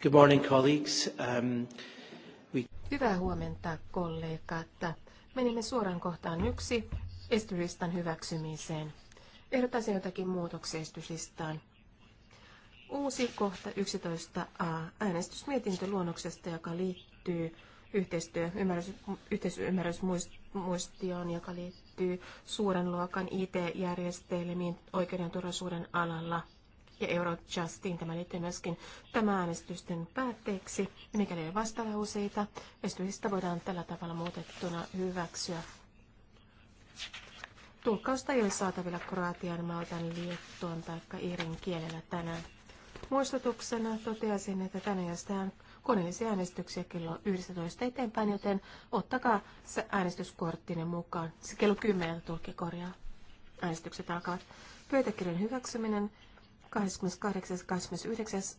Good morning, colleagues. Um, we... Hyvää huomenta, kollegat. Menimme suoraan kohtaan yksi, esityslistan hyväksymiseen. Ehdottaisin jotakin muutoksia esityslistaan. Uusi kohta 11a, äänestysmietintö luonnoksesta, joka liittyy yhteistyö, ymmärrys, yhteisymmärrysmuistioon, joka liittyy suuren luokan IT-järjestelmiin oikeuden alalla – ja Eurojustin Tämä liittyy myöskin tämä äänestysten päätteeksi. Mikäli ei vastalauseita, esityksistä voidaan tällä tavalla muutettuna hyväksyä. Tulkkausta ei ole saatavilla kroatian, maltan, liettuan tai irin kielellä tänään. Muistutuksena toteaisin, että tänään järjestetään koneellisia äänestyksiä kello 11 eteenpäin, joten ottakaa se äänestyskorttinen mukaan. Se kello 10 tulkki korjaa. Äänestykset alkavat. Pöytäkirjan hyväksyminen 28.29.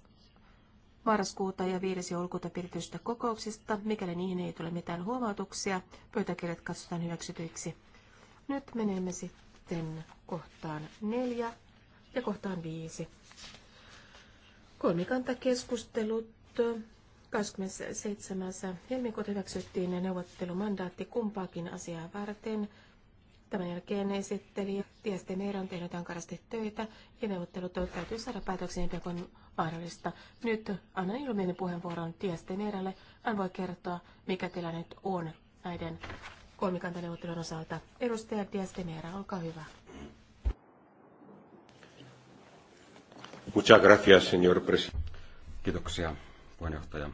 marraskuuta ja 5. joulukuuta pidetystä kokouksista. Mikäli niihin ei tule mitään huomautuksia, pöytäkirjat katsotaan hyväksytyiksi. Nyt menemme sitten kohtaan 4 ja kohtaan 5. Kolmikantakeskustelut 27. helmikuuta hyväksyttiin neuvottelumandaatti kumpaakin asiaa varten – Tämän jälkeen esitteli Tieste Meira tehnyt ankarasti töitä ja neuvottelut täytyy saada päätökseen kuin mahdollista. Nyt annan Ilmiinen puheenvuoron Tieste Meiralle. Hän voi kertoa, mikä tilanne on näiden kolmikantaneuvottelun osalta. Edustaja Tieste Meira, olkaa hyvä. Muchas gracias, señor presidente. Kiitoksia, puheenjohtaja.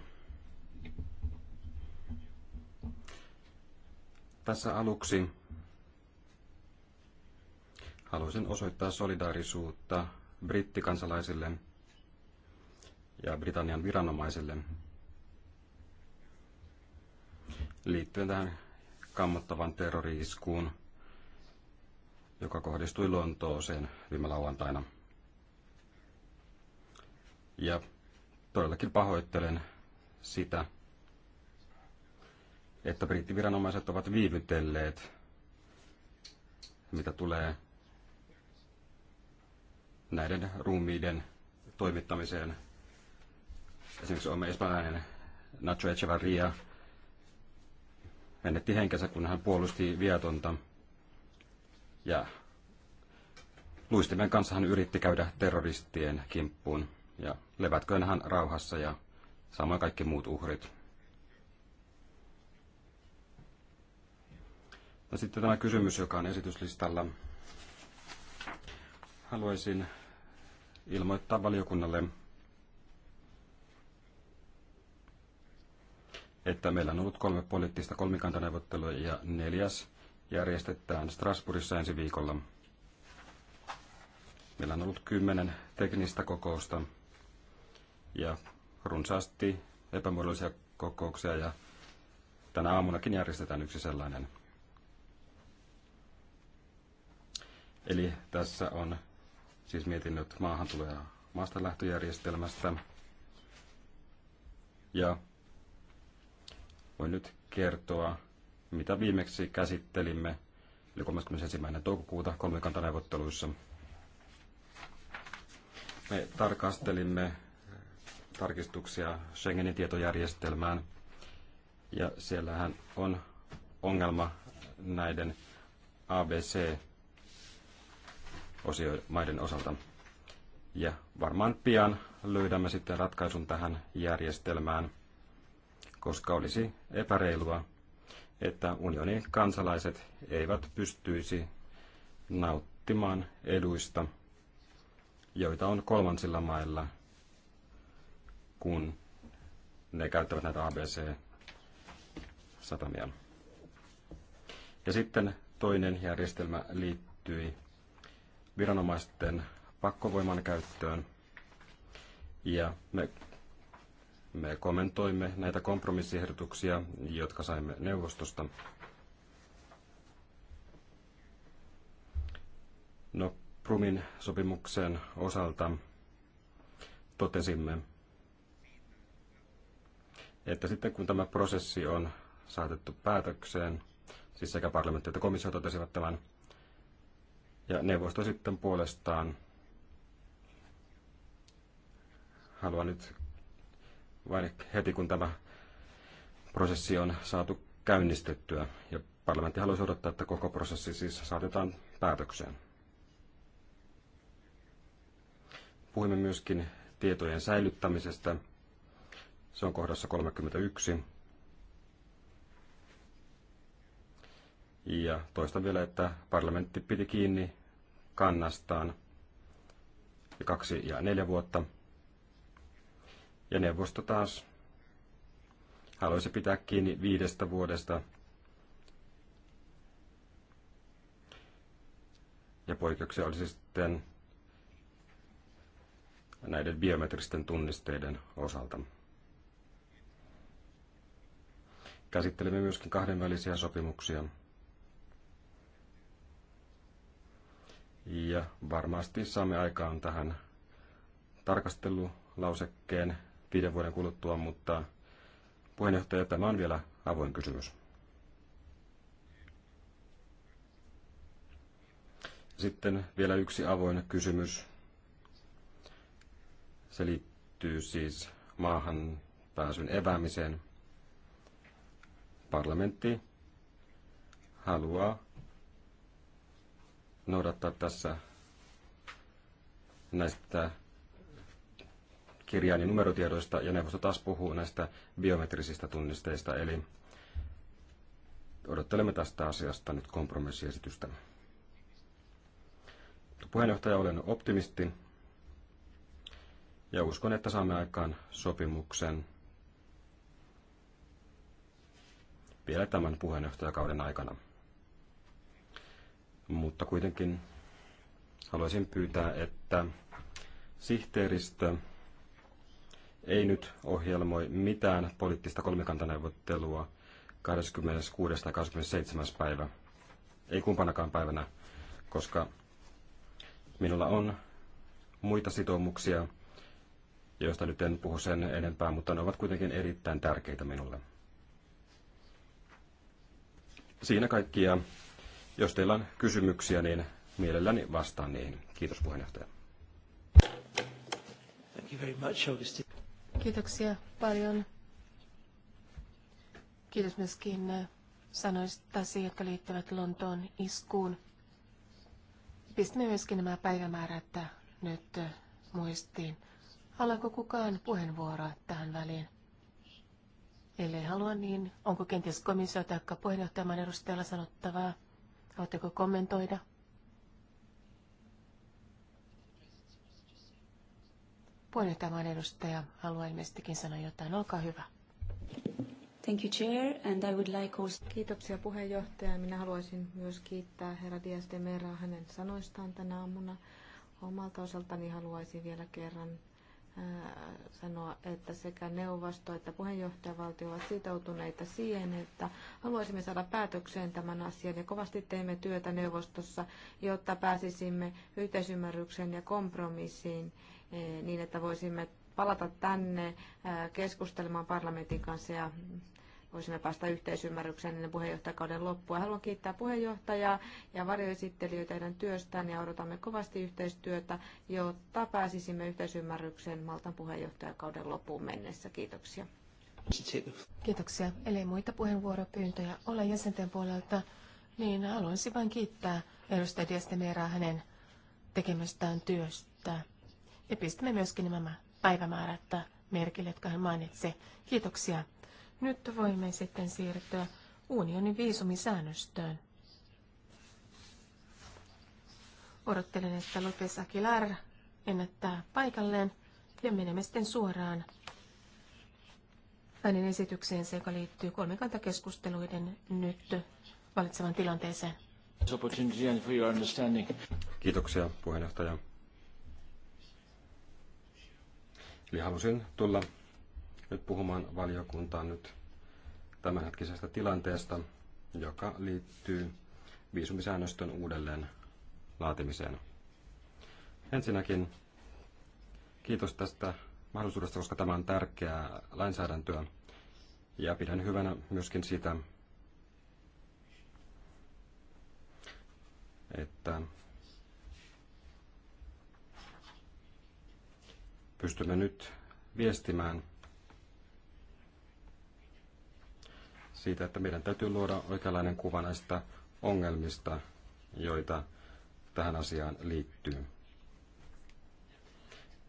Tässä aluksi haluaisin osoittaa solidaarisuutta brittikansalaisille ja Britannian viranomaisille liittyen tähän kammottavan terroriiskuun, joka kohdistui Lontooseen viime lauantaina. Ja todellakin pahoittelen sitä, että brittiviranomaiset ovat viivytelleet, mitä tulee näiden ruumiiden toimittamiseen. Esimerkiksi olemme espanjalainen Nacho Echevarria menetti henkensä, kun hän puolusti vietonta. Ja luistimen kanssa hän yritti käydä terroristien kimppuun. Ja levätköön hän rauhassa ja samoin kaikki muut uhrit. No sitten tämä kysymys, joka on esityslistalla. Haluaisin ilmoittaa valiokunnalle, että meillä on ollut kolme poliittista kolmikantaneuvottelua ja neljäs järjestetään Strasbourgissa ensi viikolla. Meillä on ollut kymmenen teknistä kokousta ja runsaasti epämuodollisia kokouksia ja tänä aamunakin järjestetään yksi sellainen. Eli tässä on siis mietinnöt maahantulo- ja maastalähtöjärjestelmästä. Ja voin nyt kertoa, mitä viimeksi käsittelimme, eli 31. toukokuuta kolmikantaneuvotteluissa. Me tarkastelimme tarkistuksia Schengenin tietojärjestelmään, ja siellähän on ongelma näiden ABC maiden osalta. Ja varmaan pian löydämme sitten ratkaisun tähän järjestelmään, koska olisi epäreilua, että unionin kansalaiset eivät pystyisi nauttimaan eduista, joita on kolmansilla mailla, kun ne käyttävät näitä ABC-satamia. Ja sitten toinen järjestelmä liittyi viranomaisten pakkovoiman käyttöön. Ja me, me kommentoimme näitä kompromissiehdotuksia, jotka saimme neuvostosta. No, Prumin sopimuksen osalta totesimme, että sitten kun tämä prosessi on saatettu päätökseen, siis sekä parlamentti että komissio totesivat tämän, ja neuvosto sitten puolestaan haluaa nyt vain heti kun tämä prosessi on saatu käynnistettyä ja parlamentti haluaisi odottaa, että koko prosessi siis saatetaan päätökseen. Puhuimme myöskin tietojen säilyttämisestä. Se on kohdassa 31. Ja toistan vielä, että parlamentti piti kiinni kannastaan kaksi ja neljä vuotta. Ja neuvosto taas haluaisi pitää kiinni viidestä vuodesta ja poikkeuksia olisi sitten näiden biometristen tunnisteiden osalta. Käsittelemme myöskin kahdenvälisiä sopimuksia. Ja varmasti saamme aikaan tähän tarkastelulausekkeen viiden vuoden kuluttua, mutta puheenjohtaja, tämä on vielä avoin kysymys. Sitten vielä yksi avoin kysymys. Se liittyy siis maahan pääsyn eväämiseen. Parlamentti haluaa noudattaa tässä näistä kirjain- ja numerotiedoista, ja neuvosto taas puhuu näistä biometrisistä tunnisteista, eli odottelemme tästä asiasta nyt kompromissiesitystä. Puheenjohtaja, olen optimisti ja uskon, että saamme aikaan sopimuksen vielä tämän puheenjohtajakauden aikana. Mutta kuitenkin haluaisin pyytää, että sihteeristö ei nyt ohjelmoi mitään poliittista kolmikantaneuvottelua 26. tai 27. päivä. Ei kumpanakaan päivänä, koska minulla on muita sitoumuksia, joista nyt en puhu sen enempää, mutta ne ovat kuitenkin erittäin tärkeitä minulle. Siinä kaikkia. Jos teillä on kysymyksiä, niin mielelläni vastaan niihin. Kiitos puheenjohtaja. Thank you very much, Kiitoksia paljon. Kiitos myöskin eh, sanoistasi, jotka liittyvät Lontoon iskuun. Pistimme myöskin nämä päivämäärät nyt eh, muistiin. Haluaako kukaan puheenvuoroa tähän väliin? Ellei halua, niin onko kenties komissio tai puheenjohtajan edustajalla sanottavaa? Haluatteko kommentoida? Puheenjohtajan edustaja haluaa ilmeisestikin sanoa jotain. Olkaa hyvä. Thank you, Chair, and I would like also... Kiitoksia puheenjohtaja. Minä haluaisin myös kiittää herra Diaz de Mera hänen sanoistaan tänä aamuna. Omalta osaltani haluaisin vielä kerran sanoa, että sekä neuvosto että puheenjohtajavaltio ovat sitoutuneita siihen, että haluaisimme saada päätökseen tämän asian ja kovasti teemme työtä neuvostossa, jotta pääsisimme yhteisymmärrykseen ja kompromissiin niin, että voisimme palata tänne keskustelemaan parlamentin kanssa ja voisimme päästä yhteisymmärrykseen ennen puheenjohtajakauden loppua. Haluan kiittää puheenjohtajaa ja varjoesittelijöitä teidän työstään ja odotamme kovasti yhteistyötä, jotta pääsisimme yhteisymmärrykseen Maltan puheenjohtajakauden loppuun mennessä. Kiitoksia. Kiitoksia. Eli muita puheenvuoropyyntöjä ole jäsenten puolelta, niin haluaisin vain kiittää edustaja Diestemeraa hänen tekemästään työstä. Ja pistämme myöskin nämä päivämäärät merkille, jotka hän mainitsi. Kiitoksia nyt voimme sitten siirtyä unionin viisumisäännöstöön. Odottelen, että Lopes Aguilar ennättää paikalleen ja menemme sitten suoraan hänen esitykseensä, joka liittyy kolmikantakeskusteluiden nyt valitsevan tilanteeseen. Kiitoksia puheenjohtaja. Eli halusin tulla nyt puhumaan valiokuntaan nyt tämänhetkisestä tilanteesta, joka liittyy viisumisäännöstön uudelleen laatimiseen. Ensinnäkin kiitos tästä mahdollisuudesta, koska tämä on tärkeää lainsäädäntöä. Ja pidän hyvänä myöskin sitä, että pystymme nyt viestimään siitä, että meidän täytyy luoda oikeanlainen kuva näistä ongelmista, joita tähän asiaan liittyy.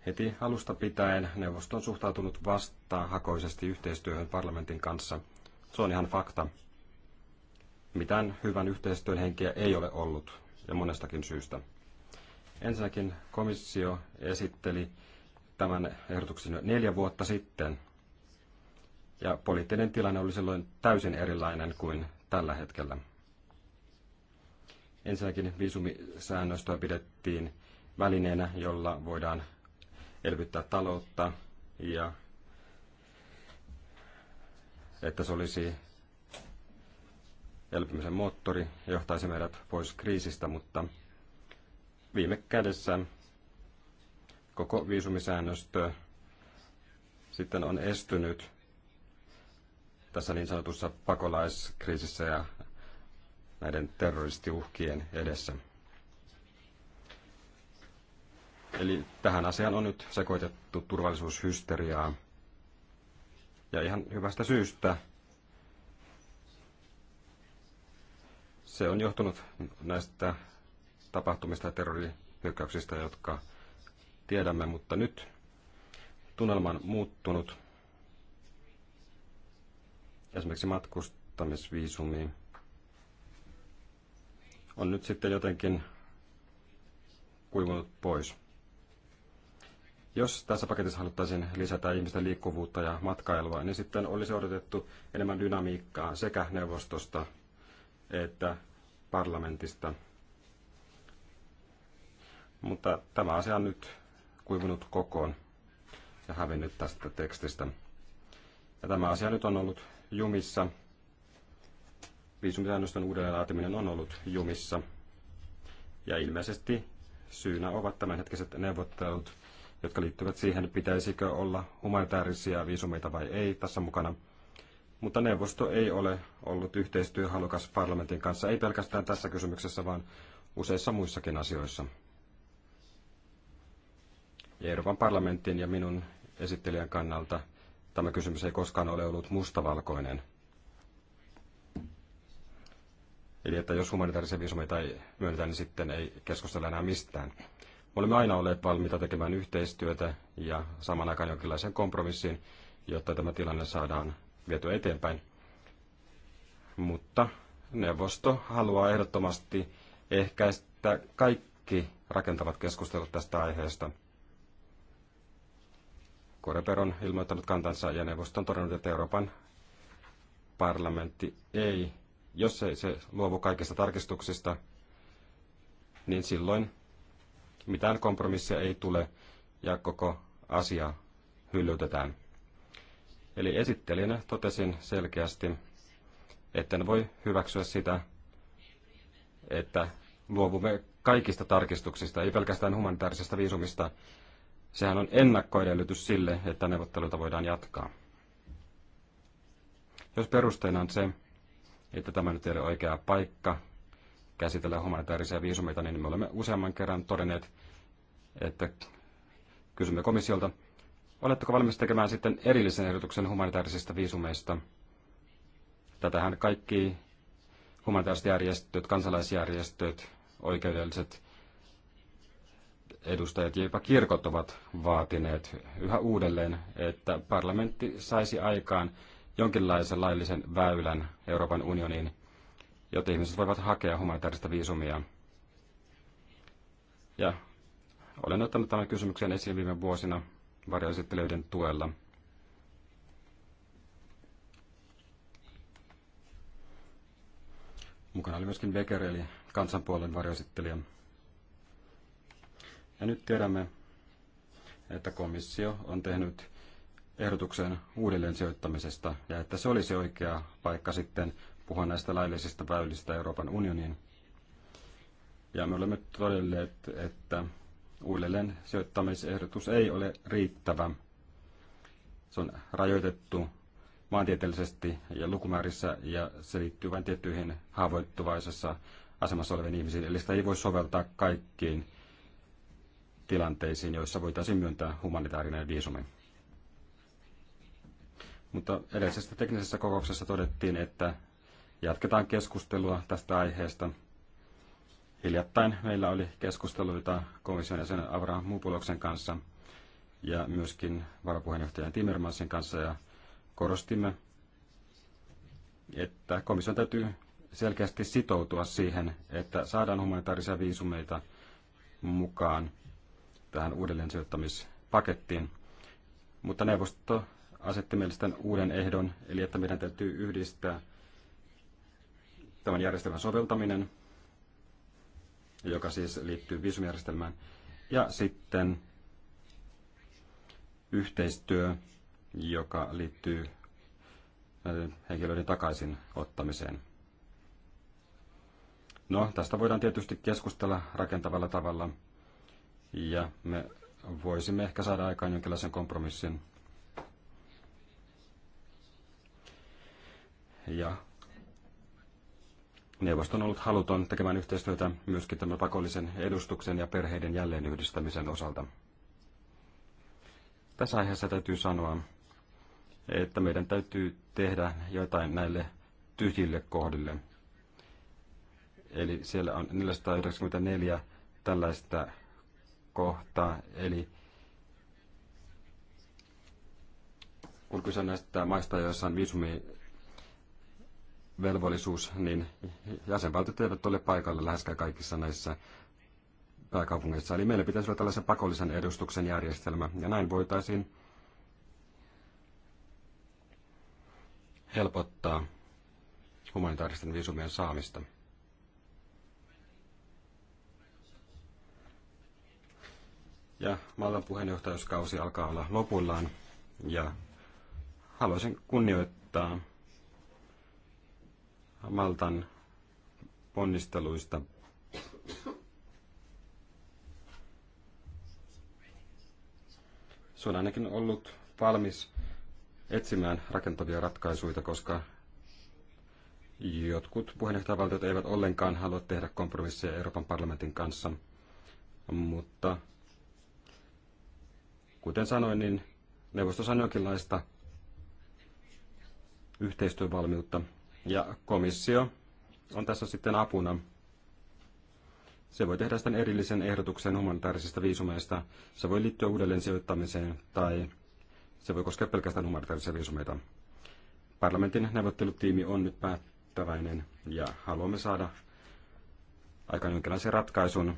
Heti alusta pitäen neuvosto on suhtautunut vastahakoisesti yhteistyöhön parlamentin kanssa. Se on ihan fakta. Mitään hyvän yhteistyön henkeä ei ole ollut, ja monestakin syystä. Ensinnäkin komissio esitteli tämän ehdotuksen neljä vuotta sitten, ja poliittinen tilanne oli silloin täysin erilainen kuin tällä hetkellä. Ensinnäkin viisumisäännöstöä pidettiin välineenä, jolla voidaan elvyttää taloutta ja että se olisi elpymisen moottori ja johtaisi meidät pois kriisistä, mutta viime kädessä koko viisumisäännöstö sitten on estynyt tässä niin sanotussa pakolaiskriisissä ja näiden terroristiuhkien edessä. Eli tähän asiaan on nyt sekoitettu turvallisuushysteriaa. Ja ihan hyvästä syystä se on johtunut näistä tapahtumista ja terrorihyökkäyksistä, jotka tiedämme, mutta nyt tunnelma on muuttunut esimerkiksi matkustamisviisumi on nyt sitten jotenkin kuivunut pois. Jos tässä paketissa haluttaisiin lisätä ihmisten liikkuvuutta ja matkailua, niin sitten olisi odotettu enemmän dynamiikkaa sekä neuvostosta että parlamentista. Mutta tämä asia on nyt kuivunut kokoon ja hävinnyt tästä tekstistä. Ja tämä asia nyt on ollut jumissa. Viisumisäännöstön uudelleenlaatiminen on ollut jumissa. Ja ilmeisesti syynä ovat tämänhetkiset neuvottelut, jotka liittyvät siihen, pitäisikö olla humanitaarisia viisumeita vai ei tässä mukana. Mutta neuvosto ei ole ollut yhteistyöhalukas parlamentin kanssa, ei pelkästään tässä kysymyksessä, vaan useissa muissakin asioissa. Euroopan parlamentin ja minun esittelijän kannalta – Tämä kysymys ei koskaan ole ollut mustavalkoinen. Eli että jos humanitaarisia viisumeita ei myönnetä, niin sitten ei keskustella enää mistään. Me olemme aina olleet valmiita tekemään yhteistyötä ja saman aikaan jonkinlaisen kompromissin, jotta tämä tilanne saadaan vietyä eteenpäin. Mutta neuvosto haluaa ehdottomasti ehkäistä kaikki rakentavat keskustelut tästä aiheesta – Koreper on ilmoittanut kantansa ja neuvosto on todennut, että Euroopan parlamentti ei, jos ei se luovu kaikista tarkistuksista, niin silloin mitään kompromissia ei tule ja koko asia hyllytetään. Eli esittelijänä totesin selkeästi, että voi hyväksyä sitä, että luovumme kaikista tarkistuksista, ei pelkästään humanitaarisesta viisumista, Sehän on ennakkoedellytys sille, että neuvotteluita voidaan jatkaa. Jos perusteena on se, että tämä nyt ei ole oikea paikka käsitellä humanitaarisia viisumeita, niin me olemme useamman kerran todenneet, että kysymme komissiolta, oletteko valmis tekemään sitten erillisen ehdotuksen humanitaarisista viisumeista? Tätähän kaikki humanitaariset järjestöt, kansalaisjärjestöt, oikeudelliset edustajat ja jopa kirkot ovat vaatineet yhä uudelleen, että parlamentti saisi aikaan jonkinlaisen laillisen väylän Euroopan unioniin, jotta ihmiset voivat hakea humanitaarista viisumia. Ja olen ottanut tämän kysymyksen esiin viime vuosina varjoesittelyiden tuella. Mukana oli myöskin Becker, eli kansanpuolen varjoesittelijä. Ja nyt tiedämme, että komissio on tehnyt ehdotuksen uudelleen sijoittamisesta ja että se olisi oikea paikka sitten puhua näistä laillisista väylistä Euroopan unioniin. Ja me olemme todelleet, että uudelleen sijoittamisehdotus ei ole riittävä. Se on rajoitettu maantieteellisesti ja lukumäärissä ja se liittyy vain tiettyihin haavoittuvaisessa asemassa oleviin ihmisiin. Eli sitä ei voi soveltaa kaikkiin tilanteisiin, joissa voitaisiin myöntää humanitaarinen viisumi. Mutta edellisessä teknisessä kokouksessa todettiin, että jatketaan keskustelua tästä aiheesta. Hiljattain meillä oli keskusteluita komission jäsenen Avraham Mupuloksen kanssa ja myöskin varapuheenjohtajan Timmermansin kanssa ja korostimme, että komission täytyy selkeästi sitoutua siihen, että saadaan humanitaarisia viisumeita mukaan tähän uudelleen sijoittamispakettiin. Mutta neuvosto asetti mielestäni uuden ehdon, eli että meidän täytyy yhdistää tämän järjestelmän soveltaminen, joka siis liittyy viisumijärjestelmään, ja sitten yhteistyö, joka liittyy henkilöiden takaisin ottamiseen. No, tästä voidaan tietysti keskustella rakentavalla tavalla – ja me voisimme ehkä saada aikaan jonkinlaisen kompromissin. Ja neuvosto on ollut haluton tekemään yhteistyötä myöskin tämän pakollisen edustuksen ja perheiden jälleenyhdistämisen osalta. Tässä aiheessa täytyy sanoa, että meidän täytyy tehdä jotain näille tyhjille kohdille. Eli siellä on 494 tällaista kohta, eli kun kyse on näistä maista, joissa on velvollisuus, niin jäsenvaltiot eivät ole paikalla läheskään kaikissa näissä pääkaupungeissa. Eli meillä pitäisi olla tällaisen pakollisen edustuksen järjestelmä, ja näin voitaisiin helpottaa humanitaaristen viisumien saamista. Ja Maltan puheenjohtajuuskausi alkaa olla lopuillaan. Ja haluaisin kunnioittaa Maltan ponnisteluista. Se on ainakin ollut valmis etsimään rakentavia ratkaisuja, koska jotkut puheenjohtajavaltiot eivät ollenkaan halua tehdä kompromisseja Euroopan parlamentin kanssa, mutta Kuten sanoin, niin neuvosto on jonkinlaista yhteistyövalmiutta. Ja komissio on tässä sitten apuna. Se voi tehdä sitten erillisen ehdotuksen humanitaarisista viisumeista. Se voi liittyä uudelleen sijoittamiseen tai se voi koskea pelkästään humanitaarisia viisumeita. Parlamentin neuvottelutiimi on nyt päättäväinen ja haluamme saada aikaan jonkinlaisen ratkaisun,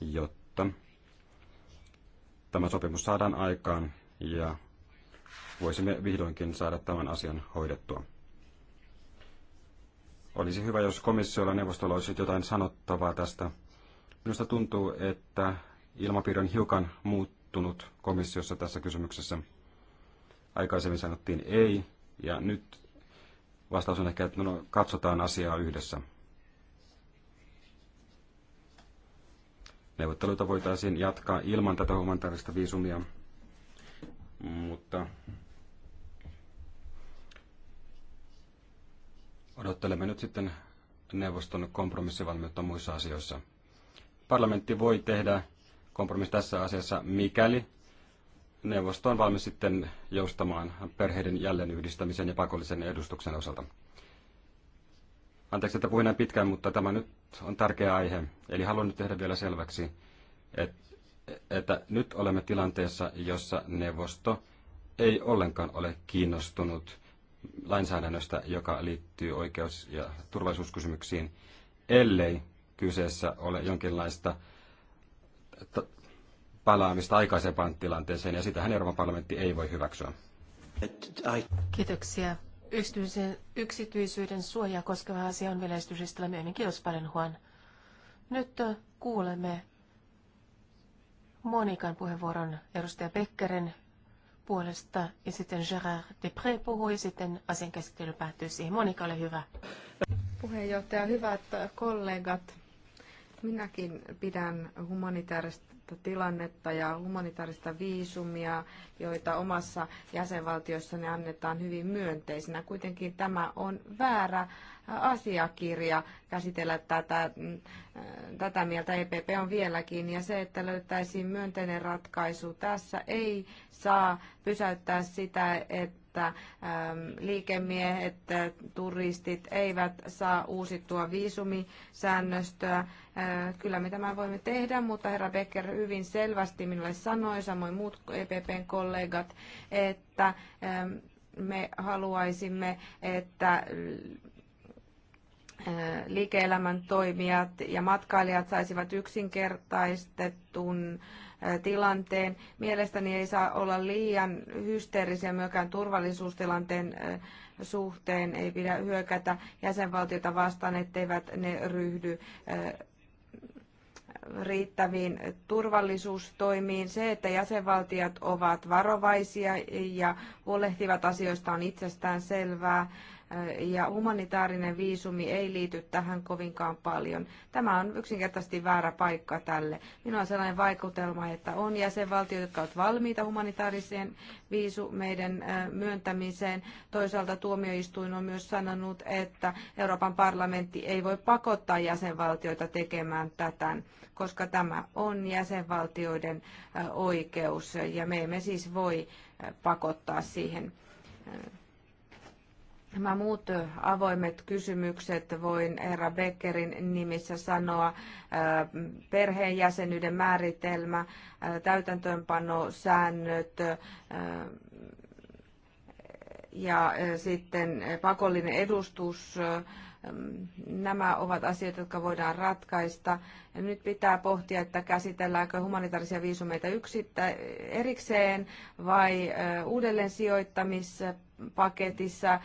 jotta tämä sopimus saadaan aikaan ja voisimme vihdoinkin saada tämän asian hoidettua. Olisi hyvä, jos komissiolla ja neuvostolla olisi jotain sanottavaa tästä. Minusta tuntuu, että ilmapiiri on hiukan muuttunut komissiossa tässä kysymyksessä. Aikaisemmin sanottiin ei, ja nyt vastaus on ehkä, että no, no katsotaan asiaa yhdessä. Neuvotteluita voitaisiin jatkaa ilman tätä humanitaarista viisumia, mutta odottelemme nyt sitten neuvoston kompromissivalmiutta muissa asioissa. Parlamentti voi tehdä kompromissi tässä asiassa, mikäli neuvosto on valmis sitten joustamaan perheiden jälleenyhdistämisen ja pakollisen edustuksen osalta. Anteeksi, että puhuin näin pitkään, mutta tämä nyt on tärkeä aihe. Eli haluan nyt tehdä vielä selväksi, että nyt olemme tilanteessa, jossa neuvosto ei ollenkaan ole kiinnostunut lainsäädännöstä, joka liittyy oikeus- ja turvallisuuskysymyksiin, ellei kyseessä ole jonkinlaista palaamista aikaisempaan tilanteeseen, ja sitähän Euroopan parlamentti ei voi hyväksyä. Kiitoksia Yksityisen, yksityisyyden suojaa koskeva asia on vielä esityslistalla myöhemmin. Kiitos paljon, Juan. Nyt äh, kuulemme Monikan puheenvuoron edustaja Beckeren puolesta ja sitten Gérard Depré puhui ja sitten asian käsittely päättyy siihen. Monika, ole hyvä. Puheenjohtaja, hyvät kollegat. Minäkin pidän humanitaarista tilannetta ja humanitaarista viisumia, joita omassa jäsenvaltiossa annetaan hyvin myönteisinä. Kuitenkin tämä on väärä asiakirja käsitellä tätä, mm, äh, tätä mieltä EPP on vieläkin, ja se, että löytäisiin myönteinen ratkaisu tässä, ei saa pysäyttää sitä, että että ähm, liikemiehet, äh, turistit eivät saa uusittua viisumisäännöstöä. Äh, kyllä me tämän voimme tehdä, mutta herra Becker hyvin selvästi minulle sanoi, samoin muut EPPn kollegat, että ähm, me haluaisimme, että äh, liike-elämän toimijat ja matkailijat saisivat yksinkertaistetun äh, tilanteen. Mielestäni ei saa olla liian hysteerisiä myöskään turvallisuustilanteen suhteen. Ei pidä hyökätä jäsenvaltiota vastaan, etteivät ne ryhdy riittäviin turvallisuustoimiin. Se, että jäsenvaltiot ovat varovaisia ja huolehtivat asioistaan itsestään selvää ja humanitaarinen viisumi ei liity tähän kovinkaan paljon. Tämä on yksinkertaisesti väärä paikka tälle. Minulla on sellainen vaikutelma, että on jäsenvaltioita, jotka ovat valmiita humanitaariseen viisumeiden myöntämiseen. Toisaalta tuomioistuin on myös sanonut, että Euroopan parlamentti ei voi pakottaa jäsenvaltioita tekemään tätä, koska tämä on jäsenvaltioiden oikeus ja me emme siis voi pakottaa siihen Nämä muut avoimet kysymykset voin Eera Beckerin nimissä sanoa. Perheenjäsenyyden määritelmä, täytäntöönpanosäännöt ja sitten pakollinen edustus. Nämä ovat asioita, jotka voidaan ratkaista. Ja nyt pitää pohtia, että käsitelläänkö humanitaarisia viisumeita yksittä, erikseen vai uudelleen sijoittamis paketissa. Äh,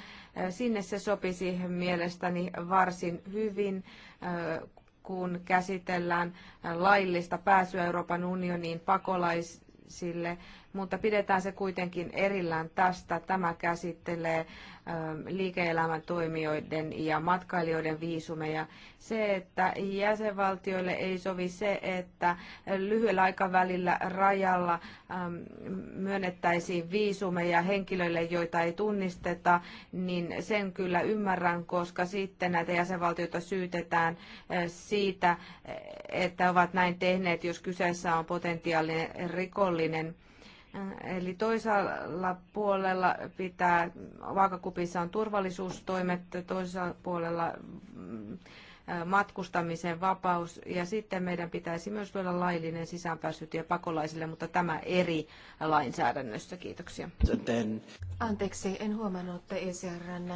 sinne se sopisi mielestäni varsin hyvin, äh, kun käsitellään laillista pääsyä Euroopan unioniin pakolaisille mutta pidetään se kuitenkin erillään tästä. Tämä käsittelee ähm, liike-elämän toimijoiden ja matkailijoiden viisumeja. Se, että jäsenvaltioille ei sovi se, että lyhyellä aikavälillä rajalla ähm, myönnettäisiin viisumeja henkilöille, joita ei tunnisteta, niin sen kyllä ymmärrän, koska sitten näitä jäsenvaltioita syytetään äh, siitä, äh, että ovat näin tehneet, jos kyseessä on potentiaalinen rikollinen Eli toisella puolella pitää, vaakakupissa on turvallisuustoimet, toisella puolella mm, matkustamisen vapaus ja sitten meidän pitäisi myös luoda laillinen sisäänpääsytie pakolaisille, mutta tämä eri lainsäädännössä. Kiitoksia. Then... Anteeksi, en huomannut, että ECRn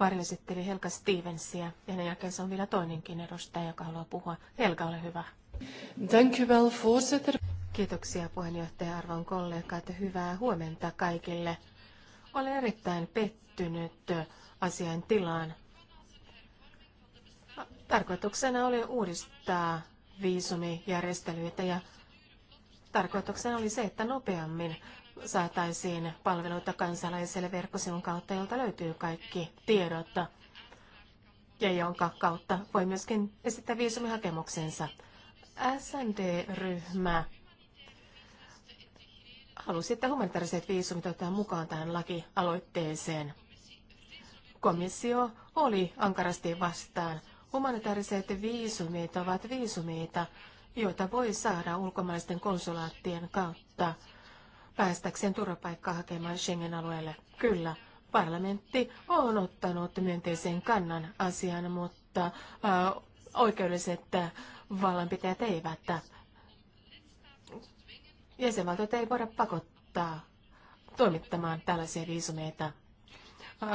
varjoesitteli Helka Stevensia ja hänen jälkeen on vielä toinenkin edustaja, joka haluaa puhua. Helka, ole hyvä. Thank you, well, voorzitter. Kiitoksia puheenjohtaja arvon kollegat. Hyvää huomenta kaikille. Olen erittäin pettynyt asian tilaan. Tarkoituksena oli uudistaa viisumijärjestelyitä ja tarkoituksena oli se, että nopeammin saataisiin palveluita kansalaiselle verkkosivun kautta, jolta löytyy kaikki tiedot ja jonka kautta voi myöskin esittää viisumihakemuksensa. SND-ryhmä halusi, että humanitaariset viisumit otetaan mukaan tähän lakialoitteeseen. Komissio oli ankarasti vastaan. Humanitaariset viisumit ovat viisumeita, joita voi saada ulkomaisten konsulaattien kautta päästäkseen turvapaikkaa hakemaan Schengen-alueelle. Kyllä, parlamentti on ottanut myönteisen kannan asiaan, mutta äh, oikeudelliset vallanpitäjät eivät jäsenvaltioita ei voida pakottaa toimittamaan tällaisia viisumeita.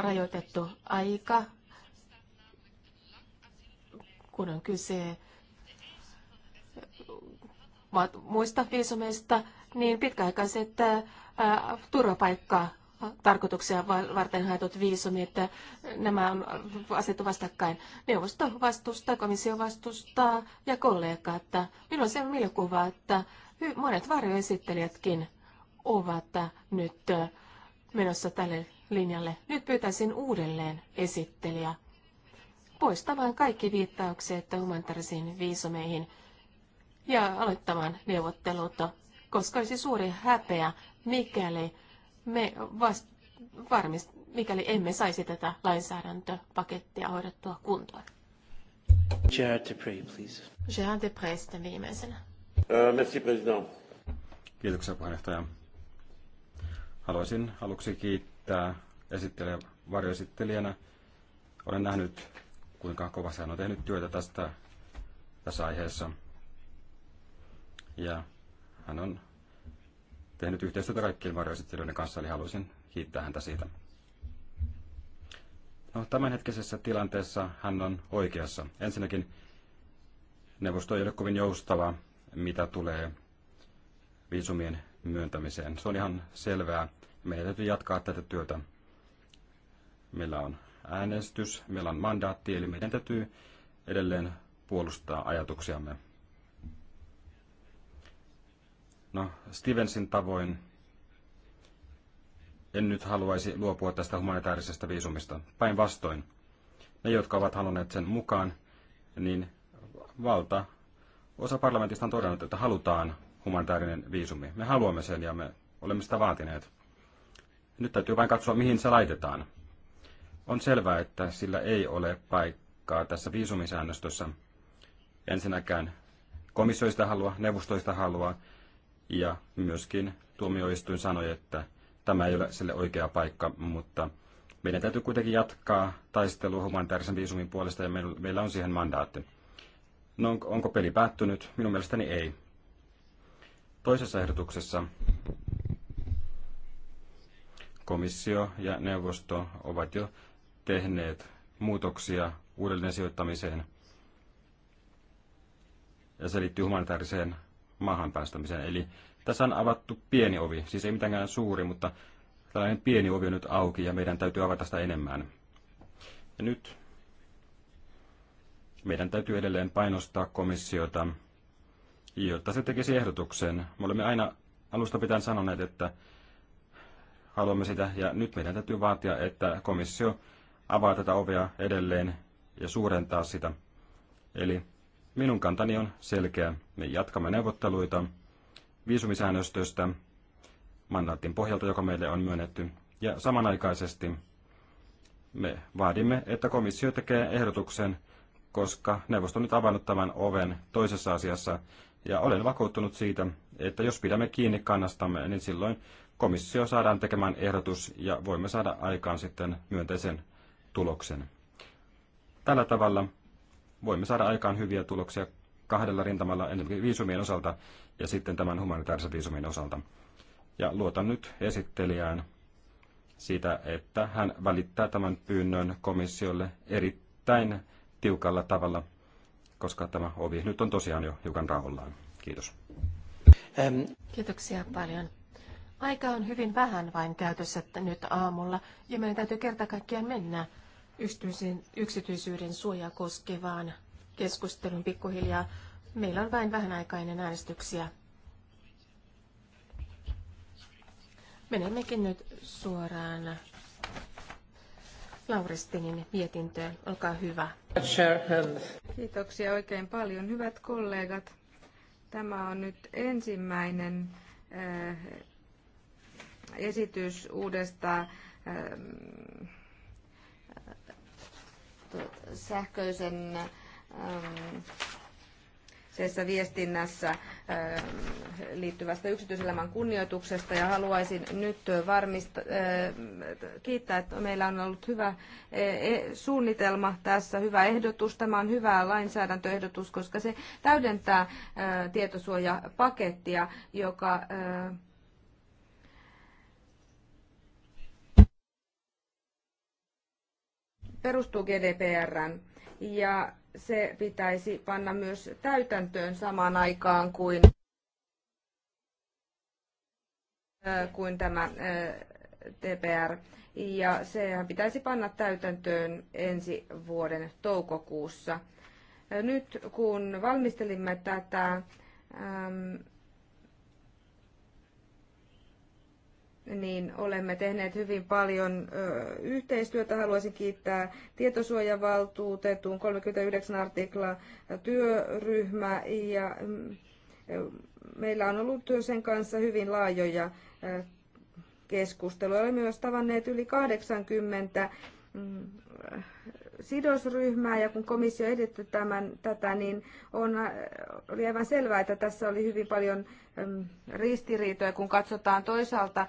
Rajoitettu aika, kun on kyse muista viisumeista, niin pitkäaikaiset äh, turvapaikka tarkoituksia varten haetut viisumit, että nämä on asettu vastakkain. Neuvosto vastustaa, komissio vastustaa ja kollega, minulla on se mielikuva, että Monet varjoesittelijätkin ovat nyt äh, menossa tälle linjalle. Nyt pyytäisin uudelleen esittelijä poistamaan kaikki viittaukset humanitaarisiin viisumeihin ja aloittamaan neuvottelut, koska olisi suuri häpeä, mikäli me vast, varmist, mikäli emme saisi tätä lainsäädäntöpakettia hoidettua kuntoon. Gerard Depré, please. Gerard Depré sitten viimeisenä. Euh, merci, president. Kiitoksia puheenjohtaja. Haluaisin aluksi kiittää esittelijä varjoesittelijänä. Olen nähnyt, kuinka kovasti hän on tehnyt työtä tästä, tässä aiheessa. Ja hän on tehnyt yhteistyötä kaikkien varjoesittelijöiden kanssa, eli haluaisin kiittää häntä siitä. No, tämänhetkisessä tilanteessa hän on oikeassa. Ensinnäkin neuvosto ei ole kovin joustava mitä tulee viisumien myöntämiseen. Se on ihan selvää. Meidän täytyy jatkaa tätä työtä. Meillä on äänestys, meillä on mandaatti, eli meidän täytyy edelleen puolustaa ajatuksiamme. No, Stevensin tavoin en nyt haluaisi luopua tästä humanitaarisesta viisumista. Päinvastoin, ne, jotka ovat halunneet sen mukaan, niin valta Osa parlamentista on todennut, että halutaan humanitaarinen viisumi. Me haluamme sen ja me olemme sitä vaatineet. Nyt täytyy vain katsoa, mihin se laitetaan. On selvää, että sillä ei ole paikkaa tässä viisumisäännöstössä. Ensinnäkään komissioista halua, neuvostoista halua ja myöskin tuomioistuin sanoi, että tämä ei ole sille oikea paikka, mutta meidän täytyy kuitenkin jatkaa taistelua humanitaarisen viisumin puolesta ja meillä on siihen mandaatti. No onko peli päättynyt? Minun mielestäni ei. Toisessa ehdotuksessa komissio ja neuvosto ovat jo tehneet muutoksia uudelleen sijoittamiseen ja se liittyy humanitaariseen maahan päästämiseen. Eli tässä on avattu pieni ovi, siis ei mitenkään suuri, mutta tällainen pieni ovi on nyt auki ja meidän täytyy avata sitä enemmän. Ja nyt meidän täytyy edelleen painostaa komissiota, jotta se tekisi ehdotuksen. Me olemme aina alusta pitäen sanoneet, että haluamme sitä, ja nyt meidän täytyy vaatia, että komissio avaa tätä ovea edelleen ja suurentaa sitä. Eli minun kantani on selkeä. Me jatkamme neuvotteluita viisumisäännöstöstä mandaattin pohjalta, joka meille on myönnetty, ja samanaikaisesti me vaadimme, että komissio tekee ehdotuksen koska neuvosto on nyt avannut tämän oven toisessa asiassa, ja olen vakuuttunut siitä, että jos pidämme kiinni kannastamme, niin silloin komissio saadaan tekemään ehdotus ja voimme saada aikaan sitten myönteisen tuloksen. Tällä tavalla voimme saada aikaan hyviä tuloksia kahdella rintamalla ennen viisumien osalta ja sitten tämän humanitaarisen viisumin osalta. Ja luotan nyt esittelijään siitä, että hän välittää tämän pyynnön komissiolle erittäin tiukalla tavalla, koska tämä ovi nyt on tosiaan jo hiukan raollaan. Kiitos. Kiitoksia paljon. Aika on hyvin vähän vain käytössä nyt aamulla, ja meidän täytyy kerta kaikkiaan mennä yksityisyyden suojaa koskevaan keskustelun pikkuhiljaa. Meillä on vain vähän aikaa äänestyksiä. Menemmekin nyt suoraan Lauristinin mietintöön. Olkaa hyvä. Um, Kiitoksia oikein paljon, hyvät kollegat. Tämä on nyt ensimmäinen eh, esitys uudesta eh, mm, tuota, sähköisen eh, mm, seessä viestinnässä äh, liittyvästä yksityiselämän kunnioituksesta ja haluaisin nyt varmista, äh, kiittää, että meillä on ollut hyvä äh, e, suunnitelma tässä, hyvä ehdotus. Tämä on hyvä lainsäädäntöehdotus, koska se täydentää tietosuojapakettia, joka perustuu GDPRään. Ja se pitäisi panna myös täytäntöön samaan aikaan kuin, kuin tämä TPR. Ja sehän pitäisi panna täytäntöön ensi vuoden toukokuussa. Nyt kun valmistelimme tätä, niin olemme tehneet hyvin paljon yhteistyötä. Haluaisin kiittää tietosuojavaltuutetun 39 artikla työryhmä ja mm, meillä on ollut sen kanssa hyvin laajoja keskusteluja. Olemme myös tavanneet yli 80 sidosryhmää ja kun komissio edetti tämän, tätä, niin on, oli aivan selvää, että tässä oli hyvin paljon ristiriitoja, kun katsotaan toisaalta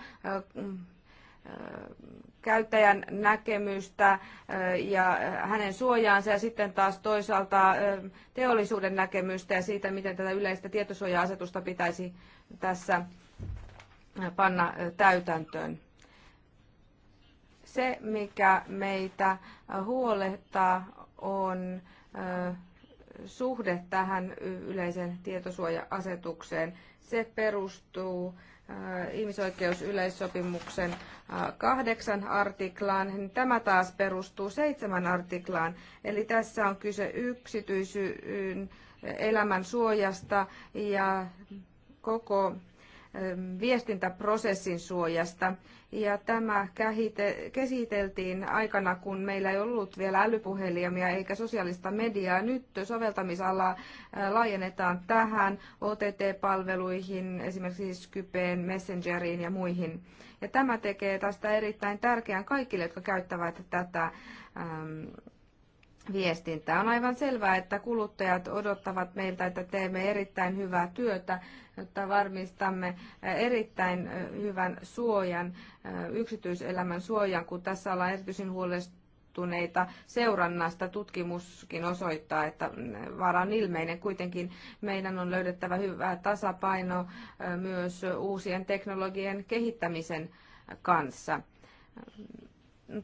käyttäjän näkemystä ja hänen suojaansa ja sitten taas toisaalta teollisuuden näkemystä ja siitä, miten tätä yleistä tietosuoja-asetusta pitäisi tässä panna täytäntöön. Se, mikä meitä huolettaa, on suhde tähän yleisen tietosuoja-asetukseen. Se perustuu ihmisoikeusyleissopimuksen kahdeksan artiklaan. Niin tämä taas perustuu seitsemän artiklaan. Eli tässä on kyse yksityisyyden elämän suojasta ja koko viestintäprosessin suojasta. Ja tämä käsiteltiin aikana, kun meillä ei ollut vielä älypuhelimia eikä sosiaalista mediaa. Nyt soveltamisala äh, laajennetaan tähän OTT-palveluihin, esimerkiksi Skypeen, Messengeriin ja muihin. Ja tämä tekee tästä erittäin tärkeän kaikille, jotka käyttävät tätä ähm, viestintää. On aivan selvää, että kuluttajat odottavat meiltä, että teemme erittäin hyvää työtä, jotta varmistamme erittäin hyvän suojan, yksityiselämän suojan, kun tässä ollaan erityisen huolestunut seurannasta. Tutkimuskin osoittaa, että vaara on ilmeinen. Kuitenkin meidän on löydettävä hyvä tasapaino myös uusien teknologien kehittämisen kanssa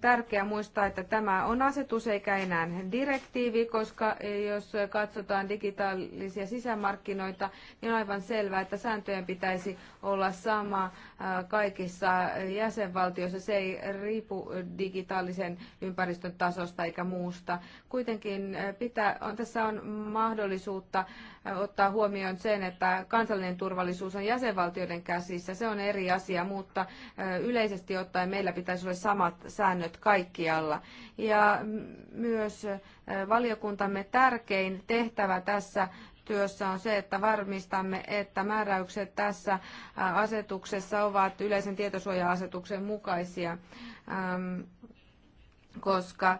tärkeää muistaa, että tämä on asetus eikä enää direktiivi, koska jos katsotaan digitaalisia sisämarkkinoita, niin on aivan selvää, että sääntöjen pitäisi olla sama äh, kaikissa jäsenvaltioissa. Se ei riipu digitaalisen ympäristön tasosta eikä muusta. Kuitenkin äh, pitää, on, tässä on mahdollisuutta ottaa huomioon sen, että kansallinen turvallisuus on jäsenvaltioiden käsissä. Se on eri asia, mutta yleisesti ottaen meillä pitäisi olla samat säännöt kaikkialla. Ja myös valiokuntamme tärkein tehtävä tässä työssä on se, että varmistamme, että määräykset tässä asetuksessa ovat yleisen tietosuoja-asetuksen mukaisia, koska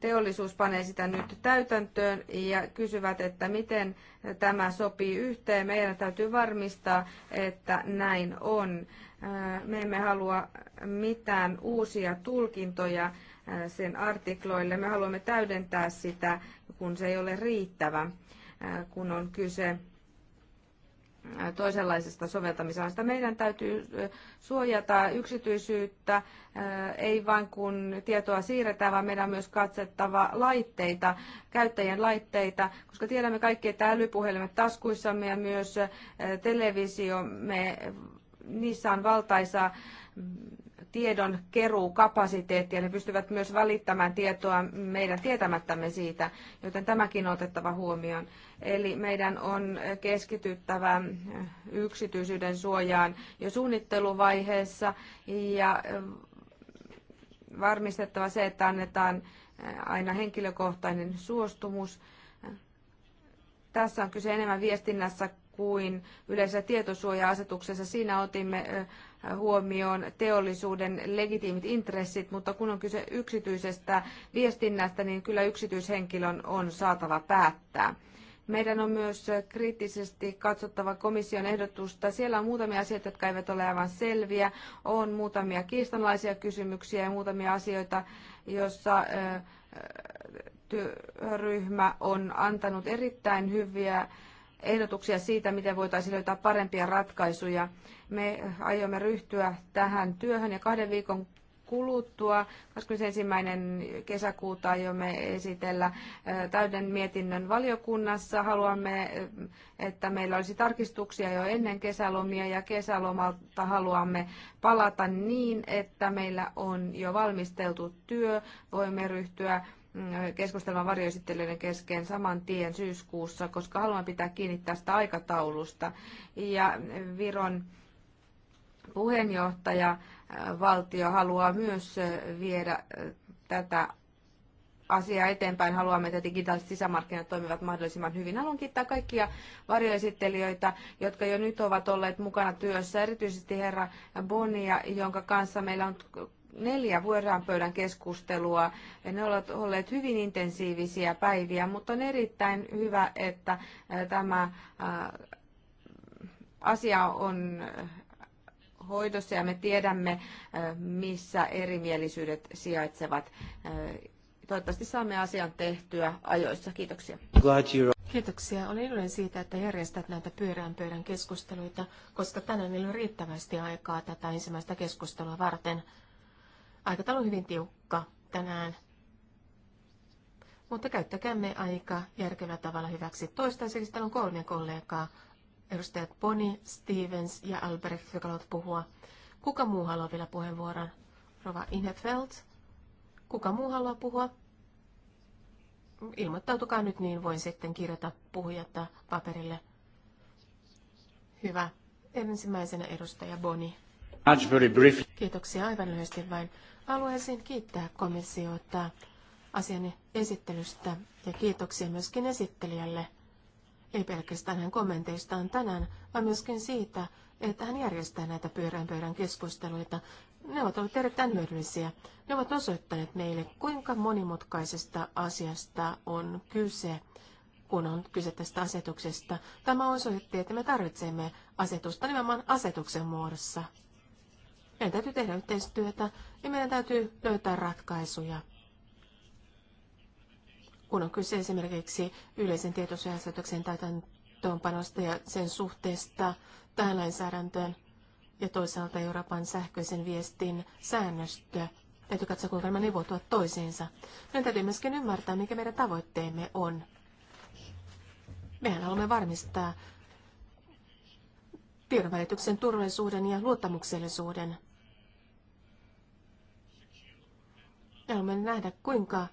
teollisuus panee sitä nyt täytäntöön ja kysyvät, että miten tämä sopii yhteen. Meidän täytyy varmistaa, että näin on. Me emme halua mitään uusia tulkintoja sen artikloille. Me haluamme täydentää sitä, kun se ei ole riittävä, kun on kyse toisenlaisesta soveltamisesta. Meidän täytyy suojata yksityisyyttä, ei vain kun tietoa siirretään, vaan meidän on myös katsettava laitteita, käyttäjien laitteita, koska tiedämme kaikki, että älypuhelimet taskuissamme ja myös televisiomme, niissä on valtaisa tiedon ja Ne pystyvät myös välittämään tietoa meidän tietämättämme siitä, joten tämäkin on otettava huomioon. Eli meidän on keskityttävä yksityisyyden suojaan jo suunnitteluvaiheessa ja varmistettava se, että annetaan aina henkilökohtainen suostumus. Tässä on kyse enemmän viestinnässä kuin yleensä tietosuoja-asetuksessa. Siinä otimme huomioon teollisuuden legitiimit intressit, mutta kun on kyse yksityisestä viestinnästä, niin kyllä yksityishenkilön on saatava päättää. Meidän on myös kriittisesti katsottava komission ehdotusta. Siellä on muutamia asioita, jotka eivät ole aivan selviä. On muutamia kiistanlaisia kysymyksiä ja muutamia asioita, joissa työryhmä on antanut erittäin hyviä ehdotuksia siitä, miten voitaisiin löytää parempia ratkaisuja. Me aiomme ryhtyä tähän työhön ja kahden viikon kuluttua. 21. kesäkuuta aiomme esitellä täyden mietinnön valiokunnassa. Haluamme, että meillä olisi tarkistuksia jo ennen kesälomia ja kesälomalta haluamme palata niin, että meillä on jo valmisteltu työ. Voimme ryhtyä keskustelua varjoesittelijöiden kesken saman tien syyskuussa, koska haluan pitää kiinni tästä aikataulusta. Ja Viron puheenjohtaja äh, valtio haluaa myös äh, viedä äh, tätä asiaa eteenpäin. Haluamme, että digitaaliset sisämarkkinat toimivat mahdollisimman hyvin. Haluan kiittää kaikkia varjoesittelijöitä, jotka jo nyt ovat olleet mukana työssä, erityisesti herra Bonia, jonka kanssa meillä on neljä vuoden pöydän keskustelua. Ne ovat olleet hyvin intensiivisiä päiviä, mutta on erittäin hyvä, että tämä asia on hoidossa ja me tiedämme, missä erimielisyydet sijaitsevat. Toivottavasti saamme asian tehtyä ajoissa. Kiitoksia. Kiitoksia. Olen iloinen siitä, että järjestät näitä pyörään pöydän keskusteluita, koska tänään meillä on riittävästi aikaa tätä ensimmäistä keskustelua varten. Aikataulu on hyvin tiukka tänään, mutta käyttäkäämme aika järkevällä tavalla hyväksi. Toistaiseksi täällä on kolme kollegaa, edustajat Bonnie, Stevens ja Albrecht, jotka haluavat puhua. Kuka muu haluaa vielä puheenvuoron? Rova Inhefeld? Kuka muu haluaa puhua? Ilmoittautukaa nyt, niin voin sitten kirjata puhujatta paperille. Hyvä. Ensimmäisenä edustaja Boni. Kiitoksia aivan lyhyesti vain. Haluaisin kiittää komissiota asian esittelystä ja kiitoksia myöskin esittelijälle. Ei pelkästään hän kommenteistaan tänään, vaan myöskin siitä, että hän järjestää näitä pyörän pöydän keskusteluita. Ne ovat olleet erittäin hyödyllisiä. Ne ovat osoittaneet meille, kuinka monimutkaisesta asiasta on kyse, kun on kyse tästä asetuksesta. Tämä osoitti, että me tarvitsemme asetusta nimenomaan asetuksen muodossa. Meidän täytyy tehdä yhteistyötä ja meidän täytyy löytää ratkaisuja. Kun on kyse esimerkiksi yleisen tietosuojasäätöksen täytäntöönpanosta ja sen suhteesta tähän lainsäädäntöön ja toisaalta Euroopan sähköisen viestin säännöstö, täytyy katsoa, kuinka nämä nivoutuvat toisiinsa. Meidän täytyy myöskin ymmärtää, mikä meidän tavoitteemme on. Mehän haluamme varmistaa tiedonvälityksen turvallisuuden ja luottamuksellisuuden. Haluamme nähdä, kuinka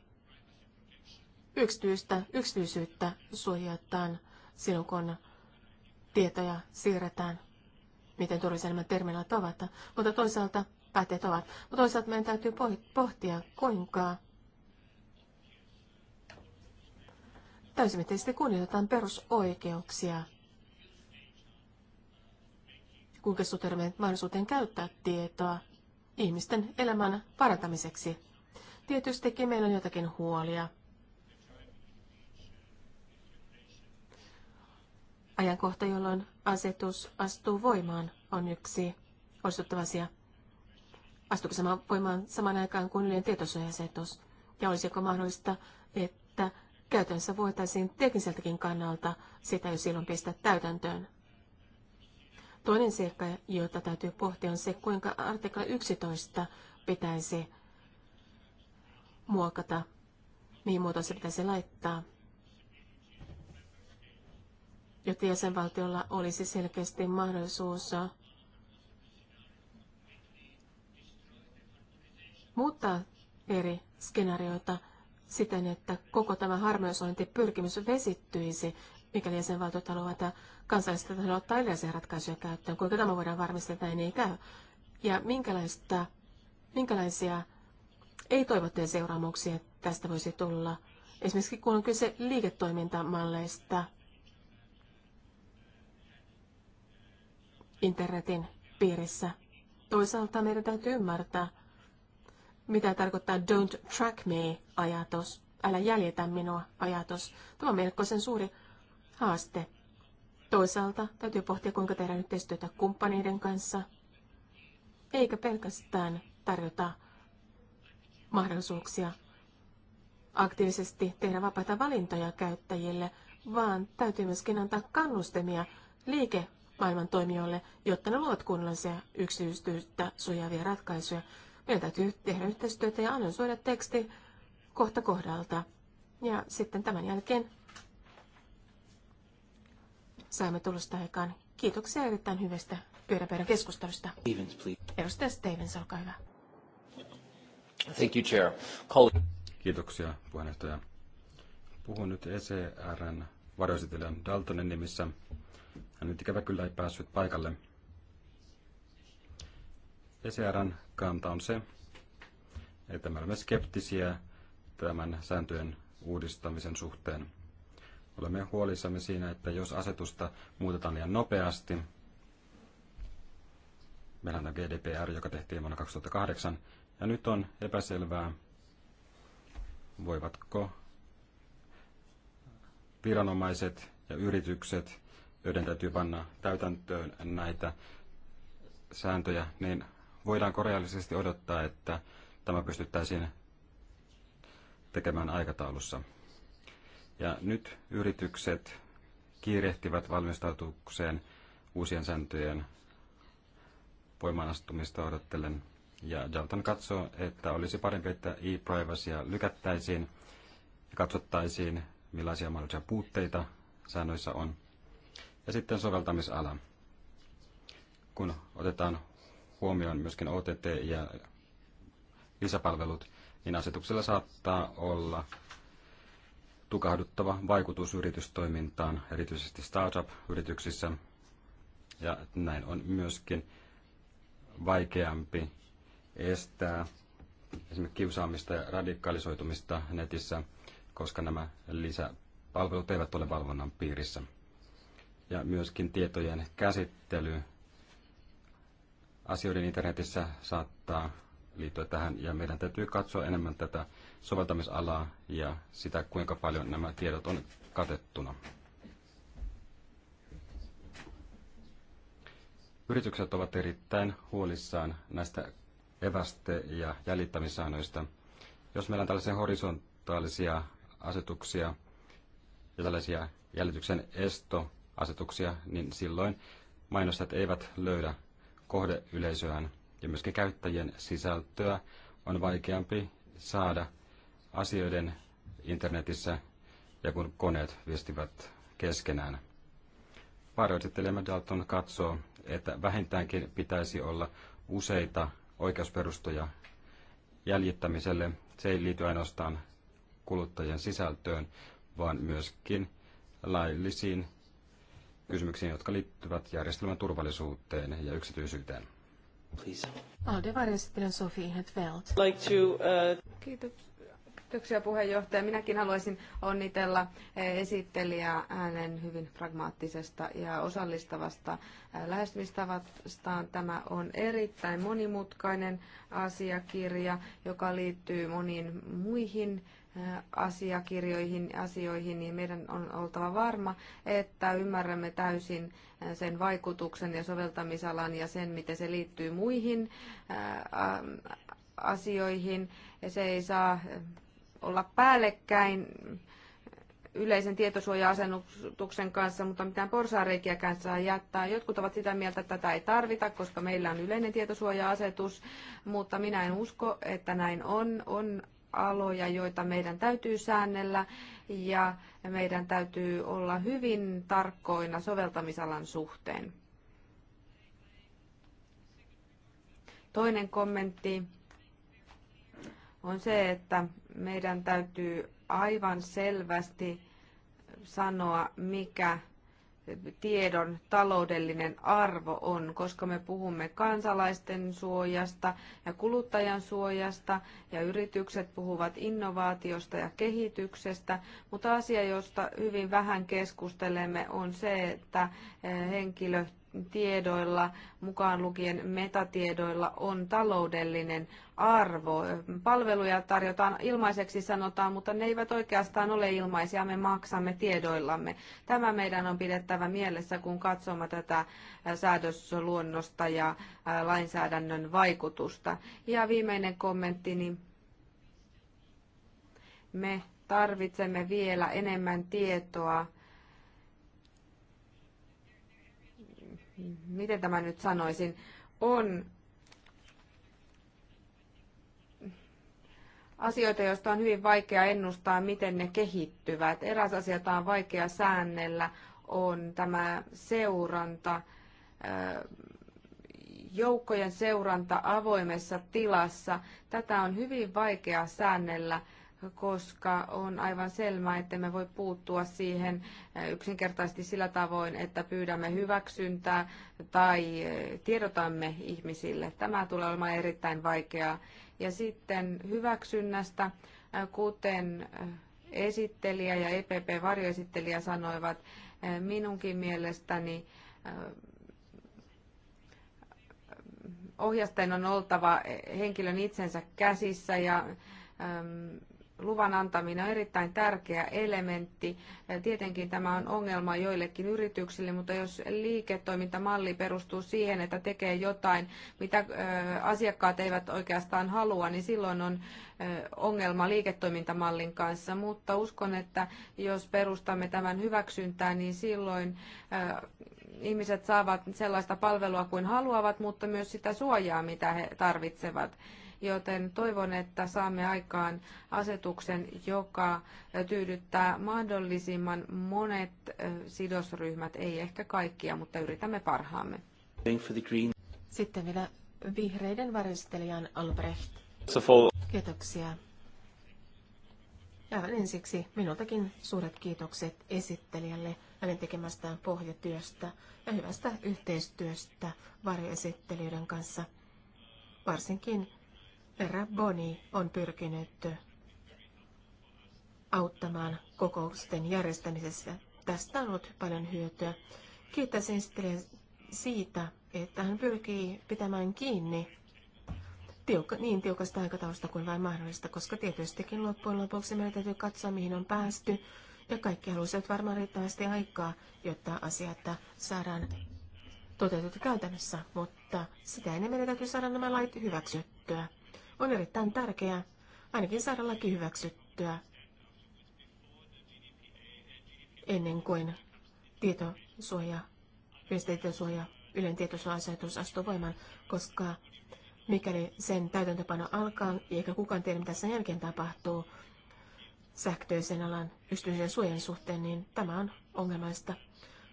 yksityistä, yksityisyyttä suojataan silloin, kun tietoja siirretään, miten turvallisemmat terminaalit ovat. Mutta toisaalta päätteet ovat. Mutta toisaalta meidän täytyy pohtia, kuinka täysimittaisesti kunnioitetaan perusoikeuksia, kuinka suhtaudumme mahdollisuuteen käyttää tietoa ihmisten elämän parantamiseksi Tietystikin meillä on jotakin huolia. Ajankohta, jolloin asetus astuu voimaan, on yksi osuttava asia. Astuuko sama voimaan samaan aikaan kuin yleinen tietosuoja-asetus? Ja olisiko mahdollista, että käytännössä voitaisiin tekniseltäkin kannalta sitä jo silloin pistää täytäntöön? Toinen seikka, jota täytyy pohtia, on se, kuinka artikla 11 pitäisi muokata, mihin muotoon se pitäisi laittaa, jotta jäsenvaltiolla olisi selkeästi mahdollisuus muuttaa eri skenaarioita siten, että koko tämä harmonisointipyrkimys vesittyisi, mikäli jäsenvaltiot haluavat kansallista tasolla ottaa erilaisia ratkaisuja käyttöön. Kuinka tämä voidaan varmistaa, että näin ei käy? Ja minkälaista, minkälaisia ei toivottujen seuraamuksia tästä voisi tulla. Esimerkiksi kun on kyse liiketoimintamalleista, internetin piirissä. Toisaalta meidän täytyy ymmärtää, mitä tarkoittaa don't track me-ajatus, älä jäljitä minua ajatus. Tämä on melkoisen suuri haaste. Toisaalta täytyy pohtia, kuinka tehdään yhteistyötä kumppaneiden kanssa, eikä pelkästään tarjota mahdollisuuksia aktiivisesti tehdä vapaita valintoja käyttäjille, vaan täytyy myöskin antaa liike liikemaailman toimijoille, jotta ne luovat kunnollisia yksityistyyttä suojaavia ratkaisuja. Meidän täytyy tehdä yhteistyötä ja analysoida teksti kohta kohdalta. Ja sitten tämän jälkeen saamme tulosta aikaan. Kiitoksia erittäin hyvästä pyöräpäivän keskustelusta. Stevens, Edustaja Stevens, olkaa hyvä. Thank you, Chair. Kiitoksia, puheenjohtaja. Puhun nyt ECRn varjoesittelijän Daltonin nimissä. Hän nyt ikävä kyllä ei päässyt paikalle. ECRn kanta on se, että me olemme skeptisiä tämän sääntöjen uudistamisen suhteen. Olemme huolissamme siinä, että jos asetusta muutetaan liian nopeasti, meillä on GDPR, joka tehtiin vuonna 2008, ja nyt on epäselvää, voivatko viranomaiset ja yritykset, joiden täytyy panna täytäntöön näitä sääntöjä, niin voidaanko reaalisesti odottaa, että tämä pystyttäisiin tekemään aikataulussa. Ja nyt yritykset kiirehtivät valmistautukseen uusien sääntöjen voimaanastumista odottelen. Ja Dalton katsoo, että olisi parempi, että e-privacya lykättäisiin ja katsottaisiin, millaisia mahdollisia puutteita säännöissä on. Ja sitten soveltamisala. Kun otetaan huomioon myöskin OTT ja lisäpalvelut, niin asetuksella saattaa olla tukahduttava vaikutus yritystoimintaan, erityisesti startup-yrityksissä. Ja näin on myöskin vaikeampi estää esimerkiksi kiusaamista ja radikalisoitumista netissä, koska nämä lisäpalvelut eivät ole valvonnan piirissä. Ja myöskin tietojen käsittely asioiden internetissä saattaa liittyä tähän, ja meidän täytyy katsoa enemmän tätä soveltamisalaa ja sitä, kuinka paljon nämä tiedot on katettuna. Yritykset ovat erittäin huolissaan näistä eväste- ja jäljittämissäännöistä. Jos meillä on tällaisia horisontaalisia asetuksia ja tällaisia jäljityksen estoasetuksia, niin silloin mainostajat eivät löydä kohdeyleisöään ja myöskin käyttäjien sisältöä on vaikeampi saada asioiden internetissä ja kun koneet viestivät keskenään. Varjoesittelemme Dalton katsoo, että vähintäänkin pitäisi olla useita oikeusperustoja jäljittämiselle. Se ei liity ainoastaan kuluttajien sisältöön, vaan myöskin laillisiin kysymyksiin, jotka liittyvät järjestelmän turvallisuuteen ja yksityisyyteen. Please. Alde varjastelen Sofi Hetveld. Like to, uh... Kiitos Kiitoksia puheenjohtaja. Minäkin haluaisin onnitella eh, esittelijää hänen hyvin pragmaattisesta ja osallistavasta eh, lähestymistavastaan. Tämä on erittäin monimutkainen asiakirja, joka liittyy moniin muihin eh, asiakirjoihin, asioihin, niin meidän on oltava varma, että ymmärrämme täysin sen vaikutuksen ja soveltamisalan ja sen, miten se liittyy muihin asioihin. Se ei saa olla päällekkäin yleisen tietosuoja asennuksen kanssa, mutta mitään porsaareikiäkään saa jättää. Jotkut ovat sitä mieltä, että tätä ei tarvita, koska meillä on yleinen tietosuoja-asetus, mutta minä en usko, että näin on. On aloja, joita meidän täytyy säännellä ja meidän täytyy olla hyvin tarkkoina soveltamisalan suhteen. Toinen kommentti on se, että meidän täytyy aivan selvästi sanoa, mikä tiedon taloudellinen arvo on, koska me puhumme kansalaisten suojasta ja kuluttajan suojasta ja yritykset puhuvat innovaatiosta ja kehityksestä, mutta asia, josta hyvin vähän keskustelemme, on se, että henkilö tiedoilla, mukaan lukien metatiedoilla, on taloudellinen arvo. Palveluja tarjotaan ilmaiseksi, sanotaan, mutta ne eivät oikeastaan ole ilmaisia, me maksamme tiedoillamme. Tämä meidän on pidettävä mielessä, kun katsomme tätä säädösluonnosta ja lainsäädännön vaikutusta. Ja viimeinen kommenttini. Niin me tarvitsemme vielä enemmän tietoa miten tämä nyt sanoisin, on asioita, joista on hyvin vaikea ennustaa, miten ne kehittyvät. Eräs asia, jota on vaikea säännellä, on tämä seuranta, joukkojen seuranta avoimessa tilassa. Tätä on hyvin vaikea säännellä koska on aivan selvää, että me voi puuttua siihen eh, yksinkertaisesti sillä tavoin, että pyydämme hyväksyntää tai eh, tiedotamme ihmisille. Tämä tulee olemaan erittäin vaikeaa. Ja sitten hyväksynnästä, eh, kuten esittelijä ja EPP-varjoesittelijä sanoivat, minunkin mielestäni ohjastajan on oltava henkilön itsensä käsissä ja ehm, luvan antaminen on erittäin tärkeä elementti. Tietenkin tämä on ongelma joillekin yrityksille, mutta jos liiketoimintamalli perustuu siihen, että tekee jotain, mitä asiakkaat eivät oikeastaan halua, niin silloin on ongelma liiketoimintamallin kanssa. Mutta uskon, että jos perustamme tämän hyväksyntään, niin silloin ihmiset saavat sellaista palvelua kuin haluavat, mutta myös sitä suojaa, mitä he tarvitsevat joten toivon, että saamme aikaan asetuksen, joka tyydyttää mahdollisimman monet sidosryhmät, ei ehkä kaikkia, mutta yritämme parhaamme. Sitten vielä vihreiden varjostelijan Albrecht. Kiitoksia. Ja ensiksi minultakin suuret kiitokset esittelijälle hänen tekemästään pohjatyöstä ja hyvästä yhteistyöstä varjoesittelijöiden kanssa. Varsinkin Rabboni on pyrkinyt auttamaan kokousten järjestämisessä. Tästä on ollut paljon hyötyä. Kiitäisin sitten siitä, että hän pyrkii pitämään kiinni tiukka, niin tiukasta aikataulusta kuin vain mahdollista, koska tietystikin loppujen lopuksi meidän täytyy katsoa, mihin on päästy. Ja kaikki haluaisivat varmaan riittävästi aikaa, jotta asiat saadaan toteutettu käytännössä, mutta sitä ennen meidän täytyy saada nämä lait hyväksyttyä on erittäin tärkeää ainakin saada laki hyväksyttyä ennen kuin tietosuoja, viestintätietosuoja, yleinen tietosuoja-asetus astuu voimaan, koska mikäli sen täytäntöpano alkaa, eikä kukaan tiedä, mitä sen jälkeen tapahtuu sähköisen alan yksityisen suojan suhteen, niin tämä on ongelmaista.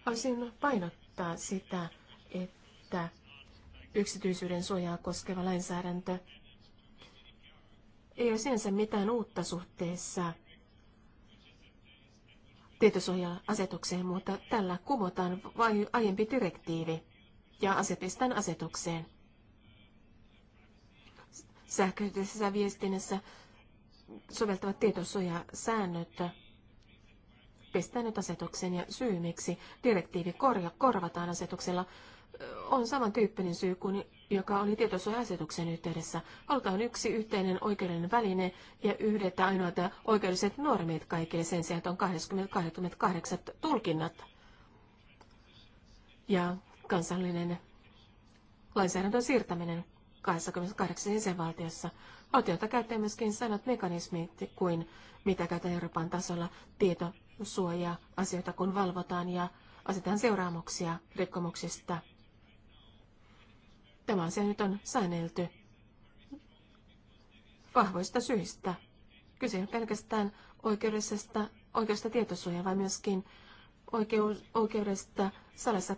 Haluaisin painottaa sitä, että yksityisyyden suojaa koskeva lainsäädäntö ei ole sinänsä mitään uutta suhteessa tietosuoja-asetukseen, mutta tällä kumotaan vain aiempi direktiivi ja asetetaan asetukseen. Sähköisessä viestinnässä soveltavat tietosuojasäännöt pistää nyt asetuksen ja syy, miksi direktiivi korja, korvataan asetuksella, on samantyyppinen syy kuin joka oli tietosuoja-asetuksen yhteydessä. Halutaan yksi yhteinen oikeudellinen väline ja yhdet ainoat oikeudelliset normit kaikille sen sijaan, että on 28 tulkinnat. Ja kansallinen lainsäädäntön siirtäminen 28 jäsenvaltiossa. Valtiota käyttää myöskin sanat mekanismit kuin mitä käytetään Euroopan tasolla tietosuoja-asioita, kun valvotaan ja asetetaan seuraamuksia rikkomuksista – Tämä asia nyt on säännelty vahvoista syistä. Kyse on pelkästään oikeudellisesta, oikeudesta tietosuojaa, vaan myöskin oikeus, oikeudesta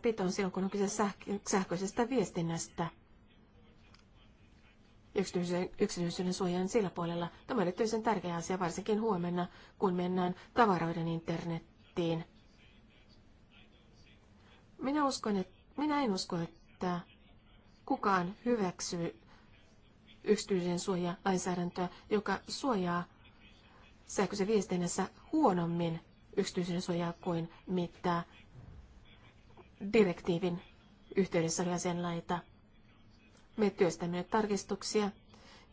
pitoon silloin, kun on kyse sähköisestä viestinnästä. Yksityisyyden, yksityisyyden suojan sillä puolella. Tämä on erityisen tärkeä asia, varsinkin huomenna, kun mennään tavaroiden internettiin. Minä, uskon, että, minä en usko, että kukaan hyväksy yksityisen suojalainsäädäntöä, joka suojaa sähköisen viestinnässä huonommin yksityisen suojaa kuin mitä direktiivin yhteydessä oli jäsenlaita. Me työstämme tarkistuksia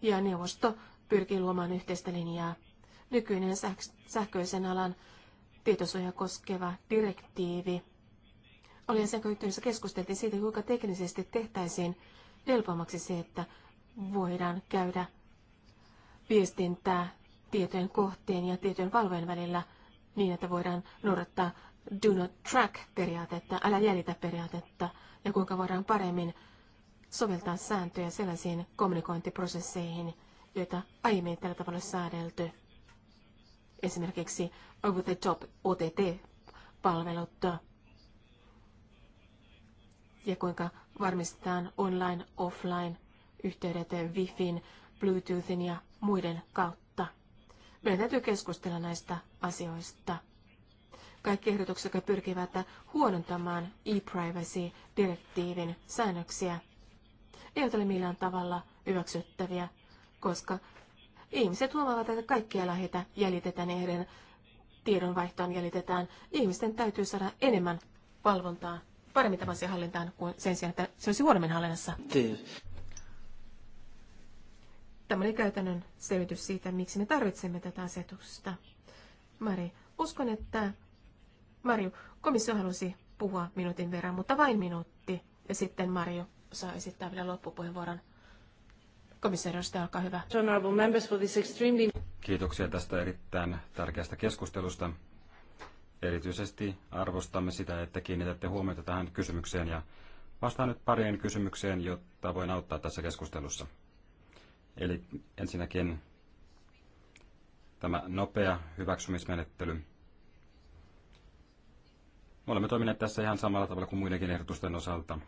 ja neuvosto pyrkii luomaan yhteistä linjaa. Nykyinen sähköisen alan tietosuoja koskeva direktiivi Olin sen yhteydessä keskusteltiin siitä, kuinka teknisesti tehtäisiin helpommaksi se, että voidaan käydä viestintää tietojen kohteen ja tietojen valvojen välillä niin, että voidaan noudattaa do not track periaatetta, älä jäljitä periaatetta ja kuinka voidaan paremmin soveltaa sääntöjä sellaisiin kommunikointiprosesseihin, joita aiemmin tällä tavalla säädelty. Esimerkiksi over the top OTT-palvelut ja kuinka varmistetaan online, offline yhteydet Wifin, Bluetoothin ja muiden kautta. Meidän täytyy keskustella näistä asioista. Kaikki ehdotukset, jotka pyrkivät huonontamaan e-privacy-direktiivin säännöksiä, eivät ole millään tavalla hyväksyttäviä, koska ihmiset huomaavat, että kaikkialla heitä jäljitetään ja tiedonvaihtoon jäljitetään. Ihmisten täytyy saada enemmän valvontaa paremmin tämän asian hallintaan kuin sen sijaan, että se olisi huonommin hallinnassa. Tämä oli käytännön selvitys siitä, miksi me tarvitsemme tätä asetusta. Mari, uskon, että Marju, komissio halusi puhua minuutin verran, mutta vain minuutti. Ja sitten Marju saa esittää vielä loppupuheenvuoron. Komissaariosta, olkaa hyvä. Kiitoksia tästä erittäin tärkeästä keskustelusta erityisesti arvostamme sitä, että kiinnitätte huomiota tähän kysymykseen ja vastaan nyt pariin kysymykseen, jotta voin auttaa tässä keskustelussa. Eli ensinnäkin tämä nopea hyväksymismenettely. Me olemme toimineet tässä ihan samalla tavalla kuin muidenkin ehdotusten osalta.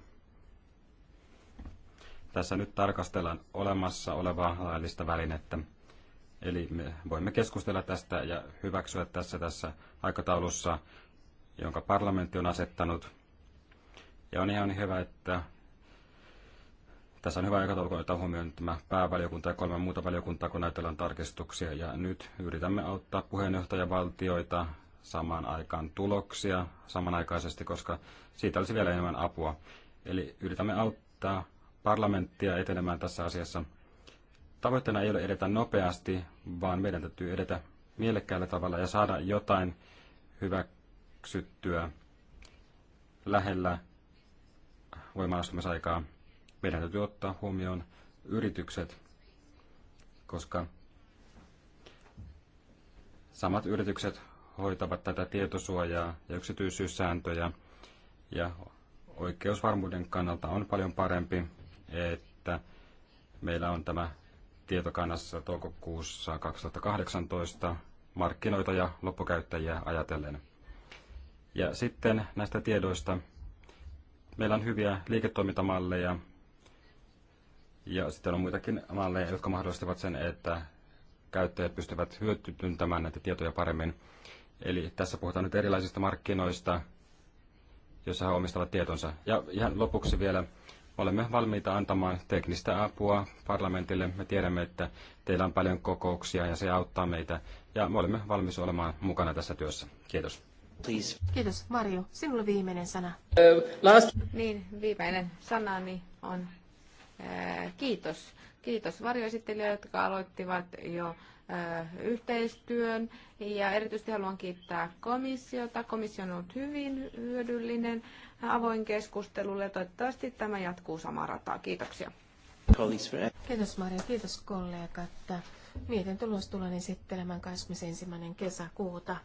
Tässä nyt tarkastellaan olemassa olevaa laillista välinettä. Eli me voimme keskustella tästä ja hyväksyä tässä tässä aikataulussa, jonka parlamentti on asettanut. Ja on ihan hyvä, että tässä on hyvä aikataulu, kun otetaan huomioon tämä päävaliokunta ja kolme muuta valiokuntaa, kun näytellään tarkistuksia. Ja nyt yritämme auttaa puheenjohtajavaltioita samaan aikaan tuloksia samanaikaisesti, koska siitä olisi vielä enemmän apua. Eli yritämme auttaa parlamenttia etenemään tässä asiassa. Tavoitteena ei ole edetä nopeasti, vaan meidän täytyy edetä mielekkäällä tavalla ja saada jotain hyväksyttyä lähellä voimaanastumisaikaa. Meidän täytyy ottaa huomioon yritykset, koska samat yritykset hoitavat tätä tietosuojaa ja yksityisyyssääntöjä ja oikeusvarmuuden kannalta on paljon parempi, että meillä on tämä tietokannassa toukokuussa 2018 markkinoita ja loppukäyttäjiä ajatellen. Ja sitten näistä tiedoista. Meillä on hyviä liiketoimintamalleja ja sitten on muitakin malleja, jotka mahdollistavat sen, että käyttäjät pystyvät hyötyntämään näitä tietoja paremmin. Eli tässä puhutaan nyt erilaisista markkinoista, joissa he omistavat tietonsa. Ja ihan lopuksi vielä olemme valmiita antamaan teknistä apua parlamentille. Me tiedämme, että teillä on paljon kokouksia ja se auttaa meitä ja me olemme valmis olemaan mukana tässä työssä. Kiitos. Please. Kiitos. Marjo, sinulle viimeinen sana. Uh, last... Niin, viimeinen sanani on uh, kiitos. Kiitos varjoesittelijöille, jotka aloittivat jo uh, yhteistyön ja erityisesti haluan kiittää komissiota. Komissio on ollut hyvin hyödyllinen avoin keskustelulle. Toivottavasti tämä jatkuu samaa rataa. Kiitoksia. Kiitos Maria, kiitos kollegat. tulos tullaan esittelemään 21. kesäkuuta.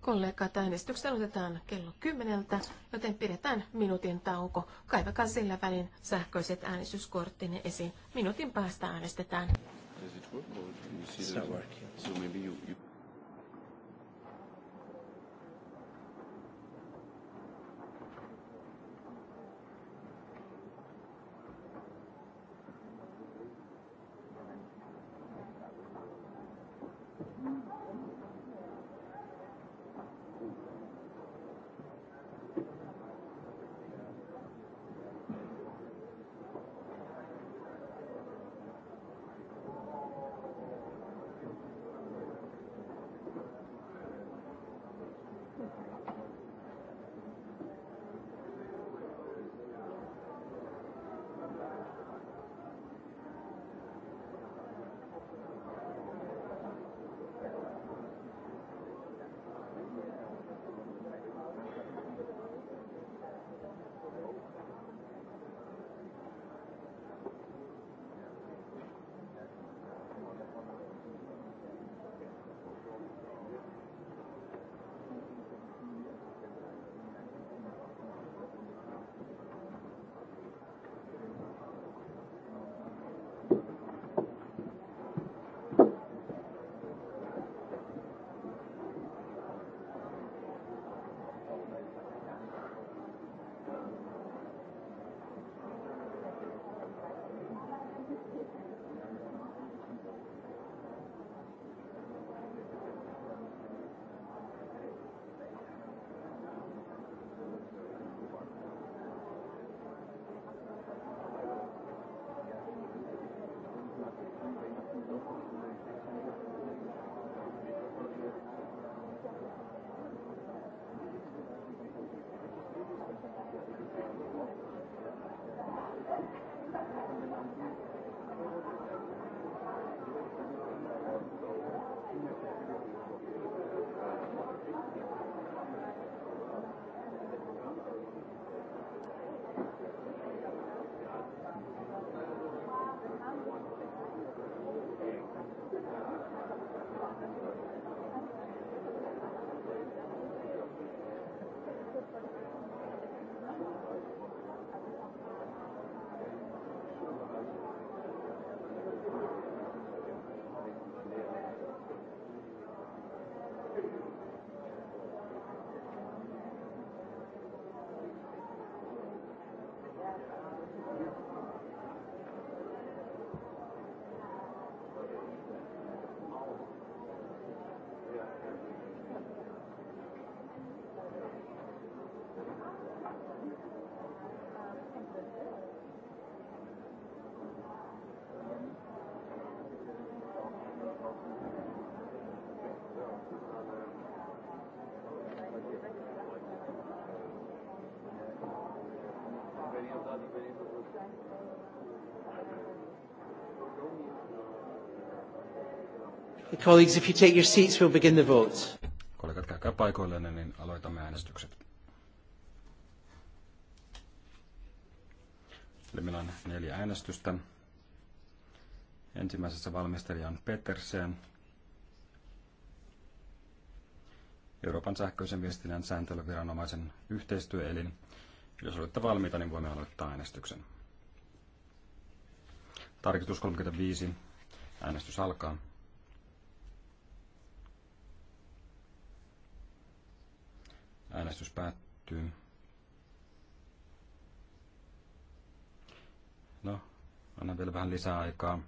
Kollegat, äänestykset aloitetaan kello 10, joten pidetään minuutin tauko. Kaivakaa sillä välin sähköiset äänestyskorttinne esiin. Minuutin päästä äänestetään. Does it work you see that? working. So maybe you, you Colleagues, if you take your seats, we'll begin the vote. Kollegat, käykää paikoillenne, niin aloitamme äänestykset. Eli meillä on neljä äänestystä. Ensimmäisessä valmistelija on Petersen. Euroopan sähköisen viestinnän sääntelyviranomaisen yhteistyöelin. Jos olette valmiita, niin voimme aloittaa äänestyksen. Tarkistus 35. Äänestys alkaa. Äänestys päättyy. No, annan vielä vähän lisää aikaa.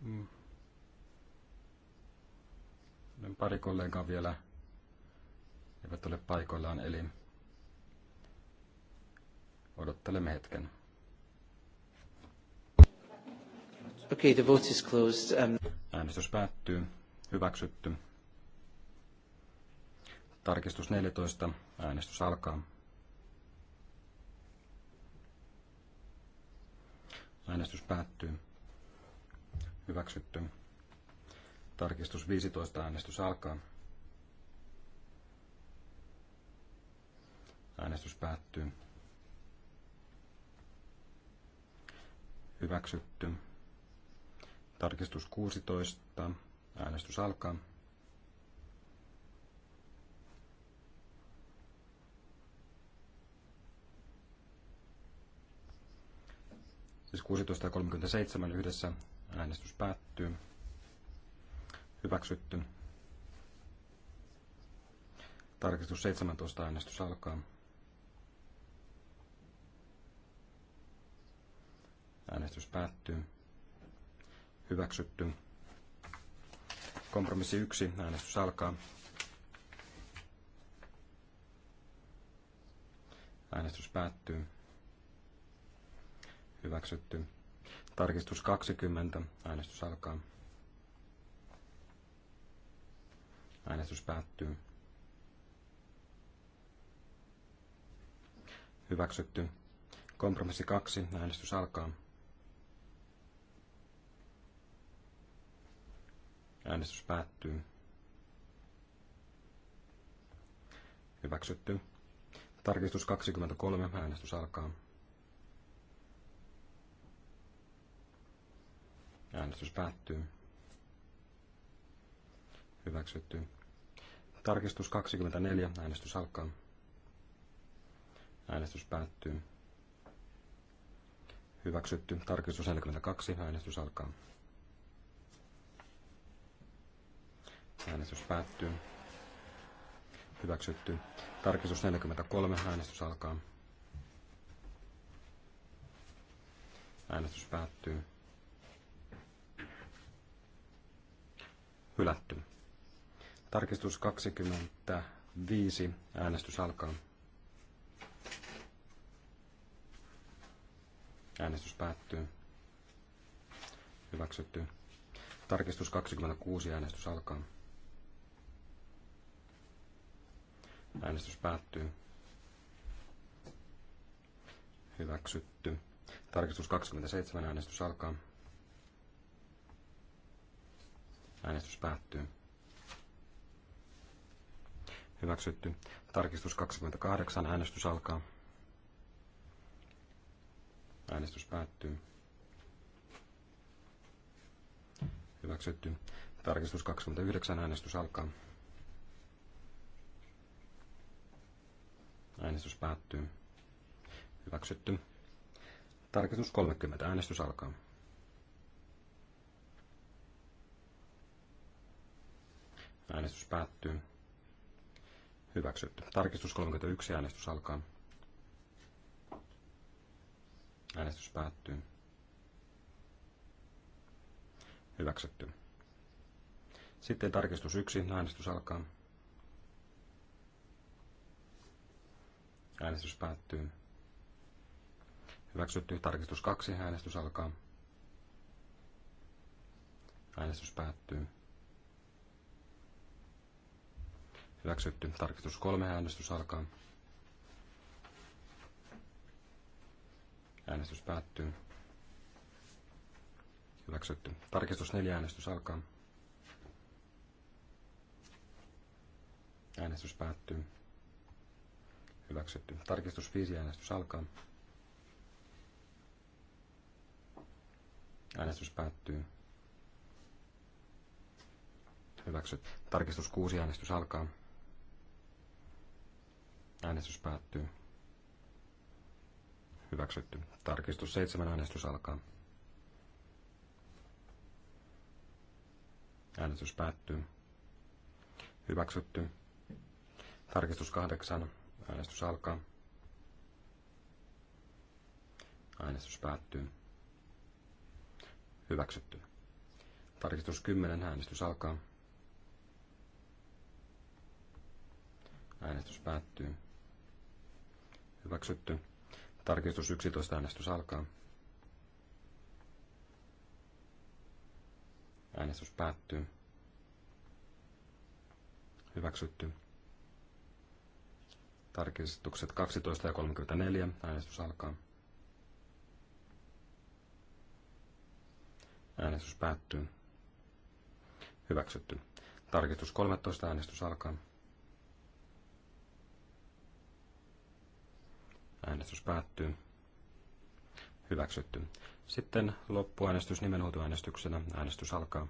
Mm. Pari kollegaa vielä eivät ole paikoillaan, eli odottelemme hetken. Okay, the vote is closed. Um... Äänestys päättyy. Hyväksytty. Tarkistus 14. Äänestys alkaa. Äänestys päättyy. Hyväksytty. Tarkistus 15. Äänestys alkaa. Äänestys päättyy. Hyväksytty. Tarkistus 16. Äänestys alkaa. Siis 16.37 yhdessä äänestys päättyy. Hyväksytty. Tarkistus 17 äänestys alkaa. Äänestys päättyy. Hyväksytty. Kompromissi 1. Äänestys alkaa. Äänestys päättyy. Hyväksytty. Tarkistus 20. Äänestys alkaa. Äänestys päättyy. Hyväksytty. Kompromissi 2. Äänestys alkaa. Äänestys päättyy. Hyväksytty. Tarkistus 23. Äänestys alkaa. Äänestys päättyy. Hyväksytty. Tarkistus 24. Äänestys alkaa. Äänestys päättyy. Hyväksytty. Tarkistus 42. Äänestys alkaa. Äänestys päättyy. Hyväksytty. Tarkistus 43. Äänestys alkaa. Äänestys päättyy. Hylätty. Tarkistus 25. Äänestys alkaa. Äänestys päättyy. Hyväksytty. Tarkistus 26. Äänestys alkaa. Äänestys päättyy. Hyväksytty. Tarkistus 27. Äänestys alkaa. Äänestys päättyy. Hyväksytty. Tarkistus 28. Äänestys alkaa. Äänestys päättyy. Hyväksytty. Tarkistus 29. Äänestys alkaa. Äänestys päättyy. Hyväksytty. Tarkistus 30. Äänestys alkaa. Äänestys päättyy. Hyväksytty. Tarkistus 31. Äänestys alkaa. Äänestys päättyy. Hyväksytty. Sitten tarkistus 1. Äänestys alkaa. Äänestys päättyy. Hyväksytty tarkistus 2. Äänestys alkaa. Äänestys päättyy. Hyväksytty tarkistus 3. Äänestys alkaa. Äänestys päättyy. Hyväksytty. Tarkistus 4. Äänestys alkaa. Äänestys päättyy. Hyväksytty. Tarkistus 5. Äänestys alkaa. Äänestys päättyy. Hyväksytty. Tarkistus 6. Äänestys alkaa. Äänestys päättyy. Hyväksytty. Tarkistus 7. Äänestys alkaa. Äänestys päättyy. Hyväksytty. Tarkistus 8. Äänestys alkaa. Äänestys päättyy. Hyväksytty. Tarkistus 10. Äänestys alkaa. Äänestys päättyy. Hyväksytty. Tarkistus 11. Äänestys alkaa. Äänestys päättyy. Hyväksytty. Tarkistukset 12 ja 34. Äänestys alkaa. Äänestys päättyy. Hyväksytty. Tarkistus 13. Äänestys alkaa. Äänestys päättyy. Hyväksytty. Sitten loppuäänestys nimenhuutoäänestyksenä. Äänestys alkaa.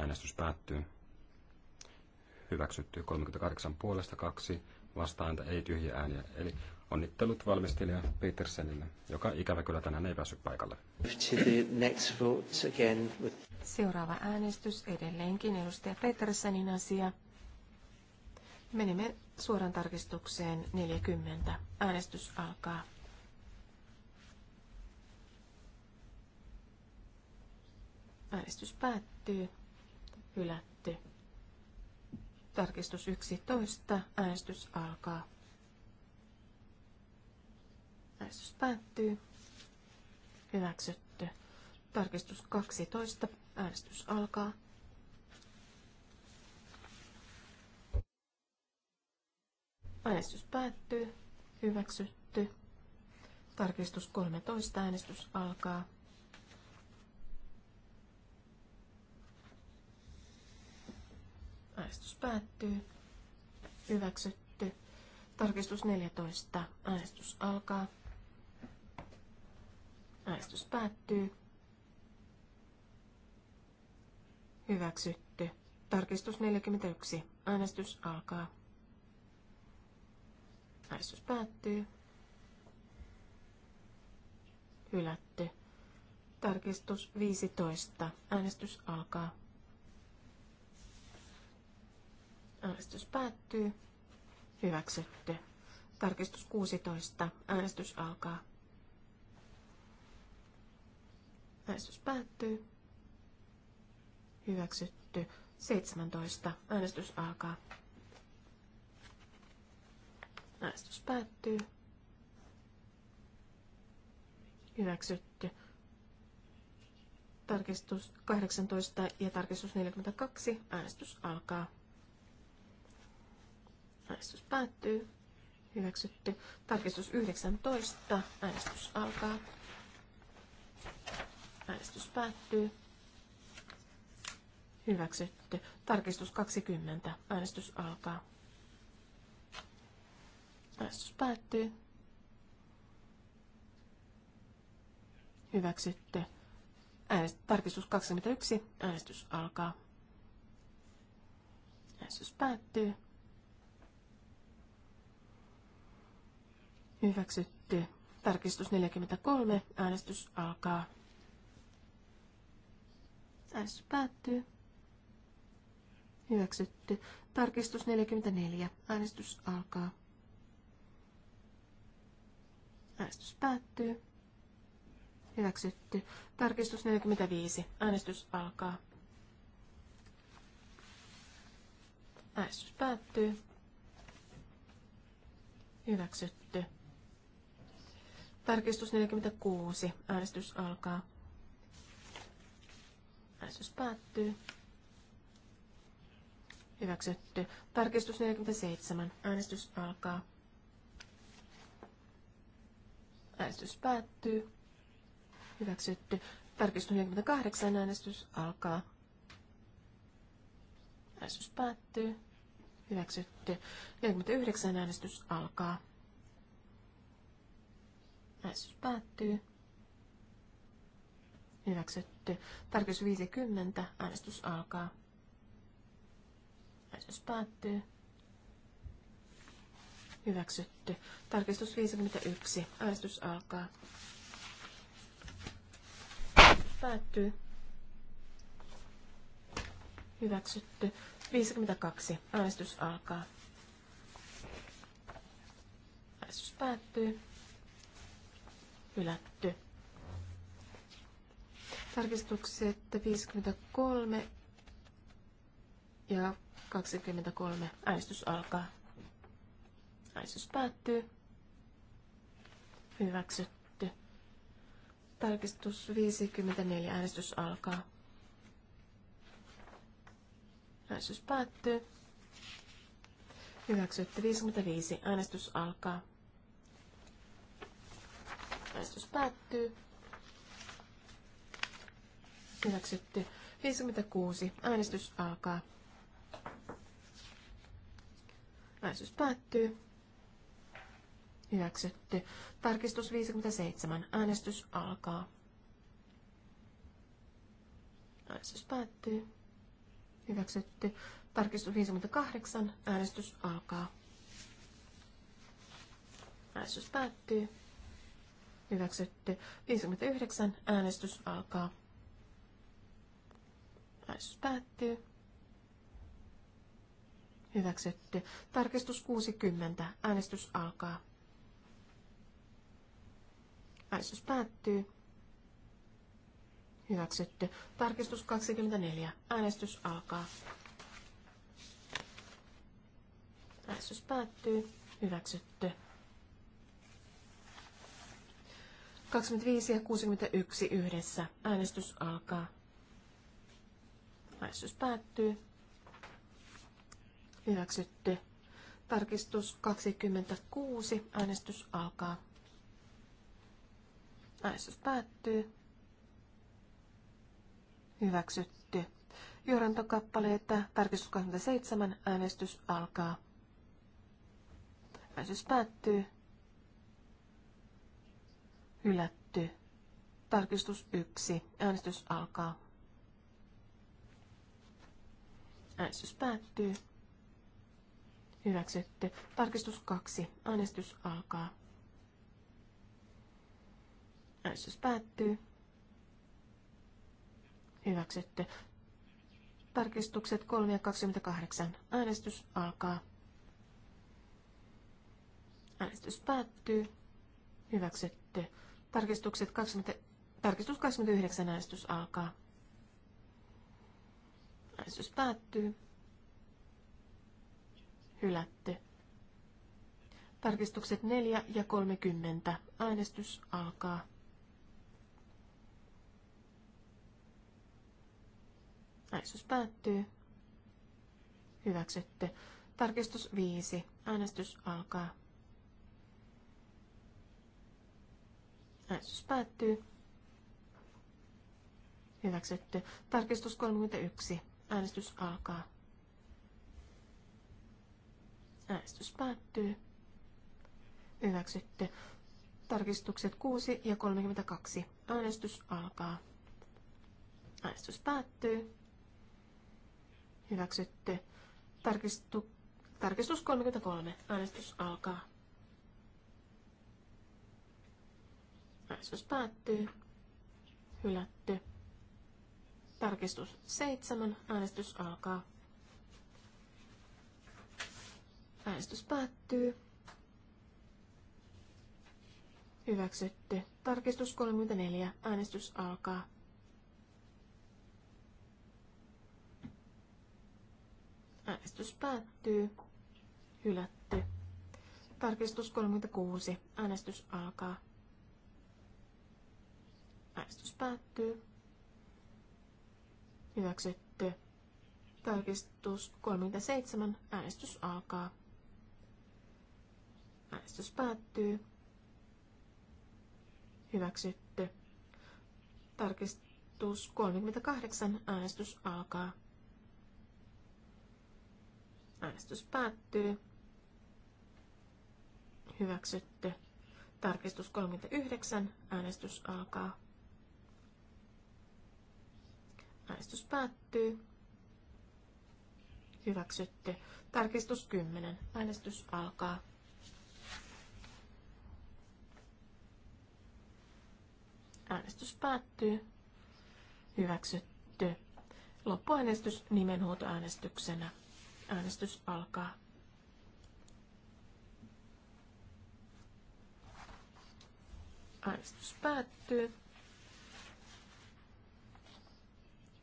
Äänestys päättyy. Hyväksytty 38 puolesta 2 vastaanta ei tyhjä ääniä. Eli onnittelut valmistelija Petersenille, joka ikävä kyllä tänään ei päässyt paikalle. Seuraava äänestys edelleenkin edustaja Petersenin asia. Menemme suoran tarkistukseen 40. Äänestys alkaa. Äänestys päättyy hylätty. Tarkistus 11. Äänestys alkaa. Äänestys päättyy. Hyväksytty. Tarkistus 12. Äänestys alkaa. Äänestys päättyy. Hyväksytty. Tarkistus 13. Äänestys alkaa. Äänestys päättyy. Hyväksytty. Tarkistus 14. Äänestys alkaa. Äänestys päättyy. Hyväksytty. Tarkistus 41. Äänestys alkaa. Äänestys päättyy. Hylätty. Tarkistus 15. Äänestys alkaa. Äänestys päättyy. Hyväksytty. Tarkistus 16. Äänestys alkaa. Äänestys päättyy. Hyväksytty. 17. Äänestys alkaa. Äänestys päättyy. Hyväksytty. Tarkistus 18 ja tarkistus 42. Äänestys alkaa. Äänestys päättyy. Hyväksytty. Tarkistus 19. Äänestys alkaa. Äänestys päättyy. Hyväksytty. Tarkistus 20. Äänestys alkaa. Äänestys päättyy. Hyväksytty. Äänest- tarkistus 21. Äänestys alkaa. Äänestys päättyy. Hyväksytty. Tarkistus 43. Äänestys alkaa. Äänestys päättyy. Hyväksytty. Tarkistus 44. Äänestys alkaa. Äänestys päättyy. Hyväksytty. Tarkistus 45. Äänestys alkaa. Äänestys päättyy. Hyväksytty. Tarkistus 46. Äänestys alkaa. Äänestys päättyy. Hyväksytty. Tarkistus 47. Äänestys alkaa. Äänestys päättyy. Hyväksytty. Tarkistus 48. Äänestys alkaa. Äänestys päättyy. Hyväksytty. 49. Äänestys alkaa. Äänestys päättyy. Hyväksytty. Tarkoitus 50. Äänestys alkaa. Äänestys päättyy. Hyväksytty. Tarkistus 51. Äänestys alkaa. Päättyy. Hyväksytty. 52. Äänestys alkaa. Äänestys päättyy hylätty. Tarkistukset 53 ja 23. Äänestys alkaa. Äänestys päättyy. Hyväksytty. Tarkistus 54. Äänestys alkaa. Äänestys päättyy. Hyväksytty 55. Äänestys alkaa. Äänestys päättyy. Hyväksytty. 56. Äänestys alkaa. Äänestys päättyy. Hyväksytty. Tarkistus 57. Äänestys alkaa. Äänestys päättyy. Hyväksytty. Tarkistus 58. Äänestys alkaa. Äänestys päättyy hyväksytty. 59 äänestys alkaa. Äänestys päättyy. Hyväksytty. Tarkistus 60. Äänestys alkaa. Äänestys päättyy. Hyväksytty. Tarkistus 24. Äänestys alkaa. Äänestys päättyy. Hyväksytty. 25 ja 61 yhdessä. Äänestys alkaa. Äänestys päättyy. Hyväksytty. Tarkistus 26. Äänestys alkaa. Äänestys päättyy. Hyväksytty. Johdantokappaleita. Tarkistus 27. Äänestys alkaa. Äänestys päättyy. Hylätty. Tarkistus 1. Äänestys alkaa. Äänestys päättyy. Hyväksytty. Tarkistus 2. Äänestys alkaa. Äänestys päättyy. Hyväksytty. Tarkistukset 3 ja 28. Äänestys alkaa. Äänestys päättyy. Hyväksytty. Tarkistukset 20, tarkistus 29 äänestys alkaa. Äänestys päättyy. Hylätty. Tarkistukset 4 ja 30. Äänestys alkaa. Äänestys päättyy. Hyväksytty. Tarkistus 5. Äänestys alkaa. Äänestys päättyy. Hyväksytty. Tarkistus 31. Äänestys alkaa. Äänestys päättyy. Hyväksytty. Tarkistukset 6 ja 32. Äänestys alkaa. Äänestys päättyy. Hyväksytty. Tarkistu, tarkistus 33. Äänestys alkaa. Äänestys päättyy. Hylätty. Tarkistus 7. Äänestys alkaa. Äänestys päättyy. Hyväksytty. Tarkistus 34. Äänestys alkaa. Äänestys päättyy. Hylätty. Tarkistus 36. Äänestys alkaa. Äänestys päättyy. Hyväksytty. Tarkistus 37. Äänestys alkaa. Äänestys päättyy. Hyväksytty. Tarkistus 38. Äänestys alkaa. Äänestys päättyy. Hyväksytty. Tarkistus 39. Äänestys alkaa. Äänestys päättyy. Hyväksytty. Tarkistus 10. Äänestys alkaa. Äänestys päättyy. Hyväksytty. Loppuäänestys nimenhuutoäänestyksenä. Äänestys alkaa. Äänestys päättyy.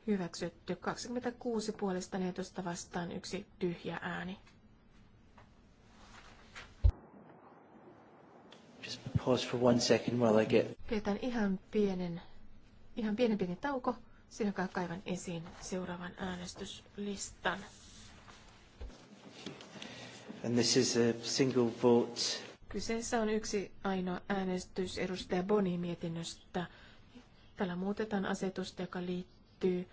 Hyväksytty 26 puolesta 14 vastaan yksi tyhjä ääni. Just pause for one second while I get... Pidetään ihan pienen, ihan pienen pieni tauko. Siinä kaivan esiin seuraavan äänestyslistan. And this is a single vote. Kyseessä on yksi ainoa äänestys edustaja Boni mietinnöstä. Tällä muutetaan asetusta, joka liittyy liittyy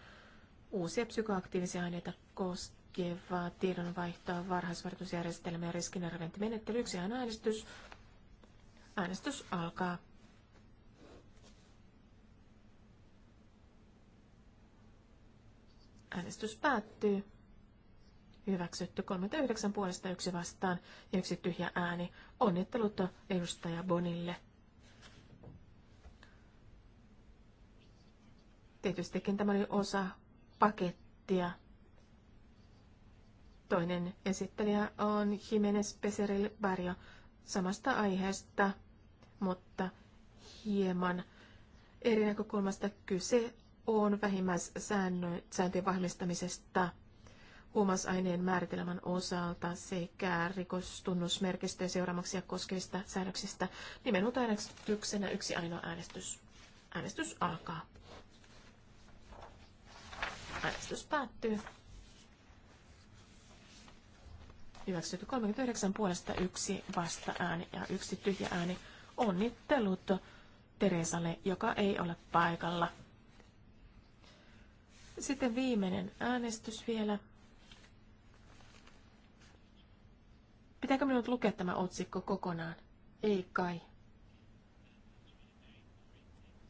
uusia psykoaktiivisia aineita koskevaa tiedonvaihtoa varhaisvartusjärjestelmä ja riskinarviointimenettely. Yksi äänestys. Äänestys alkaa. Äänestys päättyy. Hyväksytty 39 puolesta yksi vastaan ja yksi tyhjä ääni. Onnittelut edustaja Bonille. Tietystikin tämä oli osa pakettia. Toinen esittelijä on Jimenez Peseril Barrio samasta aiheesta, mutta hieman eri näkökulmasta kyse on vähimmäissääntöjen vahvistamisesta huumausaineen määritelmän osalta sekä rikostunnusmerkistöjä seuraamuksia koskevista säännöksistä. äänestyksenä yksi ainoa äänestys. Äänestys alkaa. Äänestys päättyy. Hyväksytty 39 puolesta yksi vasta ääni ja yksi tyhjä ääni. Onnittelut Teresalle, joka ei ole paikalla. Sitten viimeinen äänestys vielä. Pitääkö minun lukea tämä otsikko kokonaan? Ei kai.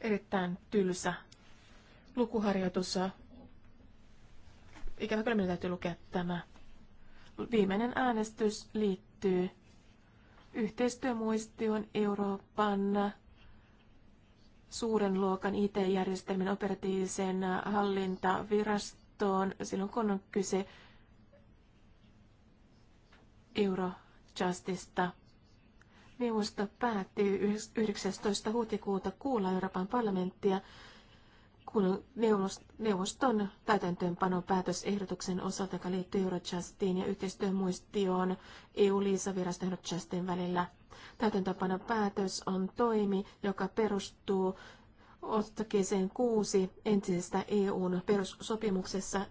Erittäin tylsä lukuharjoitus ikävä kyllä minun täytyy lukea tämä. Viimeinen äänestys liittyy yhteistyömuistioon Euroopan suuren luokan IT-järjestelmän operatiivisen hallintavirastoon silloin, kun on kyse Eurojustista. Neuvosto päättyy 19. huhtikuuta kuulla Euroopan parlamenttia kun neuvoston täytäntöönpanopäätösehdotuksen osalta, joka liittyy Eurojustiin ja yhteistyömuistioon EU-liisaviraston Eurojustin välillä. Täytäntöönpanopäätös on toimi, joka perustuu otsakkeeseen kuusi entisestä EUn perussopimuksessa.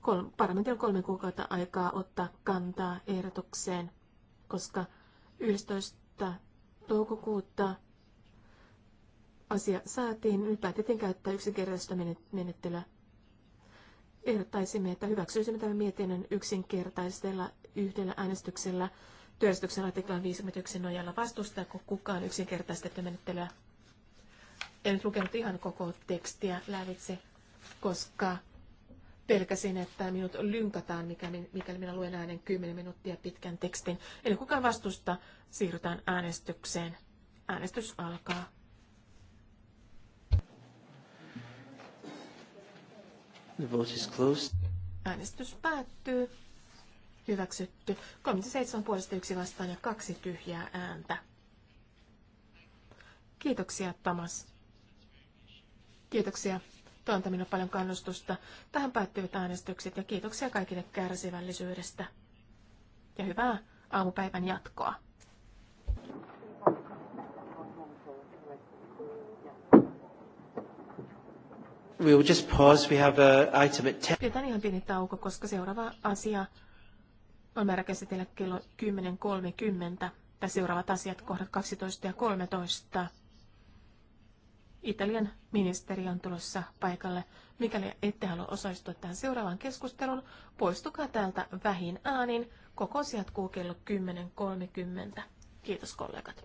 Kolme, parlamentin on kolme kuukautta aikaa ottaa kantaa ehdotukseen, koska 11. toukokuuta asia saatiin, nyt päätettiin käyttää yksinkertaista menettelyä. Ehdottaisimme, että hyväksyisimme tämän mietinnön yksinkertaisella yhdellä äänestyksellä työjärjestyksen artiklan 51 nojalla. kun kukaan yksinkertaistettu menettelyä? En nyt lukenut ihan koko tekstiä lävitse, koska pelkäsin, että minut lynkataan, mikäli minä luen äänen 10 minuuttia pitkän tekstin. Eli kukaan vastusta, siirrytään äänestykseen. Äänestys alkaa. The vote is closed. Äänestys päättyy. Hyväksytty. 37 puolesta yksi vastaan ja kaksi tyhjää ääntä. Kiitoksia, Tamas. Kiitoksia. Tuo antaa minulle paljon kannustusta. Tähän päättyvät äänestykset ja kiitoksia kaikille kärsivällisyydestä. Ja hyvää aamupäivän jatkoa. We will just pause. We have a item at Pidetään ihan pieni tauko, koska seuraava asia on määrä käsitellä kello 10.30. Tai seuraavat asiat, kohdat 12 ja 13. Italian ministeri on tulossa paikalle. Mikäli ette halua osallistua tähän seuraavaan keskusteluun, poistukaa täältä vähin äänin. Kokous jatkuu kello 10.30. Kiitos kollegat.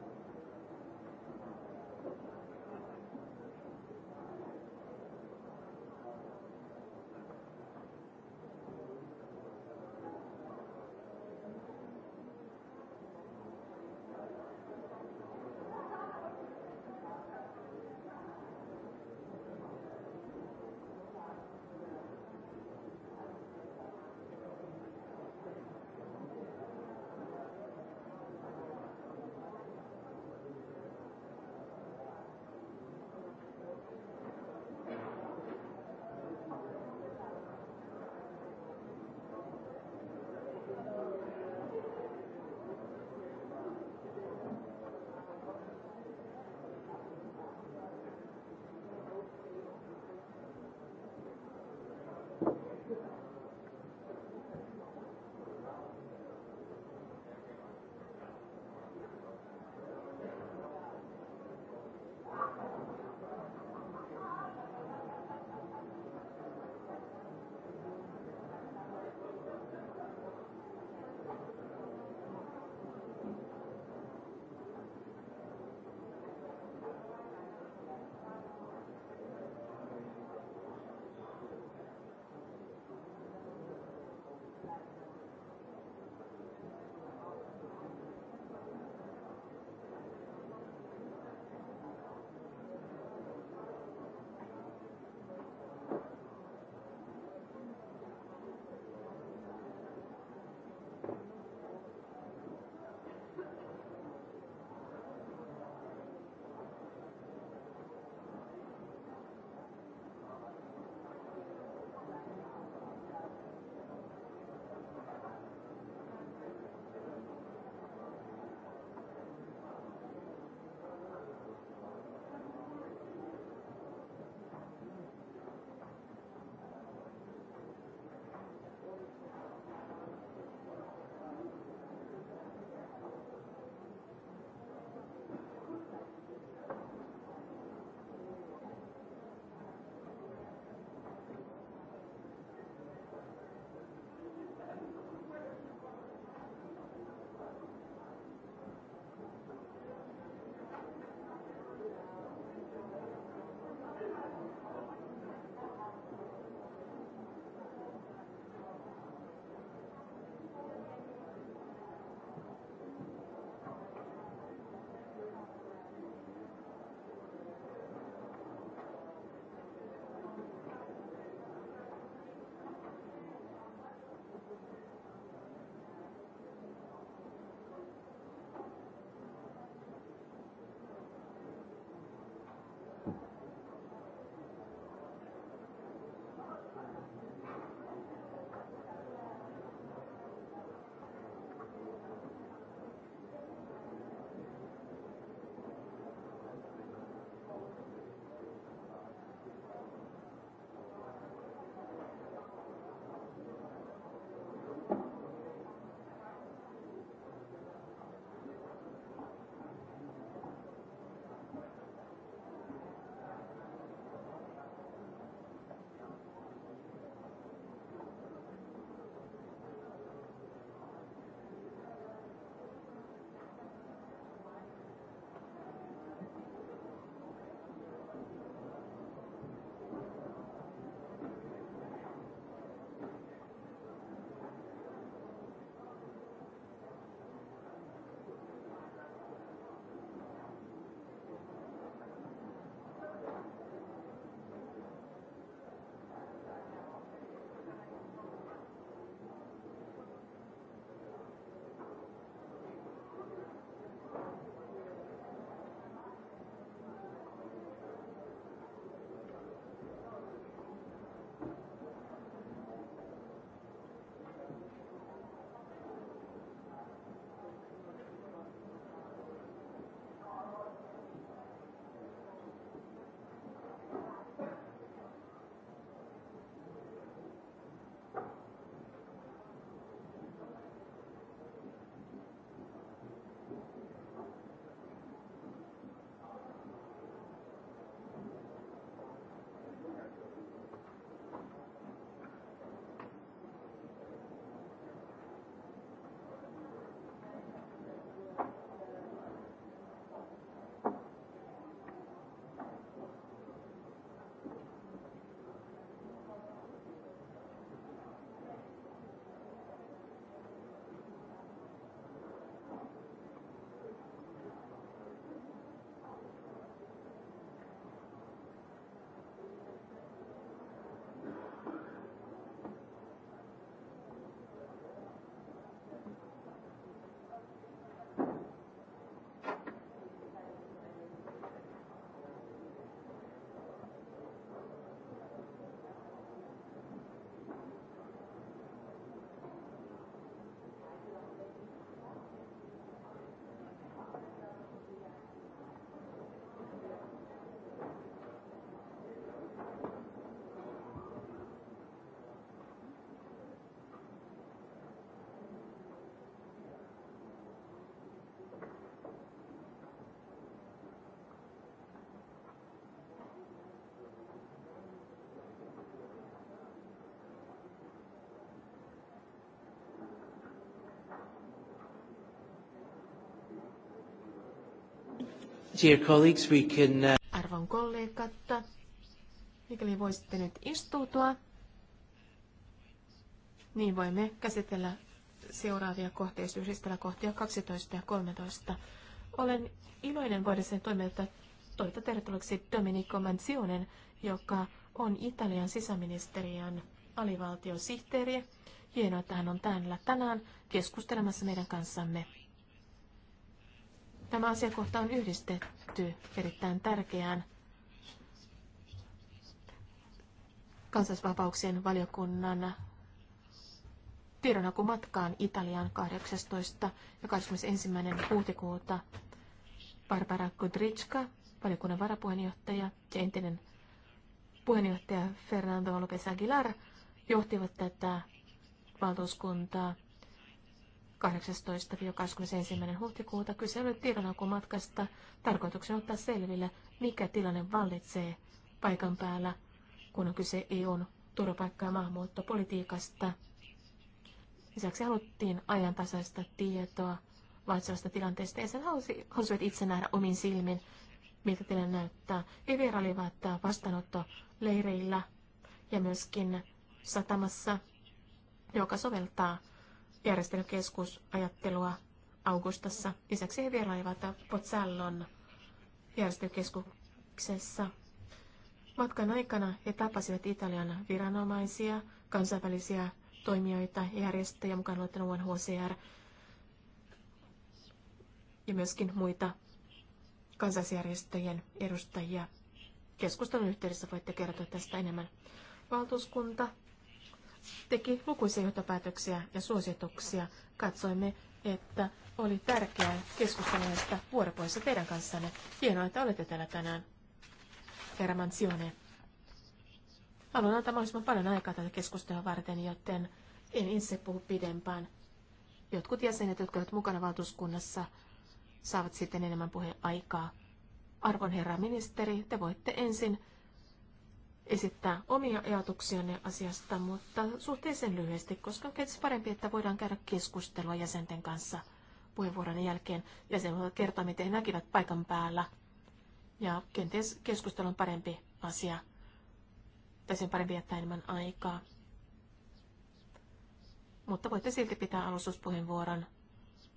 Dear colleagues, we can... Uh, Arvon kollegat, mikäli voisitte nyt istuutua, niin voimme käsitellä seuraavia kohteista, kohtia 12 ja 13. Olen iloinen voidessani toimittaa toivota tervetulleeksi Domenico Manzionen, joka on Italian sisäministeriön alivaltiosihteeri. Hienoa, että hän on täällä tänään keskustelemassa meidän kanssamme. Tämä asiakohta on yhdistetty erittäin tärkeään kansallisvapauksien valiokunnan tiedonhakumatkaan Italiaan 18. ja 21. huhtikuuta. Barbara Kudritska, valiokunnan varapuheenjohtaja ja entinen puheenjohtaja Fernando López Aguilar johtivat tätä valtuuskuntaa. 18-21. huhtikuuta kyse oli tiedonhakumatkasta tarkoituksena ottaa selville, mikä tilanne vallitsee paikan päällä, kun on kyse EUn turvapaikka- ja maahanmuuttopolitiikasta. Lisäksi haluttiin ajantasaista tietoa valitsevasta tilanteesta ja sen halusi, halusivat itse nähdä omin silmin, miltä tilanne näyttää. He vierailivat vastaanottoleireillä ja myöskin satamassa, joka soveltaa järjestelykeskusajattelua Augustassa. Lisäksi he vierailivat Potsallon järjestelykeskuksessa. Matkan aikana he tapasivat Italian viranomaisia, kansainvälisiä toimijoita, järjestöjä, mukaan luettuna UNHCR ja myöskin muita kansalaisjärjestöjen edustajia. Keskustelun yhteydessä voitte kertoa tästä enemmän. Valtuuskunta teki lukuisia johtopäätöksiä ja suosituksia. Katsoimme, että oli tärkeää keskustella näistä vuoropuheissa teidän kanssanne. Hienoa, että olette täällä tänään. Herra Mansione, haluan antaa mahdollisimman paljon aikaa tätä keskustelua varten, joten en itse puhu pidempään. Jotkut jäsenet, jotka ovat mukana valtuuskunnassa, saavat sitten enemmän aikaa. Arvon herra ministeri, te voitte ensin esittää omia ajatuksianne asiasta, mutta suhteellisen lyhyesti, koska on tietysti parempi, että voidaan käydä keskustelua jäsenten kanssa puheenvuoron jälkeen. Jäsen voi kertoa, miten he näkivät paikan päällä. Ja kenties keskustelu on parempi asia. Tai sen parempi jättää enemmän aikaa. Mutta voitte silti pitää alustuspuheenvuoron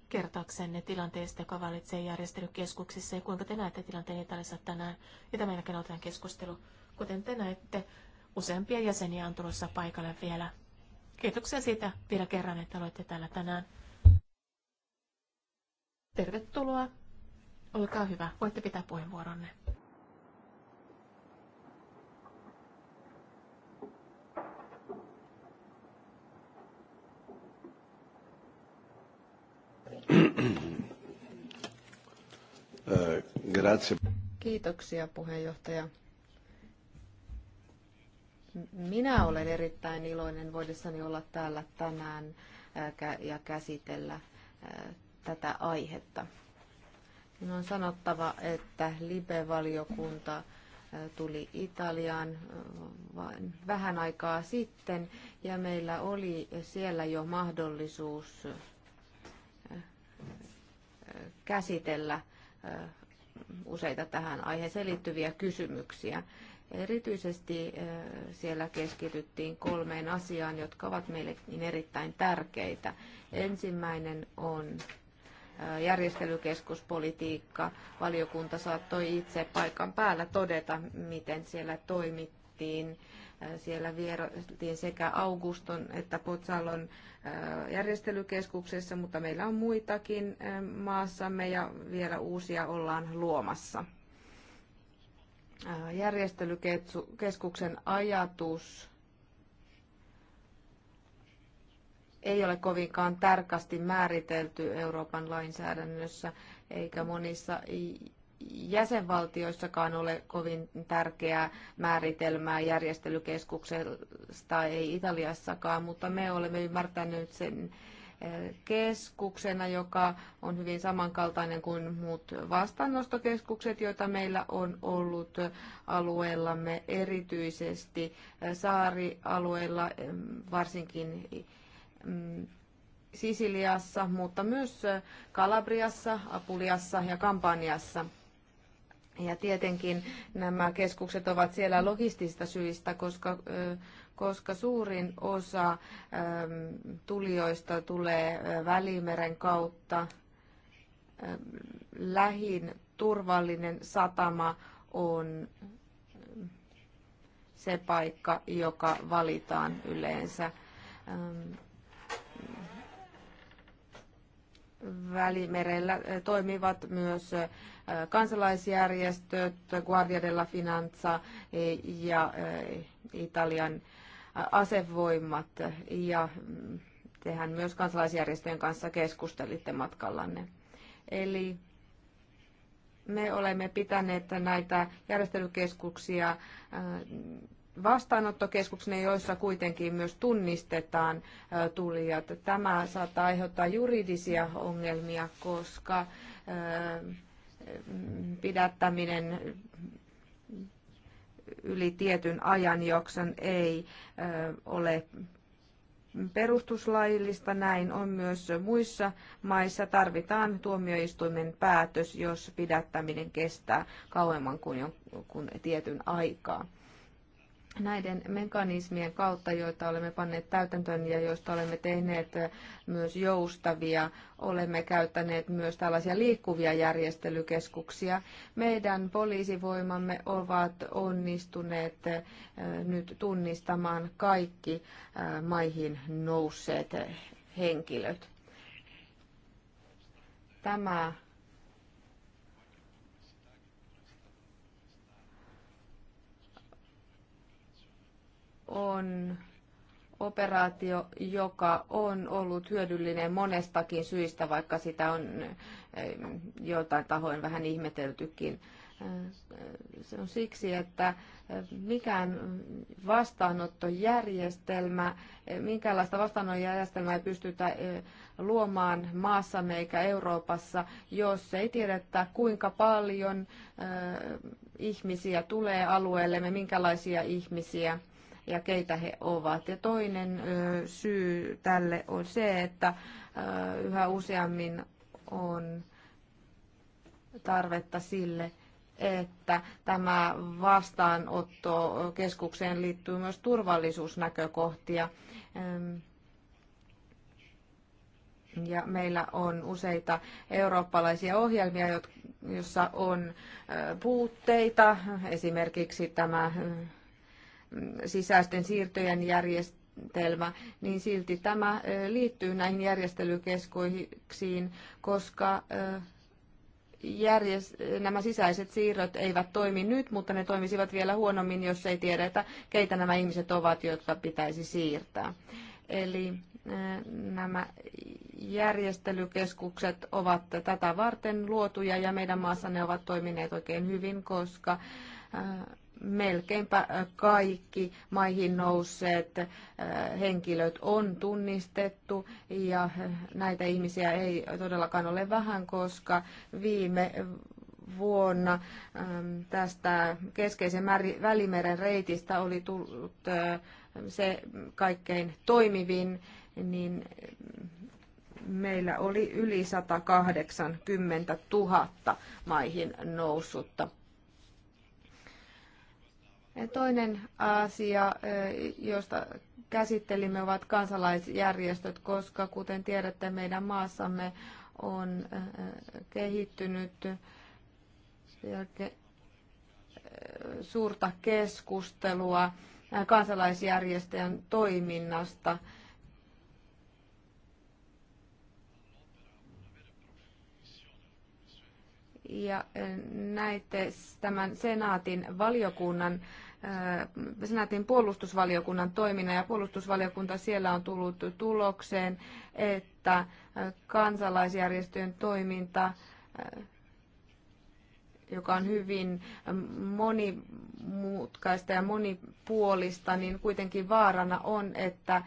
kertaaksenne tilanteesta, joka valitsee järjestelykeskuksissa ja kuinka te näette tilanteen Italiassa tänään. Ja tämän jälkeen otetaan keskustelu. Kuten te näette, useampia jäseniä on tulossa paikalle vielä. Kiitoksia siitä vielä kerran, että olette täällä tänään. Tervetuloa. Olkaa hyvä. Voitte pitää puheenvuoronne. Kiitoksia puheenjohtaja. Minä olen erittäin iloinen voidessani olla täällä tänään ja käsitellä tätä aihetta. Minun on sanottava, että Libe-valiokunta tuli Italiaan vain vähän aikaa sitten ja meillä oli siellä jo mahdollisuus käsitellä useita tähän aiheeseen liittyviä kysymyksiä. Erityisesti eh, siellä keskityttiin kolmeen asiaan, jotka ovat meillekin niin erittäin tärkeitä. Ensimmäinen on eh, järjestelykeskuspolitiikka. Valiokunta saattoi itse paikan päällä todeta, miten siellä toimittiin. Eh, siellä vierailtiin sekä Auguston että Potsalon järjestelykeskuksessa, mutta meillä on muitakin maassamme ja vielä uusia ollaan luomassa järjestelykeskuksen ajatus ei ole kovinkaan tarkasti määritelty Euroopan lainsäädännössä, eikä monissa jäsenvaltioissakaan ole kovin tärkeää määritelmää järjestelykeskuksesta, ei Italiassakaan, mutta me olemme ymmärtäneet sen keskuksena, joka on hyvin samankaltainen kuin muut vastaanostokeskukset, joita meillä on ollut alueellamme, erityisesti saarialueilla, varsinkin mm, Sisiliassa, mutta myös Kalabriassa, Apuliassa ja Kampaniassa. Ja tietenkin nämä keskukset ovat siellä logistista syistä, koska koska suurin osa ähm, tulijoista tulee äh, Välimeren kautta. Ähm, lähin turvallinen satama on äh, se paikka, joka valitaan yleensä. Ähm, Välimerellä äh, toimivat myös kansalaisjärjestöt, Guardia della Finanza ja Italian asevoimat ja tehän myös kansalaisjärjestöjen kanssa keskustelitte matkallanne. Eli me olemme pitäneet näitä järjestelykeskuksia äh, vastaanottokeskuksena, joissa kuitenkin myös tunnistetaan äh, tulijat. Tämä saattaa aiheuttaa juridisia ongelmia, koska äh, pidättäminen yli tietyn ajanjakson ei ole perustuslaillista. Näin on myös muissa maissa. Tarvitaan tuomioistuimen päätös, jos pidättäminen kestää kauemman kuin, kuin tietyn aikaa näiden mekanismien kautta, joita olemme panneet täytäntöön ja joista olemme tehneet myös joustavia, olemme käyttäneet myös tällaisia liikkuvia järjestelykeskuksia. Meidän poliisivoimamme ovat onnistuneet eh, nyt tunnistamaan kaikki eh, maihin nousseet eh, henkilöt. Tämä on operaatio, joka on ollut hyödyllinen monestakin syistä, vaikka sitä on eh, joiltain tahoin vähän ihmeteltykin. Eh, se on siksi, että eh, mikään vastaanottojärjestelmä, minkäänlaista vastaanottojärjestelmää ei pystytä luomaan maassamme eikä Euroopassa, jos ei tiedetä kuinka paljon ihmisiä tulee alueellemme, minkälaisia ihmisiä ja keitä he ovat. Ja toinen syy tälle on se, että yhä useammin on tarvetta sille, että tämä vastaanotto keskukseen liittyy myös turvallisuusnäkökohtia. Ja meillä on useita eurooppalaisia ohjelmia, joissa on puutteita, esimerkiksi tämä sisäisten siirtojen järjestelmä, niin silti tämä liittyy näihin järjestelykeskuksiin, koska järjest- nämä sisäiset siirrot eivät toimi nyt, mutta ne toimisivat vielä huonommin, jos ei tiedetä, keitä nämä ihmiset ovat, jotka pitäisi siirtää. Eli nämä järjestelykeskukset ovat tätä varten luotuja ja meidän maassa ne ovat toimineet oikein hyvin, koska melkeinpä äh, kaikki maihin nousseet äh, henkilöt on tunnistettu ja äh, näitä ihmisiä ei todellakaan ole vähän, koska viime vuonna ähm, tästä keskeisen välimeren reitistä oli tullut se kaikkein toimivin, niin meillä oli yli 180 000 maihin noussutta. Toinen asia, josta käsittelimme, ovat kansalaisjärjestöt, koska kuten tiedätte, meidän maassamme on kehittynyt suurta keskustelua kansalaisjärjestöjen toiminnasta. Ja näitte tämän senaatin valiokunnan senaatin puolustusvaliokunnan toiminnan ja puolustusvaliokunta siellä on tullut tulokseen, että kansalaisjärjestöjen toiminta joka on hyvin monimutkaista ja monipuolista, niin kuitenkin vaarana on, että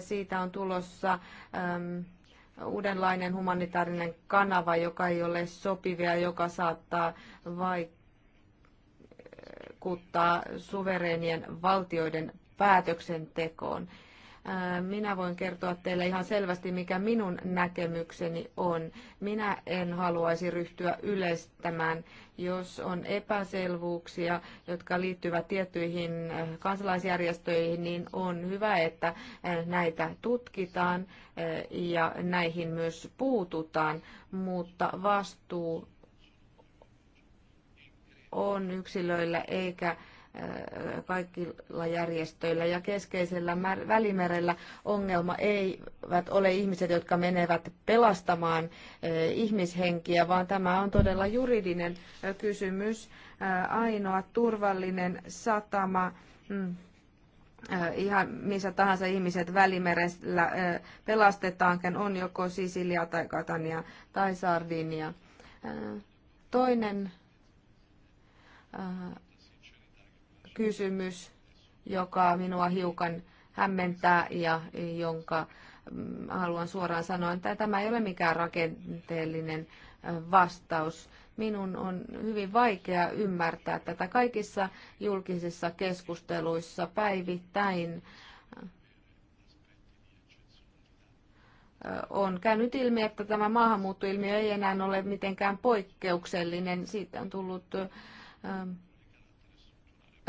siitä on tulossa uudenlainen humanitaarinen kanava, joka ei ole sopivia, joka saattaa vaikuttaa vaikuttaa suvereenien valtioiden päätöksentekoon. Äh, minä voin kertoa teille ihan selvästi, mikä minun näkemykseni on. Minä en haluaisi ryhtyä yleistämään, jos on epäselvuuksia, jotka liittyvät tiettyihin äh, kansalaisjärjestöihin, niin on hyvä, että äh, näitä tutkitaan ja näihin myös puututaan, mutta vastuu on yksilöillä eikä kaikilla järjestöillä ja keskeisellä välimerellä ongelma eivät ole ihmiset, jotka menevät pelastamaan ihmishenkiä, vaan tämä on todella juridinen kysymys. Ainoa turvallinen satama mm, ihan missä tahansa ihmiset välimerellä pelastetaankin, on joko Sisilia tai Katania tai Sardinia. Toinen Äh, kysymys, joka minua hiukan hämmentää ja jonka mm, haluan suoraan sanoa, että tämä ei ole mikään rakenteellinen äh, vastaus. Minun on hyvin vaikea ymmärtää tätä kaikissa julkisissa keskusteluissa päivittäin. Äh, on käynyt ilmi, että tämä maahanmuuttoilmiö ei enää ole mitenkään poikkeuksellinen. Siitä on tullut Ähm,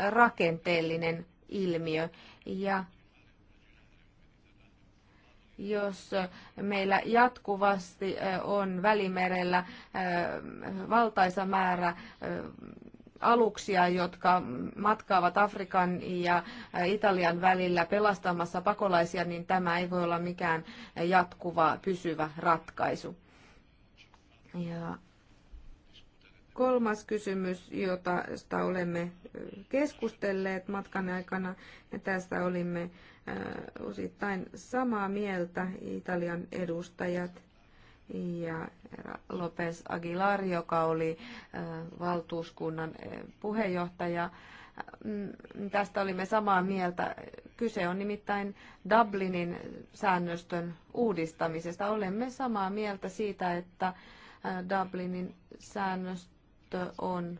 rakenteellinen ilmiö. Ja jos meillä jatkuvasti äh, on välimerellä äh, valtaisa määrä äh, aluksia, jotka matkaavat Afrikan ja Italian välillä pelastamassa pakolaisia, niin tämä ei voi olla mikään jatkuva, pysyvä ratkaisu. Ja Kolmas kysymys, jota olemme keskustelleet matkan aikana, ja tästä olimme osittain samaa mieltä Italian edustajat ja Lopez Aguilar, joka oli valtuuskunnan puheenjohtaja. Mm, tästä olimme samaa mieltä. Kyse on nimittäin Dublinin säännöstön uudistamisesta. Olemme samaa mieltä siitä, että Dublinin säännöstö on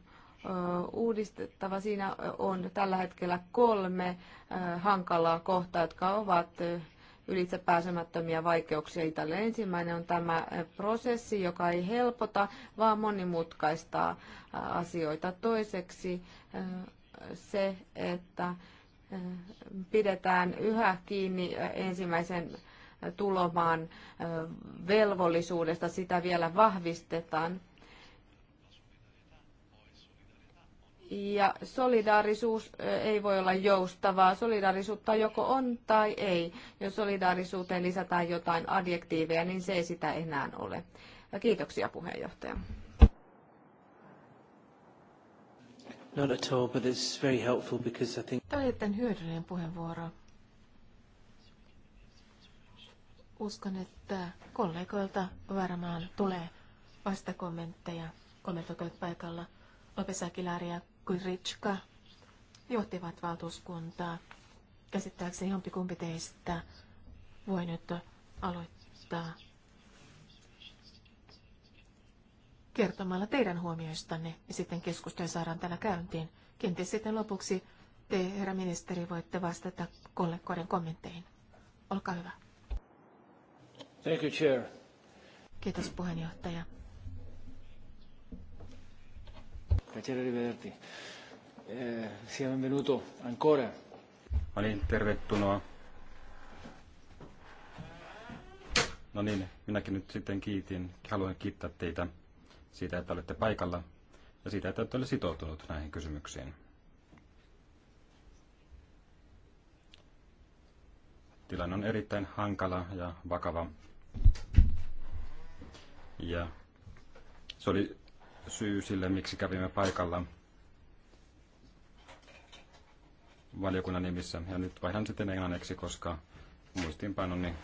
uudistettava. Siinä on tällä hetkellä kolme hankalaa kohtaa, jotka ovat ylitse pääsemättömiä vaikeuksia Italia. Ensimmäinen on tämä prosessi, joka ei helpota, vaan monimutkaistaa asioita. Toiseksi se, että pidetään yhä kiinni ensimmäisen tulomaan velvollisuudesta, sitä vielä vahvistetaan. Ja solidaarisuus ei voi olla joustavaa. Solidaarisuutta joko on tai ei. Jos solidaarisuuteen lisätään jotain adjektiiveja, niin se ei sitä enää ole. Ja kiitoksia puheenjohtaja. Not at all, but it's very helpful because I think... Tämä oli erittäin hyödyllinen puheenvuoro. Uskon, että kollegoilta varmaan tulee vastakommentteja. Kommentoikoit paikalla. Lopes Kuritschka johtivat valtuuskuntaa. Käsittääkseni jompikumpi teistä voi nyt aloittaa kertomalla teidän huomioistanne ja sitten keskustelu saadaan täällä käyntiin. Kenties sitten lopuksi te, herra ministeri, voitte vastata kollegoiden kommentteihin. Olkaa hyvä. Thank you, Chair. Kiitos puheenjohtaja. Piacere rivederti. Eh, sia benvenuto ancora. No niin, tervetuloa. No niin, minäkin nyt sitten kiitin. Haluan kiittää teitä siitä, että olette paikalla ja siitä, että olette sitoutunut näihin kysymyksiin. Tilanne on erittäin hankala ja vakava. Ja se oli syy sille, miksi kävimme paikalla valiokunnan nimissä. Ja nyt vaihdan sitten englanniksi, koska muistiinpanoni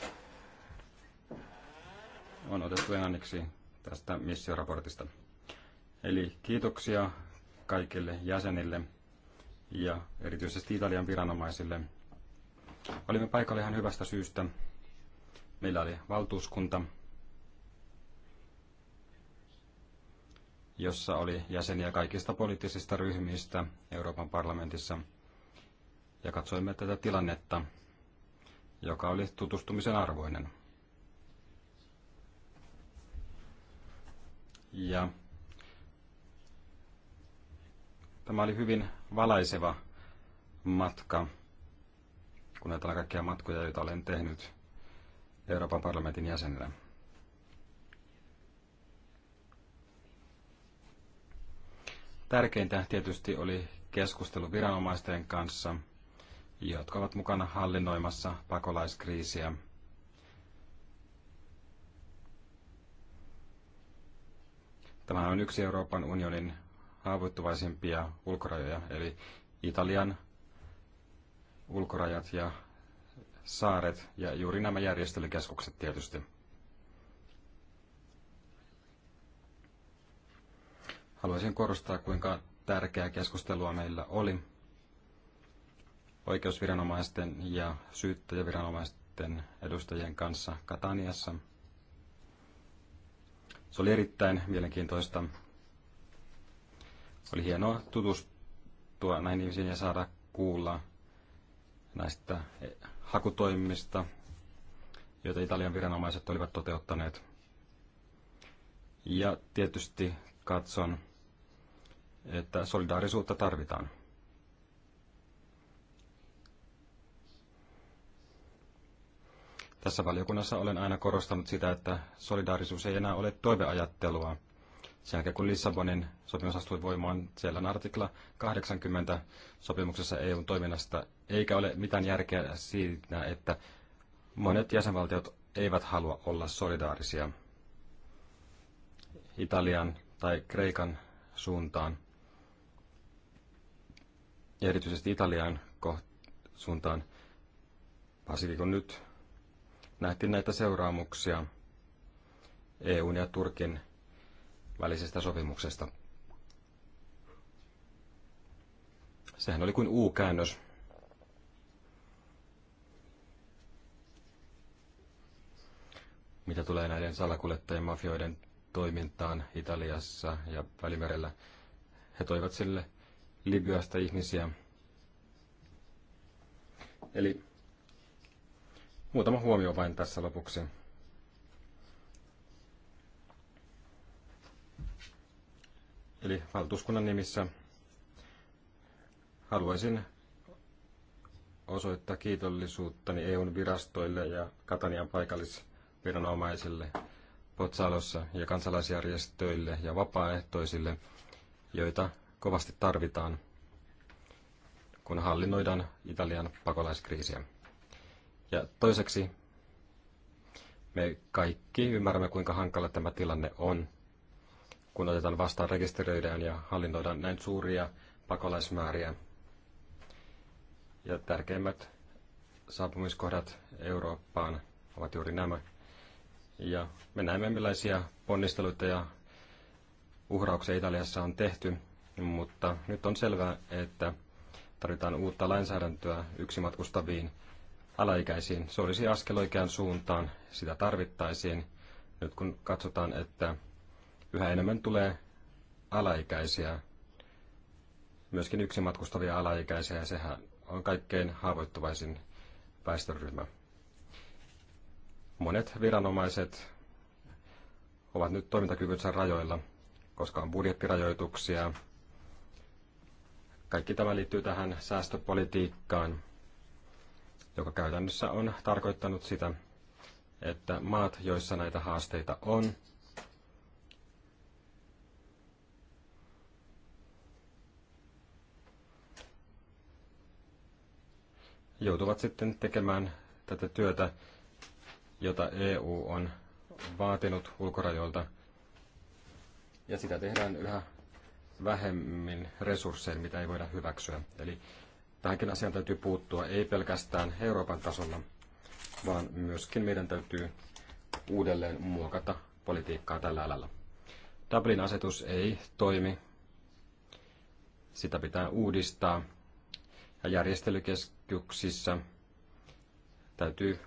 on otettu englanniksi tästä missioraportista. Eli kiitoksia kaikille jäsenille ja erityisesti Italian viranomaisille. Olimme paikalla ihan hyvästä syystä. Meillä oli valtuuskunta, jossa oli jäseniä kaikista poliittisista ryhmistä Euroopan parlamentissa. Ja katsoimme tätä tilannetta, joka oli tutustumisen arvoinen. Ja tämä oli hyvin valaiseva matka, kun näitä kaikkia matkoja, joita olen tehnyt Euroopan parlamentin jäsenenä. Tärkeintä tietysti oli keskustelu viranomaisten kanssa, jotka ovat mukana hallinnoimassa pakolaiskriisiä. Tämä on yksi Euroopan unionin haavoittuvaisimpia ulkorajoja, eli Italian ulkorajat ja saaret ja juuri nämä järjestelykeskukset tietysti. Haluaisin korostaa, kuinka tärkeää keskustelua meillä oli oikeusviranomaisten ja syyttäjäviranomaisten edustajien kanssa Kataniassa. Se oli erittäin mielenkiintoista. Oli hienoa tutustua näihin ihmisiin ja saada kuulla näistä e, hakutoimista, joita Italian viranomaiset olivat toteuttaneet. Ja tietysti katson että solidaarisuutta tarvitaan. Tässä valiokunnassa olen aina korostanut sitä, että solidaarisuus ei enää ole toiveajattelua. Sen jälkeen kun Lissabonin sopimus astui voimaan, siellä on artikla 80 sopimuksessa EUn toiminnasta, eikä ole mitään järkeä siinä, että monet jäsenvaltiot eivät halua olla solidaarisia Italian tai Kreikan suuntaan ja erityisesti Italian suuntaan, varsinkin kun nyt nähtiin näitä seuraamuksia EUn ja Turkin välisestä sopimuksesta. Sehän oli kuin U-käännös. Mitä tulee näiden salakuljettajien mafioiden toimintaan Italiassa ja Välimerellä, he toivat sille Libyasta ihmisiä. Eli muutama huomio vain tässä lopuksi. Eli valtuuskunnan nimissä haluaisin osoittaa kiitollisuuttani EUn virastoille ja Katanian paikallisviranomaisille Potsalossa ja kansalaisjärjestöille ja vapaaehtoisille, joita kovasti tarvitaan, kun hallinnoidaan Italian pakolaiskriisiä. Ja toiseksi, me kaikki ymmärrämme, kuinka hankala tämä tilanne on, kun otetaan vastaan rekisteröidään ja hallinnoidaan näin suuria pakolaismääriä. Ja tärkeimmät saapumiskohdat Eurooppaan ovat juuri nämä. Ja me näemme, millaisia ponnisteluita ja uhrauksia Italiassa on tehty, mutta nyt on selvää, että tarvitaan uutta lainsäädäntöä yksimatkustaviin alaikäisiin. Se olisi askel oikeaan suuntaan, sitä tarvittaisiin. Nyt kun katsotaan, että yhä enemmän tulee alaikäisiä, myöskin yksimatkustavia alaikäisiä, ja sehän on kaikkein haavoittuvaisin väestöryhmä. Monet viranomaiset ovat nyt toimintakyvynsä rajoilla, koska on budjettirajoituksia, kaikki tämä liittyy tähän säästöpolitiikkaan, joka käytännössä on tarkoittanut sitä, että maat, joissa näitä haasteita on, joutuvat sitten tekemään tätä työtä, jota EU on vaatinut ulkorajoilta. Ja sitä tehdään yhä vähemmin resursseja mitä ei voida hyväksyä. Eli tähänkin asiaan täytyy puuttua ei pelkästään Euroopan tasolla, vaan myöskin meidän täytyy uudelleen muokata politiikkaa tällä alalla. Dublin-asetus ei toimi. Sitä pitää uudistaa. Ja järjestelykeskuksissa täytyy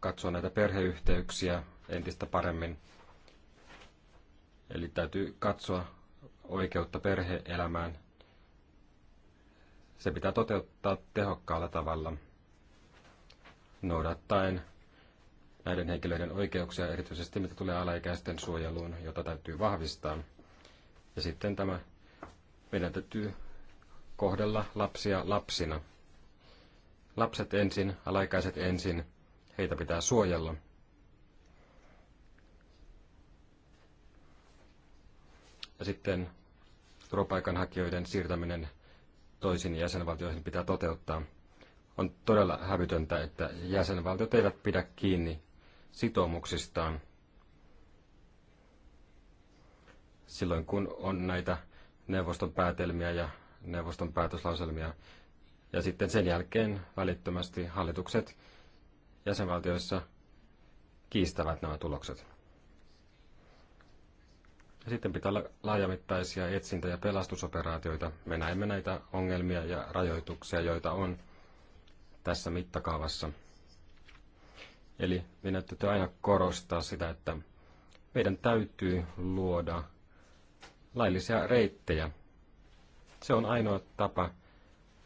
katsoa näitä perheyhteyksiä entistä paremmin. Eli täytyy katsoa, oikeutta perheelämään. Se pitää toteuttaa tehokkaalla tavalla, noudattaen näiden henkilöiden oikeuksia, erityisesti mitä tulee alaikäisten suojeluun, jota täytyy vahvistaa. Ja sitten tämä, meidän täytyy kohdella lapsia lapsina. Lapset ensin, alaikäiset ensin, heitä pitää suojella. Ja sitten turvapaikanhakijoiden siirtäminen toisiin jäsenvaltioihin pitää toteuttaa. On todella hävytöntä, että jäsenvaltiot eivät pidä kiinni sitoumuksistaan silloin, kun on näitä neuvoston päätelmiä ja neuvoston päätöslauselmia. Ja sitten sen jälkeen välittömästi hallitukset jäsenvaltioissa kiistävät nämä tulokset. Ja sitten pitää olla laajamittaisia etsintä- ja pelastusoperaatioita. Me näemme näitä ongelmia ja rajoituksia, joita on tässä mittakaavassa. Eli minä täytyy aina korostaa sitä, että meidän täytyy luoda laillisia reittejä. Se on ainoa tapa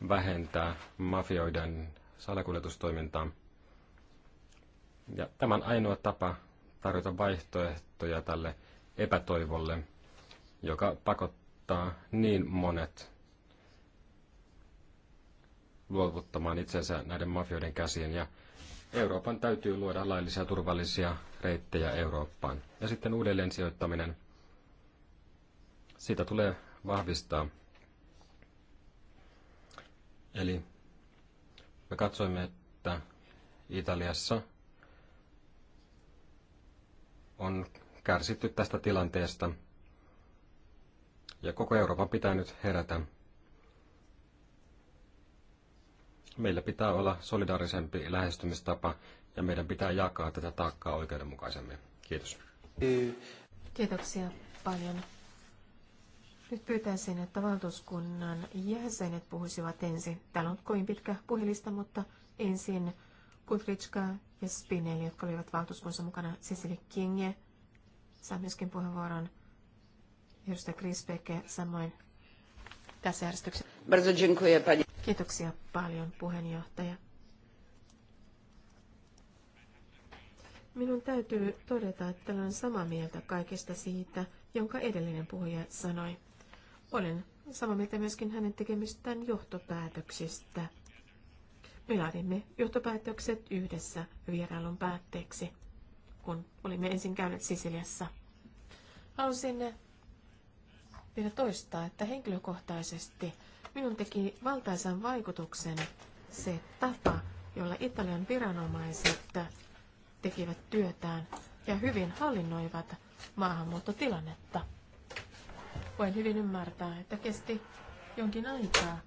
vähentää mafioiden salakuljetustoimintaa. Ja tämän ainoa tapa tarjota vaihtoehtoja tälle epätoivolle, joka pakottaa niin monet luovuttamaan itsensä näiden mafioiden käsiin. Ja Euroopan täytyy luoda laillisia turvallisia reittejä Eurooppaan. Ja sitten uudelleen sijoittaminen. Sitä tulee vahvistaa. Eli me katsoimme, että Italiassa on kärsitty tästä tilanteesta. Ja koko Euroopan pitää nyt herätä. Meillä pitää olla solidaarisempi lähestymistapa ja meidän pitää jakaa tätä taakkaa oikeudenmukaisemmin. Kiitos. Kiitoksia paljon. Nyt pyytäisin, että valtuuskunnan jäsenet puhuisivat ensin. Täällä on kovin pitkä puhelista, mutta ensin Kutritska ja Spinelli, jotka olivat valtuuskunnassa mukana, Cecily Kinge, saa myöskin puheenvuoron edustaja Krispeke samoin tässä järjestyksessä. Kiitoksia paljon, puheenjohtaja. Minun täytyy todeta, että olen samaa mieltä kaikesta siitä, jonka edellinen puhuja sanoi. Olen samaa mieltä myöskin hänen tekemistään johtopäätöksistä. Me laadimme johtopäätökset yhdessä vierailun päätteeksi kun olimme ensin käyneet Sisiliassa. Halusin vielä toistaa, että henkilökohtaisesti minun teki valtaisan vaikutuksen se tapa, jolla Italian viranomaiset tekivät työtään ja hyvin hallinnoivat maahanmuuttotilannetta. Voin hyvin ymmärtää, että kesti jonkin aikaa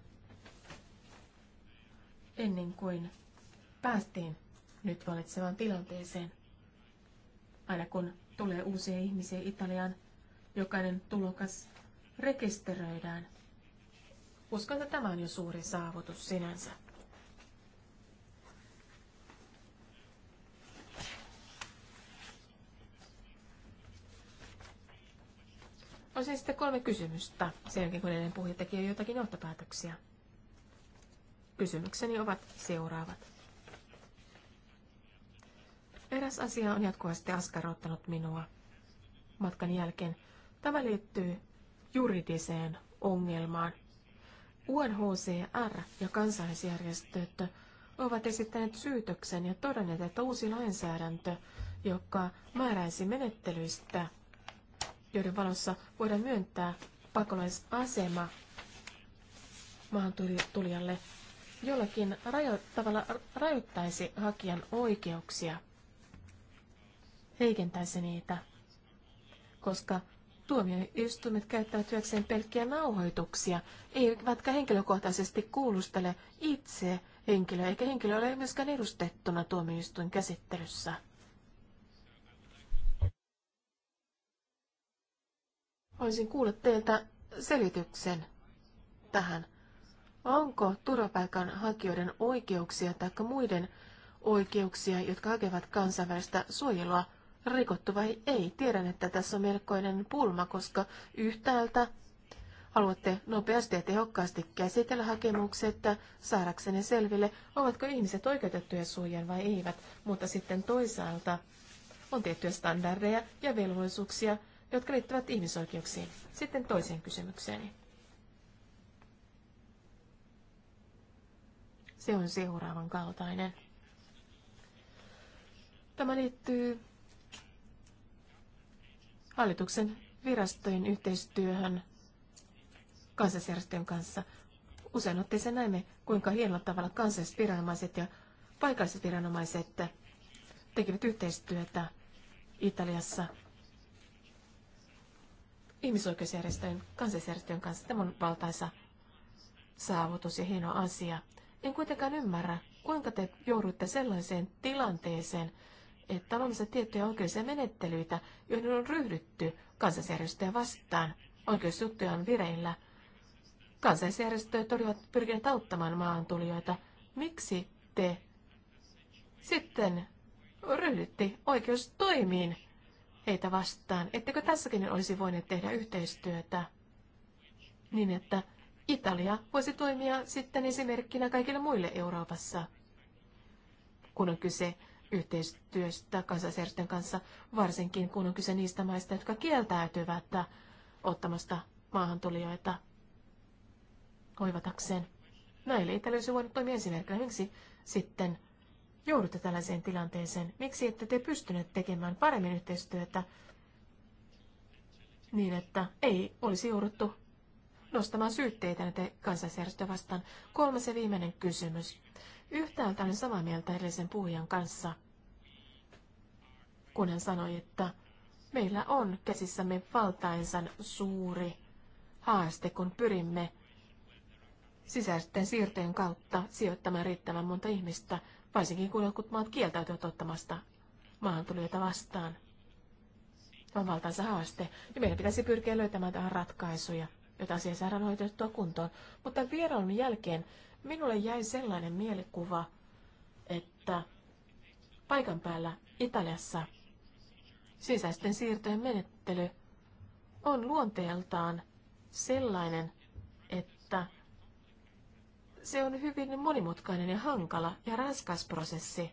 ennen kuin päästiin nyt valitsevaan tilanteeseen aina kun tulee uusia ihmisiä Italiaan, jokainen tulokas rekisteröidään. Uskon, että tämä on jo suuri saavutus sinänsä. Olisin sitten kolme kysymystä, sen jälkeen kun edellinen puhuja teki jotakin johtopäätöksiä. Kysymykseni ovat seuraavat. Eräs asia on jatkuvasti askarruttanut minua matkan jälkeen. Tämä liittyy juridiseen ongelmaan. UNHCR ja kansalaisjärjestöt ovat esittäneet syytöksen ja todenneet, että uusi lainsäädäntö, joka määräisi menettelyistä, joiden valossa voidaan myöntää pakolaisasema maahantulijalle, jollakin rajo- tavalla rajoittaisi hakijan oikeuksia heikentäisi niitä, koska tuomioistuimet käyttävät työkseen pelkkiä nauhoituksia, eivätkä henkilökohtaisesti kuulustele itse henkilöä, eikä henkilö ole myöskään edustettuna tuomioistuin käsittelyssä. Voisin kuulla teiltä selityksen tähän. Onko turvapaikanhakijoiden oikeuksia tai muiden oikeuksia, jotka hakevat kansainvälistä suojelua, rikottu vai ei. Tiedän, että tässä on melkoinen pulma, koska yhtäältä haluatte nopeasti ja tehokkaasti käsitellä hakemukset saadaksenne selville, ovatko ihmiset oikeutettuja suojaan vai eivät, mutta sitten toisaalta on tiettyjä standardeja ja velvollisuuksia, jotka liittyvät ihmisoikeuksiin. Sitten toiseen kysymykseeni. Se on seuraavan kaltainen. Tämä liittyy hallituksen virastojen yhteistyöhön kansallisjärjestöjen kanssa. Usein se näemme, kuinka hienolla tavalla kansalliset viranomaiset ja paikalliset viranomaiset tekivät yhteistyötä Italiassa ihmisoikeusjärjestöjen, kansallisjärjestöjen kanssa. Tämä on valtaisa saavutus ja hieno asia. En kuitenkaan ymmärrä, kuinka te joudutte sellaiseen tilanteeseen, että on tiettyjä oikeudellisia menettelyitä, joihin on ryhdytty kansallisjärjestöjä vastaan. Oikeusjuttuja on vireillä. Kansallisjärjestöt olivat pyrkineet auttamaan maantulijoita. Miksi te sitten ryhdytti oikeustoimiin heitä vastaan? Ettekö tässäkin olisi voineet tehdä yhteistyötä niin, että Italia voisi toimia sitten esimerkkinä kaikille muille Euroopassa, kun on kyse yhteistyöstä kansalaisjärjestöjen kanssa, varsinkin kun on kyse niistä maista, jotka kieltäytyvät ottamasta maahantulijoita hoivatakseen. Näille Italia olisi voinut toimia esimerkkinä. Miksi sitten joudutte tällaiseen tilanteeseen? Miksi ette te pystyneet tekemään paremmin yhteistyötä niin, että ei olisi jouduttu nostamaan syytteitä näitä kansalaisjärjestöjä vastaan? Kolmas ja viimeinen kysymys. Yhtäältä olen samaa mieltä edellisen puhujan kanssa, kun hän sanoi, että meillä on käsissämme valtaisan suuri haaste, kun pyrimme sisäisten siirtojen kautta sijoittamaan riittävän monta ihmistä, varsinkin kun jotkut maat kieltäytyvät ottamasta maahantulijoita vastaan. Tämä on valtaisa haaste, ja meidän pitäisi pyrkiä löytämään tähän ratkaisuja, joita asia saadaan hoitettua kuntoon. Mutta vierailun jälkeen Minulle jäi sellainen mielikuva, että paikan päällä Italiassa sisäisten siirtojen menettely on luonteeltaan sellainen, että se on hyvin monimutkainen ja hankala ja raskas prosessi.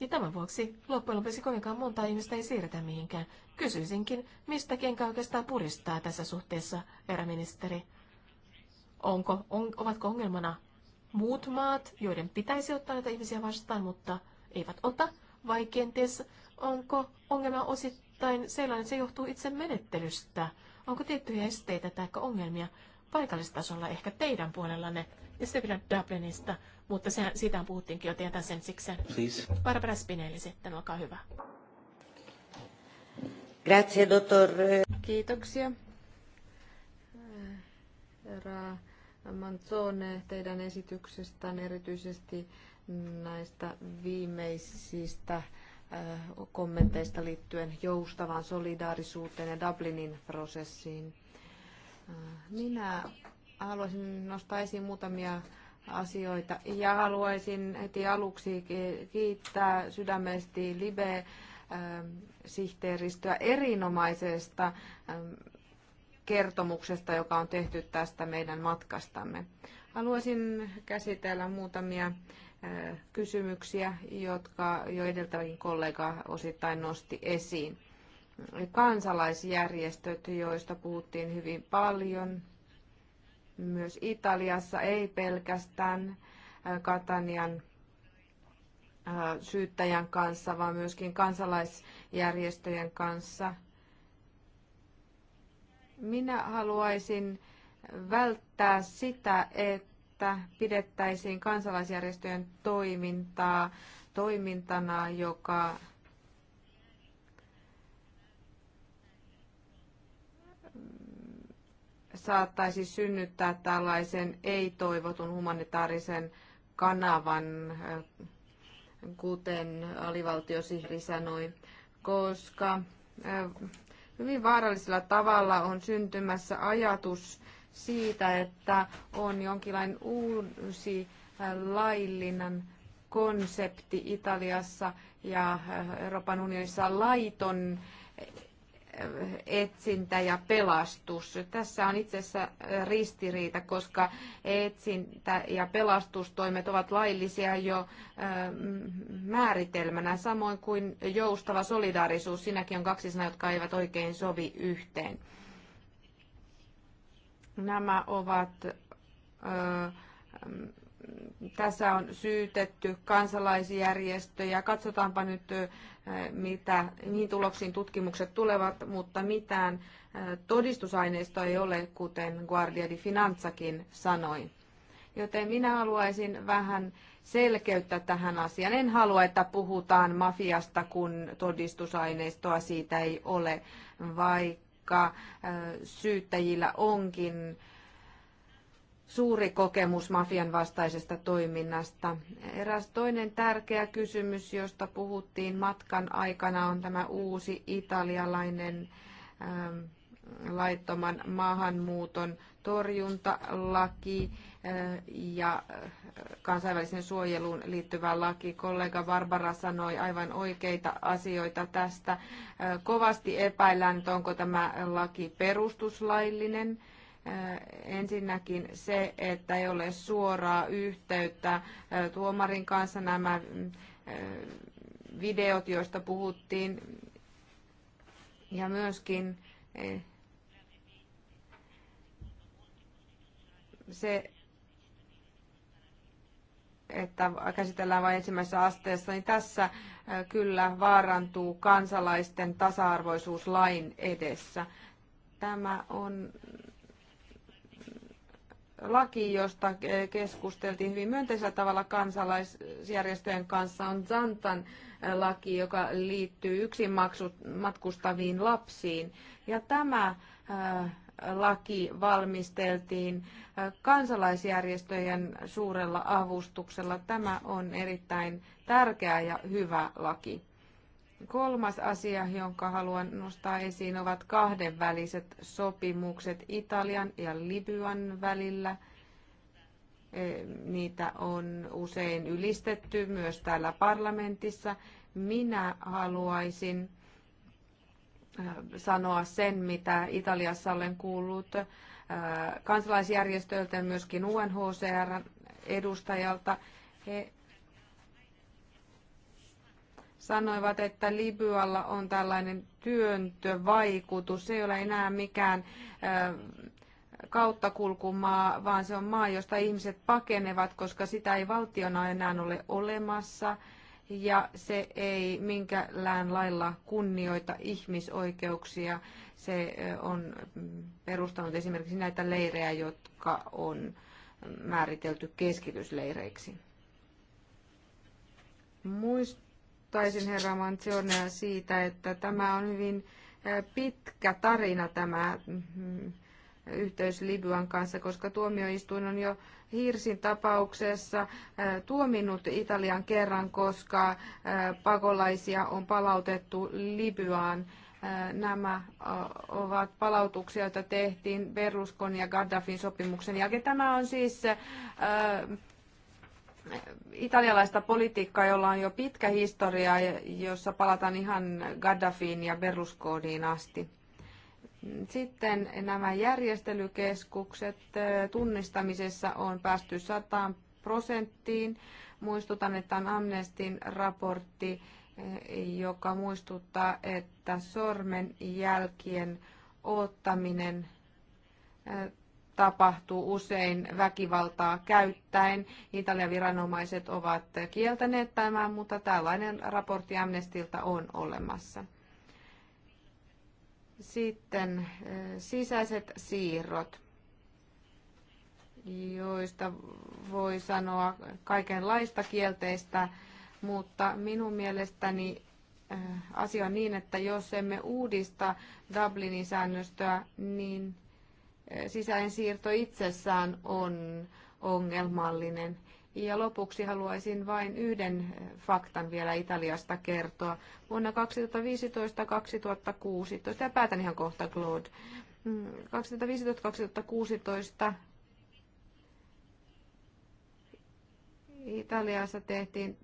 Ja tämän vuoksi loppujen lopuksi kovinkaan monta ihmistä ei siirretä mihinkään. Kysyisinkin, mistä kenkä oikeastaan puristaa tässä suhteessa, eräministeri? Onko, on, ovatko ongelmana muut maat, joiden pitäisi ottaa näitä ihmisiä vastaan, mutta eivät ota, vai kenties onko ongelma osittain sellainen, että se johtuu itse menettelystä? Onko tiettyjä esteitä tai ongelmia paikallistasolla, ehkä teidän puolellanne? Ja sitten vielä Dublinista, mutta se, siitä puhuttiinkin jo, tietää sen siksi. Please. Barbara Spinelli sitten, olkaa hyvä. Grazie, dottor. Kiitoksia. Herra Manzone teidän esityksestään erityisesti näistä viimeisistä äh, kommenteista liittyen joustavaan solidaarisuuteen ja Dublinin prosessiin. Äh, minä haluaisin nostaa esiin muutamia asioita ja haluaisin heti aluksi kiittää sydämesti Libe-sihteeristöä ähm, erinomaisesta ähm, kertomuksesta, joka on tehty tästä meidän matkastamme. Haluaisin käsitellä muutamia kysymyksiä, jotka jo edeltäväkin kollega osittain nosti esiin. Kansalaisjärjestöt, joista puhuttiin hyvin paljon, myös Italiassa, ei pelkästään Katanian syyttäjän kanssa, vaan myöskin kansalaisjärjestöjen kanssa. Minä haluaisin välttää sitä, että pidettäisiin kansalaisjärjestöjen toimintaa toimintana, joka saattaisi synnyttää tällaisen ei-toivotun humanitaarisen kanavan, kuten alivaltiosihri sanoi, koska hyvin vaarallisella tavalla on syntymässä ajatus siitä, että on jonkinlainen uusi äh, laillinen konsepti Italiassa ja äh, Euroopan unionissa laiton etsintä ja pelastus. Tässä on itse asiassa äh, ristiriita, koska etsintä ja pelastustoimet ovat laillisia jo äh, määritelmänä, samoin kuin joustava solidaarisuus. Sinäkin on kaksi sanaa, jotka eivät oikein sovi yhteen. Nämä ovat äh, tässä on syytetty kansalaisjärjestöjä. Katsotaanpa nyt, mitä, mihin tuloksiin tutkimukset tulevat, mutta mitään todistusaineistoa ei ole, kuten Guardia di Finanzakin sanoi. Joten minä haluaisin vähän selkeyttä tähän asiaan. En halua, että puhutaan mafiasta, kun todistusaineistoa siitä ei ole, vaikka syyttäjillä onkin suuri kokemus mafian vastaisesta toiminnasta. Eräs toinen tärkeä kysymys, josta puhuttiin matkan aikana, on tämä uusi italialainen ähm, laittoman maahanmuuton torjuntalaki äh, ja äh, kansainvälisen suojeluun liittyvä laki. Kollega Barbara sanoi aivan oikeita asioita tästä. Äh, kovasti epäillään, että onko tämä laki perustuslaillinen Äh, ensinnäkin se, että ei ole suoraa yhteyttä äh, tuomarin kanssa nämä äh, videot, joista puhuttiin, ja myöskin se, että käsitellään vain ensimmäisessä asteessa, niin tässä kyllä vaarantuu kansalaisten tasa arvoisuuslain lain edessä. Tämä on laki, josta keskusteltiin hyvin myönteisellä tavalla kansalaisjärjestöjen kanssa, on Zantan laki, joka liittyy yksin matkustaviin lapsiin. Ja tämä äh, laki valmisteltiin äh, kansalaisjärjestöjen suurella avustuksella. Tämä on erittäin tärkeä ja hyvä laki. Kolmas asia, jonka haluan nostaa esiin, ovat kahdenväliset sopimukset Italian ja Libyan välillä. E, niitä on usein ylistetty myös täällä parlamentissa. Minä haluaisin e, sanoa sen, mitä Italiassa olen kuullut e, kansalaisjärjestöiltä ja myöskin UNHCR edustajalta. He sanoivat, että Libyalla on tällainen työntövaikutus. Se ei ole enää mikään kauttakulkumaa, vaan se on maa, josta ihmiset pakenevat, koska sitä ei valtiona enää ole olemassa ja se ei minkälään lailla kunnioita ihmisoikeuksia. Se on perustanut esimerkiksi näitä leirejä, jotka on määritelty keskitysleireiksi. Muist muistuttaisin herra Mantionea siitä, että tämä on hyvin pitkä tarina tämä mm, yhteys Libyan kanssa, koska tuomioistuin on jo Hirsin tapauksessa tuominnut Italian kerran, koska pakolaisia on palautettu Libyaan. Nämä ovat palautuksia, joita tehtiin Berlusconi ja Gaddafin sopimuksen jälkeen. Tämä on siis italialaista politiikkaa, jolla on jo pitkä historia, jossa palataan ihan Gaddafiin ja Berlusconiin asti. Sitten nämä järjestelykeskukset tunnistamisessa on päästy 100 prosenttiin. Muistutan, että on Amnestin raportti, joka muistuttaa, että sormenjälkien ottaminen tapahtuu usein väkivaltaa käyttäen. Italian viranomaiset ovat kieltäneet tämän, mutta tällainen raportti Amnestilta on olemassa. Sitten eh, sisäiset siirrot, joista voi sanoa kaikenlaista kielteistä, mutta minun mielestäni eh, asia on niin, että jos emme uudista Dublinin säännöstöä, niin sisäinsiirto itsessään on ongelmallinen. Ja lopuksi haluaisin vain yhden faktan vielä Italiasta kertoa. Vuonna 2015-2016, ja päätän ihan kohta Claude, 2015-2016 Italiassa tehtiin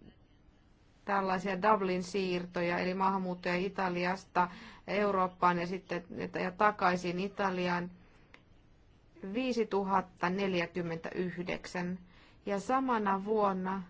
tällaisia Dublin-siirtoja, eli maahanmuuttoja Italiasta Eurooppaan ja sitten ja takaisin Italiaan. 5049 ja samana vuonna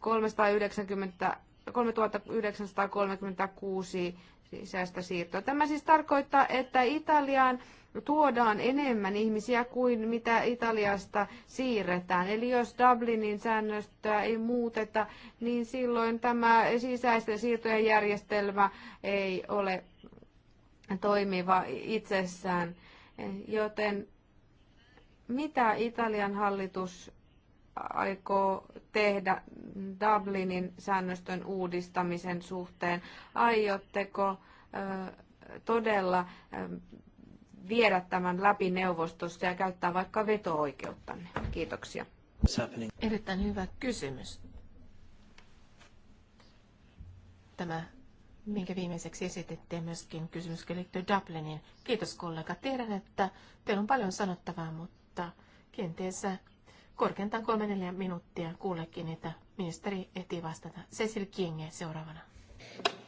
kolmesataayhdeksänkymmentä 3936 sisäistä siirtoa. Tämä siis tarkoittaa, että Italiaan tuodaan enemmän ihmisiä kuin mitä Italiasta siirretään. Eli jos Dublinin säännöstöä ei muuteta, niin silloin tämä sisäisten siirtojen järjestelmä ei ole toimiva itsessään. Joten mitä Italian hallitus aikoo tehdä Dublinin säännöstön uudistamisen suhteen? Aiotteko todella viedä tämän läpi neuvostossa ja käyttää vaikka veto-oikeuttanne? Kiitoksia. Erittäin hyvä kysymys. Tämä, minkä viimeiseksi esititte, myöskin kysymys liittyy Dubliniin. Kiitos kollega. Tiedän, että teillä on paljon sanottavaa, mutta kenties korkeintaan kolme neljä minuuttia kuullekin, että ministeri ehtii vastata. Cecil Kienge seuraavana.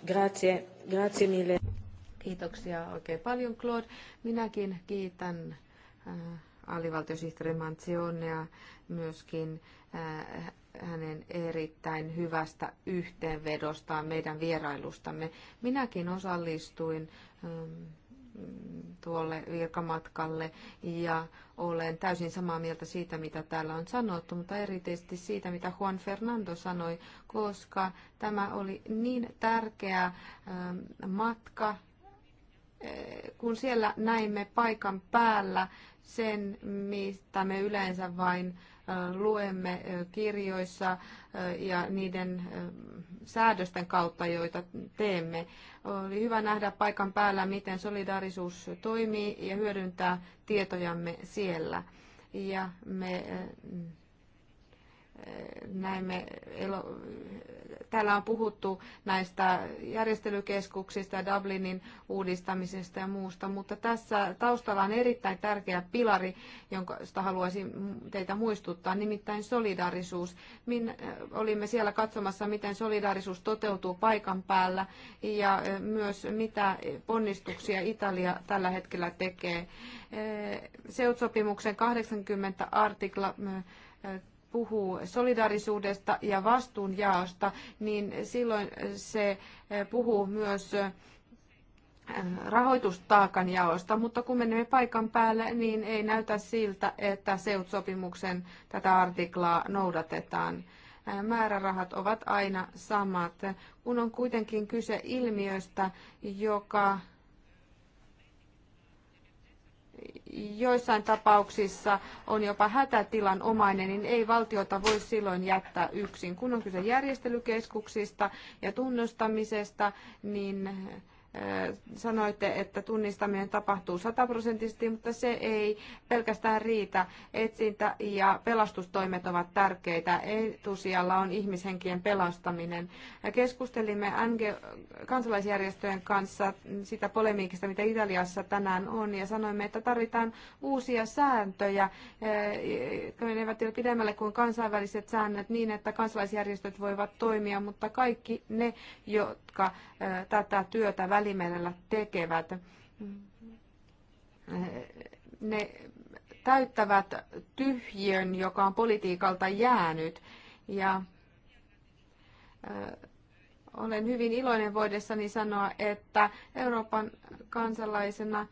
Grazie, grazie mille. Kiitoksia oikein paljon, Claude. Minäkin kiitän äh, alivaltiosihteeri Manzionea myöskin äh, hänen erittäin hyvästä yhteenvedostaan meidän vierailustamme. Minäkin osallistuin ähm, tuolle virkamatkalle ja olen täysin samaa mieltä siitä, mitä täällä on sanottu, mutta erityisesti siitä, mitä Juan Fernando sanoi, koska tämä oli niin tärkeä ähm, matka kun siellä näimme paikan päällä sen, mistä me yleensä vain luemme kirjoissa ja niiden säädösten kautta, joita teemme. Oli hyvä nähdä paikan päällä, miten solidaarisuus toimii ja hyödyntää tietojamme siellä. Ja me näemme, täällä on puhuttu näistä järjestelykeskuksista ja Dublinin uudistamisesta ja muusta, mutta tässä taustalla on erittäin tärkeä pilari, jonka haluaisin teitä muistuttaa, nimittäin solidaarisuus. Min, olimme siellä katsomassa, miten solidaarisuus toteutuu paikan päällä ja myös mitä ponnistuksia Italia tällä hetkellä tekee. Seutsopimuksen 80 artikla puhuu solidaarisuudesta ja vastuunjaosta, niin silloin se eh, puhuu myös eh, rahoitustaakan jaosta, mutta kun menemme paikan päälle, niin ei näytä siltä, että SEUT-sopimuksen tätä artiklaa noudatetaan. Eh, määrärahat ovat aina samat, kun on kuitenkin kyse ilmiöstä, joka joissain tapauksissa on jopa hätätilan omainen, niin ei valtiota voi silloin jättää yksin. Kun on kyse järjestelykeskuksista ja tunnustamisesta, niin sanoitte, että tunnistaminen tapahtuu sataprosenttisesti, mutta se ei pelkästään riitä. Etsintä ja pelastustoimet ovat tärkeitä. Etusijalla on ihmishenkien pelastaminen. Keskustelimme kansalaisjärjestöjen kanssa sitä polemiikista, mitä Italiassa tänään on, ja sanoimme, että tarvitaan uusia sääntöjä, jotka menevät jo pidemmälle kuin kansainväliset säännöt niin, että kansalaisjärjestöt voivat toimia, mutta kaikki ne, jotka jotka tätä työtä välimerellä tekevät. Ne täyttävät tyhjön, joka on politiikalta jäänyt. Ja olen hyvin iloinen voidessani sanoa, että Euroopan kansalaisena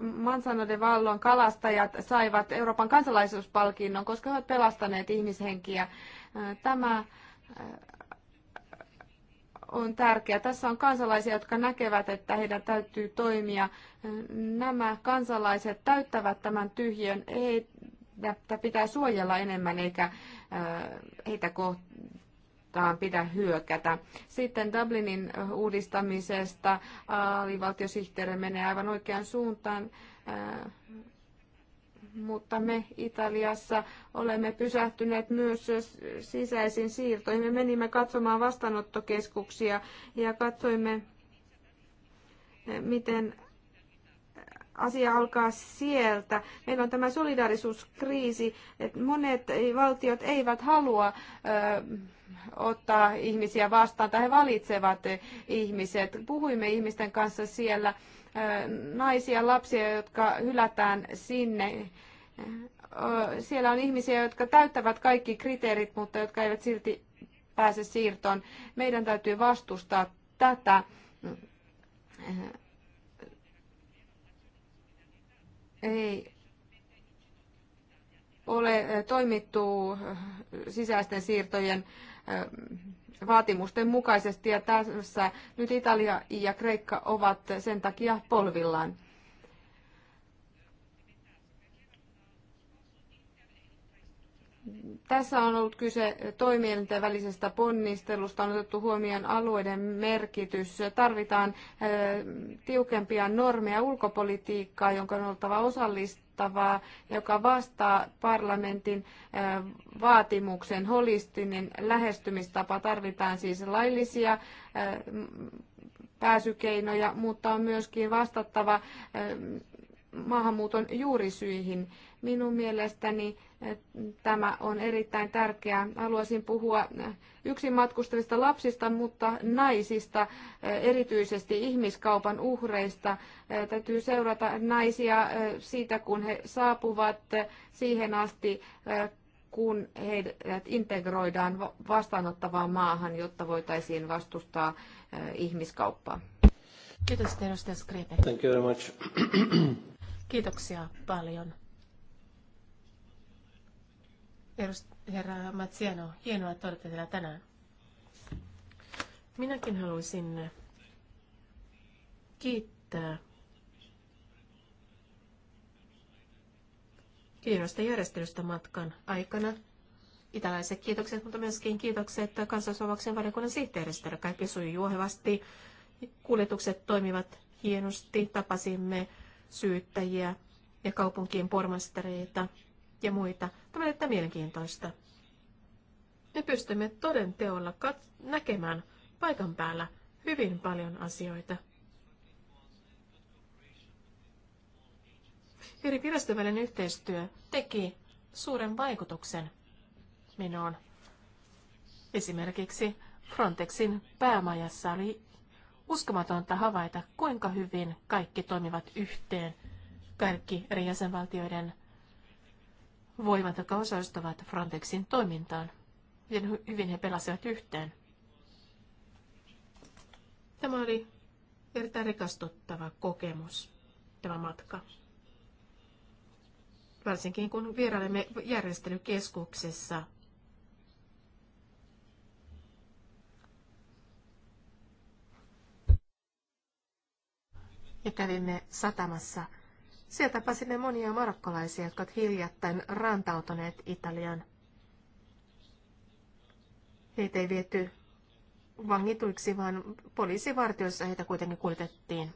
Mansano de Vallon kalastajat saivat Euroopan kansalaisuuspalkinnon, koska he ovat pelastaneet ihmishenkiä. Tämä on tärkeää. Tässä on kansalaisia, jotka näkevät, että heidän täytyy toimia. Nämä kansalaiset täyttävät tämän tyhjön. Heitä pitää suojella enemmän eikä äh, heitä kohtaan pidä hyökätä. Sitten Dublinin äh, uudistamisesta alivaltiosihteeri menee aivan oikeaan suuntaan äh, mutta me Italiassa olemme pysähtyneet myös sisäisiin siirtoihin. Me menimme katsomaan vastaanottokeskuksia ja katsoimme, miten asia alkaa sieltä. Meillä on tämä solidarisuuskriisi, että monet valtiot eivät halua ö, ottaa ihmisiä vastaan tai he valitsevat ihmiset. Puhuimme ihmisten kanssa siellä naisia, lapsia, jotka hylätään sinne. Siellä on ihmisiä, jotka täyttävät kaikki kriteerit, mutta jotka eivät silti pääse siirtoon. Meidän täytyy vastustaa tätä. Ei ole toimittu sisäisten siirtojen vaatimusten mukaisesti. Ja tässä nyt Italia ja Kreikka ovat sen takia polvillaan. Tässä on ollut kyse toimielinten välisestä ponnistelusta, on otettu huomioon alueiden merkitys. Tarvitaan eh, tiukempia normeja ulkopolitiikkaa, jonka on oltava osallista kattavaa, joka vastaa parlamentin vaatimuksen. Holistinen lähestymistapa tarvitaan siis laillisia pääsykeinoja, mutta on myöskin vastattava maahanmuuton juurisyihin. Minun mielestäni eh, tämä on erittäin tärkeää. Haluaisin puhua eh, yksin matkustavista lapsista, mutta naisista, eh, erityisesti ihmiskaupan uhreista. Täytyy seurata naisia siitä, kun he saapuvat siihen asti, kun heidät integroidaan vastaanottavaan maahan, jotta voitaisiin vastustaa ihmiskauppaa. Kiitos, edustaja Skripe. Thank you very much. Kiitoksia paljon. Herra Matsiano, hienoa, että olette täällä tänään. Minäkin haluaisin kiittää kiinnosta järjestelystä matkan aikana. Italaiset kiitokset, mutta myöskin kiitokset kansallisvapauksen valiokunnan sihteeristölle. Kaikki sujuu juohevasti. Kuljetukset toimivat hienosti. Tapasimme syyttäjiä ja kaupunkien pormastereita ja muita. Tämä on mielenkiintoista. Me pystymme toden teolla näkemään paikan päällä hyvin paljon asioita. Eri virastovälinen yhteistyö teki suuren vaikutuksen minuun. Esimerkiksi Frontexin päämajassa oli uskomatonta havaita, kuinka hyvin kaikki toimivat yhteen. Kaikki eri jäsenvaltioiden voimat, jotka osallistuvat Frontexin toimintaan. Miten hyvin he pelasivat yhteen. Tämä oli erittäin rikastuttava kokemus, tämä matka. Varsinkin kun vierailemme järjestelykeskuksessa ja kävimme satamassa. Sieltä tapasimme monia marokkolaisia, jotka ovat hiljattain rantautuneet Italian. Heitä ei viety vangituiksi, vaan poliisivartioissa heitä kuitenkin kuljetettiin.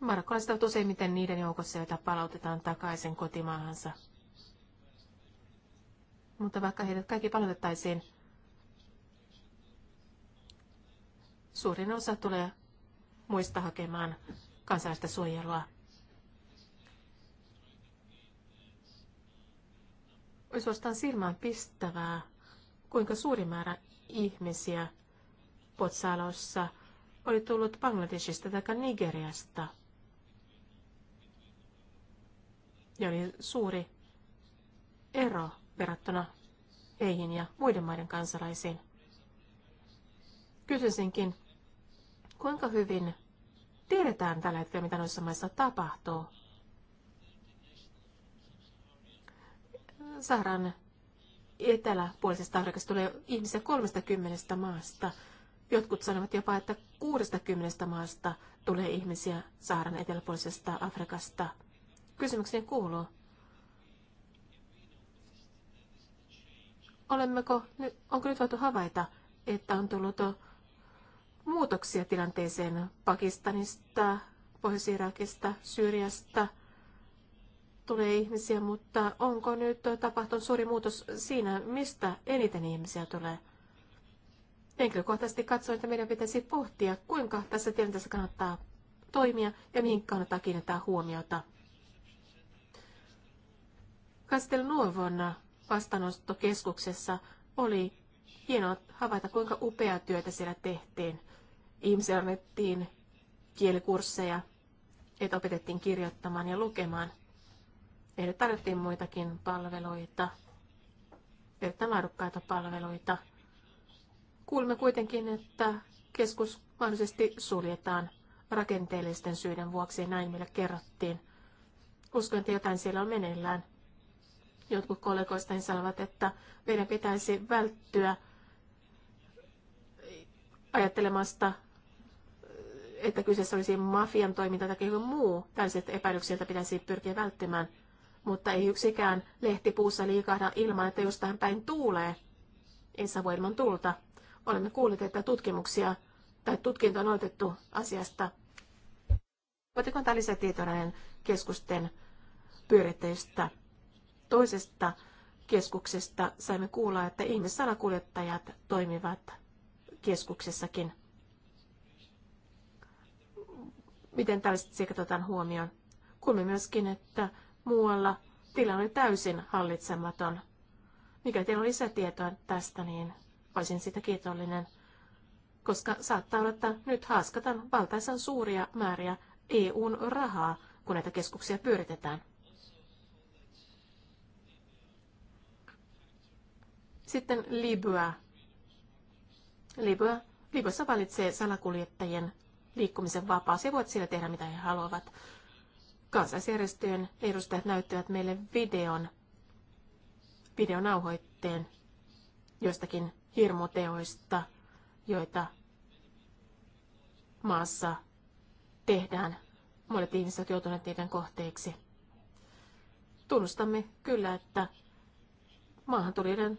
Marokkolaiset ovat useimmiten niiden joukossa, joita palautetaan takaisin kotimaahansa. Mutta vaikka heidät kaikki palautettaisiin, suurin osa tulee muista hakemaan kansainvälistä suojelua. Olisi suorastaan silmään pistävää, kuinka suuri määrä ihmisiä Potsalossa oli tullut Bangladesista tai Nigeriasta. Ja oli suuri ero verrattuna heihin ja muiden maiden kansalaisiin. Kysyisinkin, kuinka hyvin tiedetään tällä hetkellä, mitä noissa maissa tapahtuu? Saharan eteläpuolisesta Afrikasta tulee ihmisiä 30 maasta. Jotkut sanovat jopa, että 60 maasta tulee ihmisiä Saharan eteläpuolisesta Afrikasta. Kysymykseni kuuluu, olemmeko, onko nyt voitu havaita, että on tullut muutoksia tilanteeseen Pakistanista, Pohjois-Irakista, Syyriasta tulee ihmisiä, mutta onko nyt tapahtunut suuri muutos siinä, mistä eniten ihmisiä tulee? Henkilökohtaisesti katsoin, että meidän pitäisi pohtia, kuinka tässä tilanteessa kannattaa toimia ja mihin kannattaa kiinnittää huomiota. Castelnuovon vastaanottokeskuksessa oli hienoa havaita, kuinka upeaa työtä siellä tehtiin. Ihmisiä annettiin kielikursseja, että opetettiin kirjoittamaan ja lukemaan. Heille tarjottiin muitakin palveluita, erittäin laadukkaita palveluita. Kuulimme kuitenkin, että keskus mahdollisesti suljetaan rakenteellisten syiden vuoksi, ja näin meille kerrottiin. Uskon, että jotain siellä on meneillään. Jotkut niin sanovat, että meidän pitäisi välttyä ajattelemasta, että kyseessä olisi mafian toiminta tai joku muu. Tällaiset epäilyksiltä pitäisi pyrkiä välttämään. Mutta ei yksikään lehti puussa liikahda ilman, että jostain päin tuulee. Ei saa voi ilman tulta. Olemme kuulleet, että tutkimuksia tai tutkinto on otettu asiasta. Voitteko antaa lisätietoja keskusten pyöritteistä? toisesta keskuksesta saimme kuulla, että ihmissalakuljettajat toimivat keskuksessakin. Miten tällaiset seikat otan huomioon? Kuulimme myöskin, että muualla tilanne oli täysin hallitsematon. Mikä teillä on lisätietoa tästä, niin olisin sitä kiitollinen, koska saattaa olla, että nyt haaskataan valtaisan suuria määriä EUn rahaa, kun näitä keskuksia pyöritetään. Sitten Libya. Libya. Libyassa valitsee salakuljettajien liikkumisen vapaus. ja voit siellä tehdä mitä he haluavat. Kansaisjärjestöjen edustajat näyttävät meille videon, videonauhoitteen joistakin hirmuteoista, joita maassa tehdään. Monet ihmiset ovat joutuneet niiden kohteeksi. Tunnustamme kyllä, että maahantulijoiden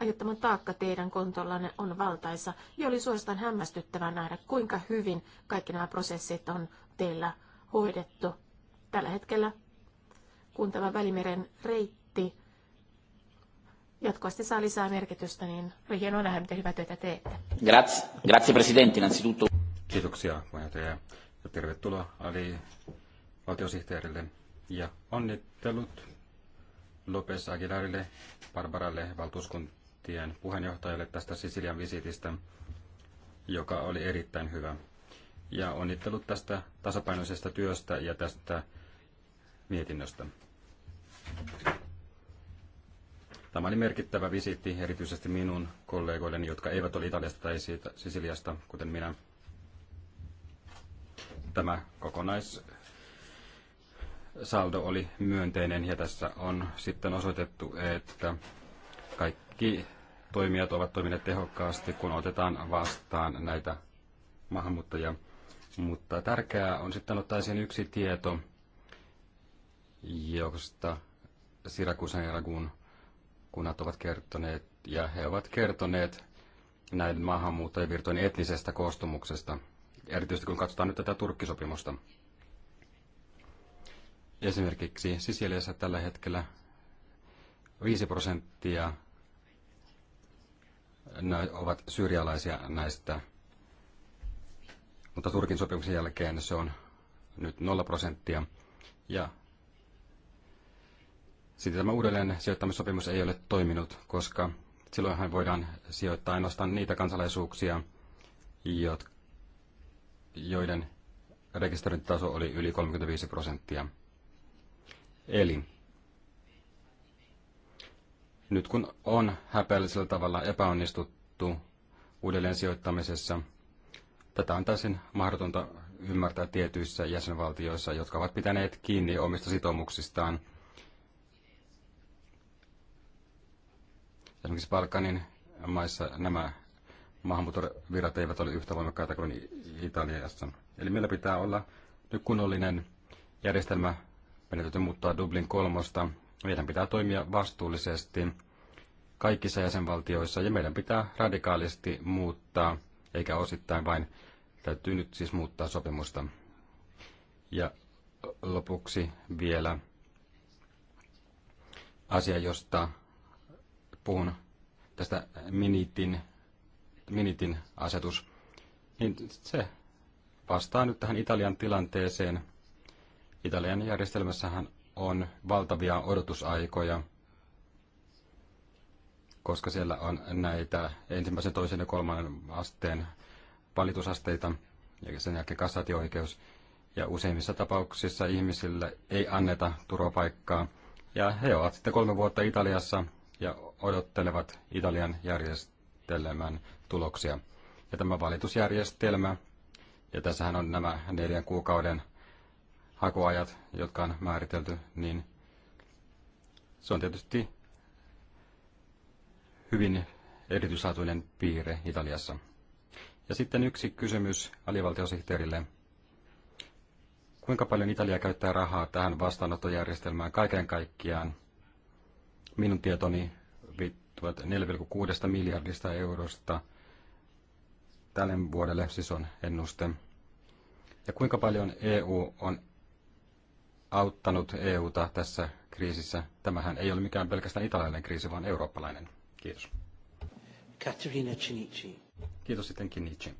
aiheuttama taakka teidän kontollanne on valtaisa, ja oli suorastaan hämmästyttävää nähdä, kuinka hyvin kaikki nämä prosessit on teillä hoidettu. Tällä hetkellä, kun tämä Välimeren reitti jatkuvasti saa lisää merkitystä, niin oli hienoa nähdä, miten hyvää työtä teette. Grazie, grazie presidentti, innanzitutto. Kiitoksia, puheenjohtaja, ja tervetuloa Ali valtiosihteerille, ja onnittelut Lopes Aguilarille, Barbaralle, valtuuskuntaan lehtien puheenjohtajalle tästä Sisilian visitistä, joka oli erittäin hyvä. Ja onnittelut tästä tasapainoisesta työstä ja tästä mietinnöstä. Tämä oli merkittävä visiitti erityisesti minun kollegoilleni, jotka eivät ole Italiasta tai siitä Sisiliasta, kuten minä. Tämä kokonaissaldo oli myönteinen ja tässä on sitten osoitettu, että kaikki toimijat ovat toimineet tehokkaasti, kun otetaan vastaan näitä maahanmuuttajia. Mutta tärkeää on sitten ottaa esiin yksi tieto, josta Sirakusan ja Ragun kunnat ovat kertoneet, ja he ovat kertoneet näiden maahanmuuttajavirtojen etnisestä koostumuksesta, erityisesti kun katsotaan nyt tätä turkkisopimusta. Esimerkiksi Sisiliassa tällä hetkellä 5 prosenttia ovat syyrialaisia näistä. Mutta Turkin sopimuksen jälkeen se on nyt 0 prosenttia. Ja sitten tämä uudelleen sijoittamissopimus ei ole toiminut, koska silloinhan voidaan sijoittaa ainoastaan niitä kansalaisuuksia, joiden rekisteröintitaso oli yli 35 prosenttia. Eli nyt kun on häpeällisellä tavalla epäonnistuttu uudelleen sijoittamisessa, tätä on täysin mahdotonta ymmärtää tietyissä jäsenvaltioissa, jotka ovat pitäneet kiinni omista sitoumuksistaan. Esimerkiksi Balkanin maissa nämä maahanmuuttovirrat eivät ole yhtä voimakkaita kuin Italiassa. Eli meillä pitää olla nyt kunnollinen järjestelmä. menetetty muuttaa Dublin kolmosta meidän pitää toimia vastuullisesti kaikissa jäsenvaltioissa ja meidän pitää radikaalisti muuttaa, eikä osittain vain, täytyy nyt siis muuttaa sopimusta. Ja lopuksi vielä asia, josta puhun tästä Minitin, Minitin asetus, niin se vastaa nyt tähän Italian tilanteeseen. Italian järjestelmässähän on valtavia odotusaikoja, koska siellä on näitä ensimmäisen, toisen ja kolmannen asteen valitusasteita ja sen jälkeen kassatioikeus. Ja useimmissa tapauksissa ihmisille ei anneta turvapaikkaa. Ja he ovat sitten kolme vuotta Italiassa ja odottelevat Italian järjestelmän tuloksia. Ja tämä valitusjärjestelmä, ja tässähän on nämä neljän kuukauden hakuajat, jotka on määritelty, niin se on tietysti hyvin erityislaatuinen piirre Italiassa. Ja sitten yksi kysymys alivaltiosihteerille. Kuinka paljon Italia käyttää rahaa tähän vastaanottojärjestelmään kaiken kaikkiaan? Minun tietoni viittuvat 4,6 miljardista eurosta tälle vuodelle, siis on ennuste. Ja kuinka paljon EU on auttanut EUta tässä kriisissä. Tämähän ei ole mikään pelkästään italialainen kriisi, vaan eurooppalainen. Kiitos. Katerina Cinici. Kiitos sitten Cinici.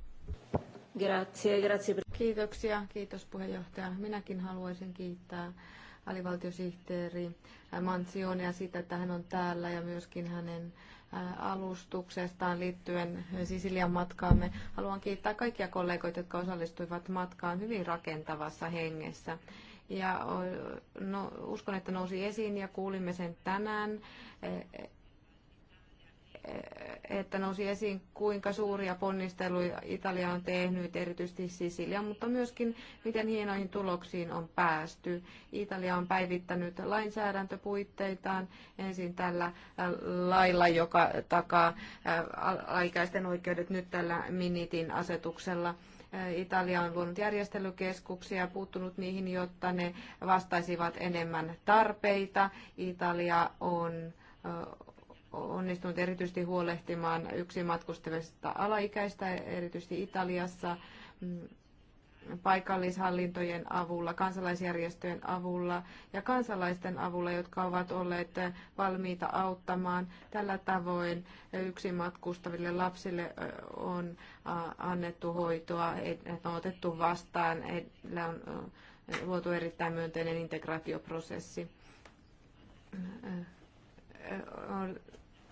Grazie, grazie. Kiitoksia, kiitos puheenjohtaja. Minäkin haluaisin kiittää alivaltiosihteeri Mansionia siitä, että hän on täällä ja myöskin hänen äh, alustuksestaan liittyen Sisilian matkaamme. Haluan kiittää kaikkia kollegoita, jotka osallistuivat matkaan hyvin rakentavassa hengessä ja no, uskon, että nousi esiin ja kuulimme sen tänään, e, e, e, että nousi esiin, kuinka suuria ponnisteluja Italia on tehnyt, erityisesti Sisilia, mutta myöskin miten hienoihin tuloksiin on päästy. Italia on päivittänyt lainsäädäntöpuitteitaan ensin tällä lailla, joka takaa aikaisten oikeudet nyt tällä Minitin asetuksella. Italia on luonut järjestelykeskuksia ja puuttunut niihin, jotta ne vastaisivat enemmän tarpeita. Italia on onnistunut erityisesti huolehtimaan yksin matkustavista alaikäistä, erityisesti Italiassa mm, paikallishallintojen avulla, kansalaisjärjestöjen avulla ja kansalaisten avulla, jotka ovat olleet valmiita auttamaan. Tällä tavoin yksin matkustaville lapsille on annettu hoitoa, on otettu vastaan, heillä on luotu erittäin myönteinen integraatioprosessi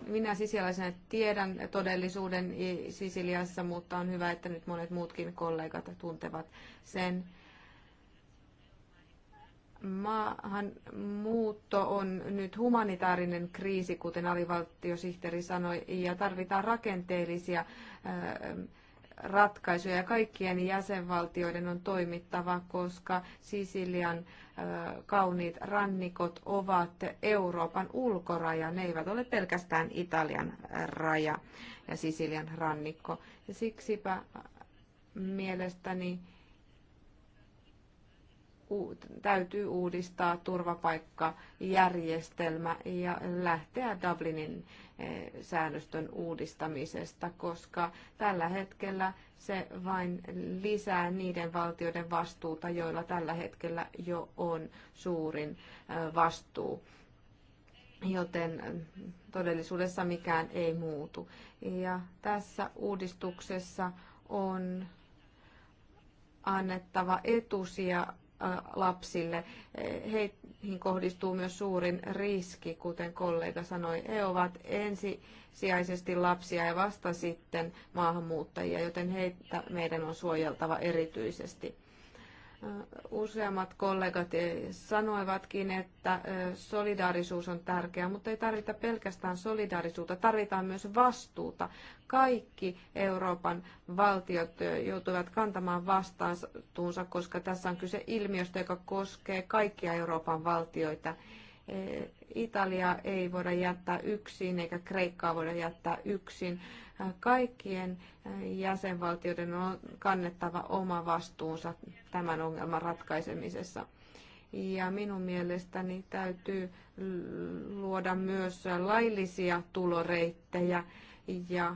minä sisialaisena tiedän todellisuuden Sisiliassa, mutta on hyvä, että nyt monet muutkin kollegat tuntevat sen. Maahan muutto on nyt humanitaarinen kriisi, kuten alivaltiosihteeri sanoi, ja tarvitaan rakenteellisia ratkaisuja ja kaikkien jäsenvaltioiden on toimittava, koska Sisilian kauniit rannikot ovat Euroopan ulkoraja. Ne eivät ole pelkästään Italian raja ja Sisilian rannikko. Ja siksipä mielestäni täytyy uudistaa turvapaikkajärjestelmä ja lähteä Dublinin eh, säännöstön uudistamisesta, koska tällä hetkellä se vain lisää niiden valtioiden vastuuta, joilla tällä hetkellä jo on suurin eh, vastuu. Joten eh, todellisuudessa mikään ei muutu. Ja tässä uudistuksessa on annettava etusia lapsille. Heihin kohdistuu myös suurin riski, kuten kollega sanoi. He ovat ensisijaisesti lapsia ja vasta sitten maahanmuuttajia, joten heitä meidän on suojeltava erityisesti. Useammat kollegat sanoivatkin, että solidaarisuus on tärkeää, mutta ei tarvita pelkästään solidaarisuutta, tarvitaan myös vastuuta. Kaikki Euroopan valtiot joutuvat kantamaan vastuunsa, koska tässä on kyse ilmiöstä, joka koskee kaikkia Euroopan valtioita. E, Italia ei voida jättää yksin eikä Kreikkaa voida jättää yksin Kaikkien jäsenvaltioiden on kannettava oma vastuunsa tämän ongelman ratkaisemisessa. Ja minun mielestäni täytyy luoda myös laillisia tuloreittejä ja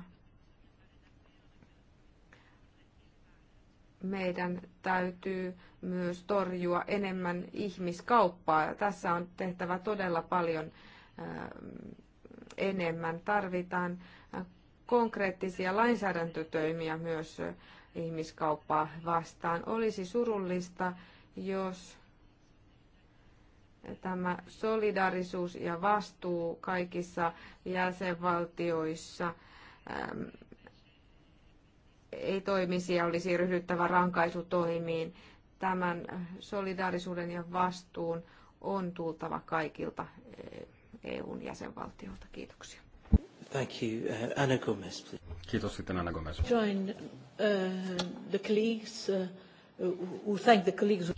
meidän täytyy myös torjua enemmän ihmiskauppaa. Tässä on tehtävä todella paljon enemmän. Tarvitaan konkreettisia lainsäädäntötoimia myös ihmiskauppaa vastaan. Olisi surullista, jos tämä solidarisuus ja vastuu kaikissa jäsenvaltioissa ei toimisi ja olisi ryhdyttävä rankaisutoimiin. Tämän solidaarisuuden ja vastuun on tultava kaikilta EUn jäsenvaltioilta. Kiitoksia. Thank you. Uh, Anna Gomez, please. Kiitos sitten Anna Gomez. Join uh, the colleagues uh, who thank the colleagues.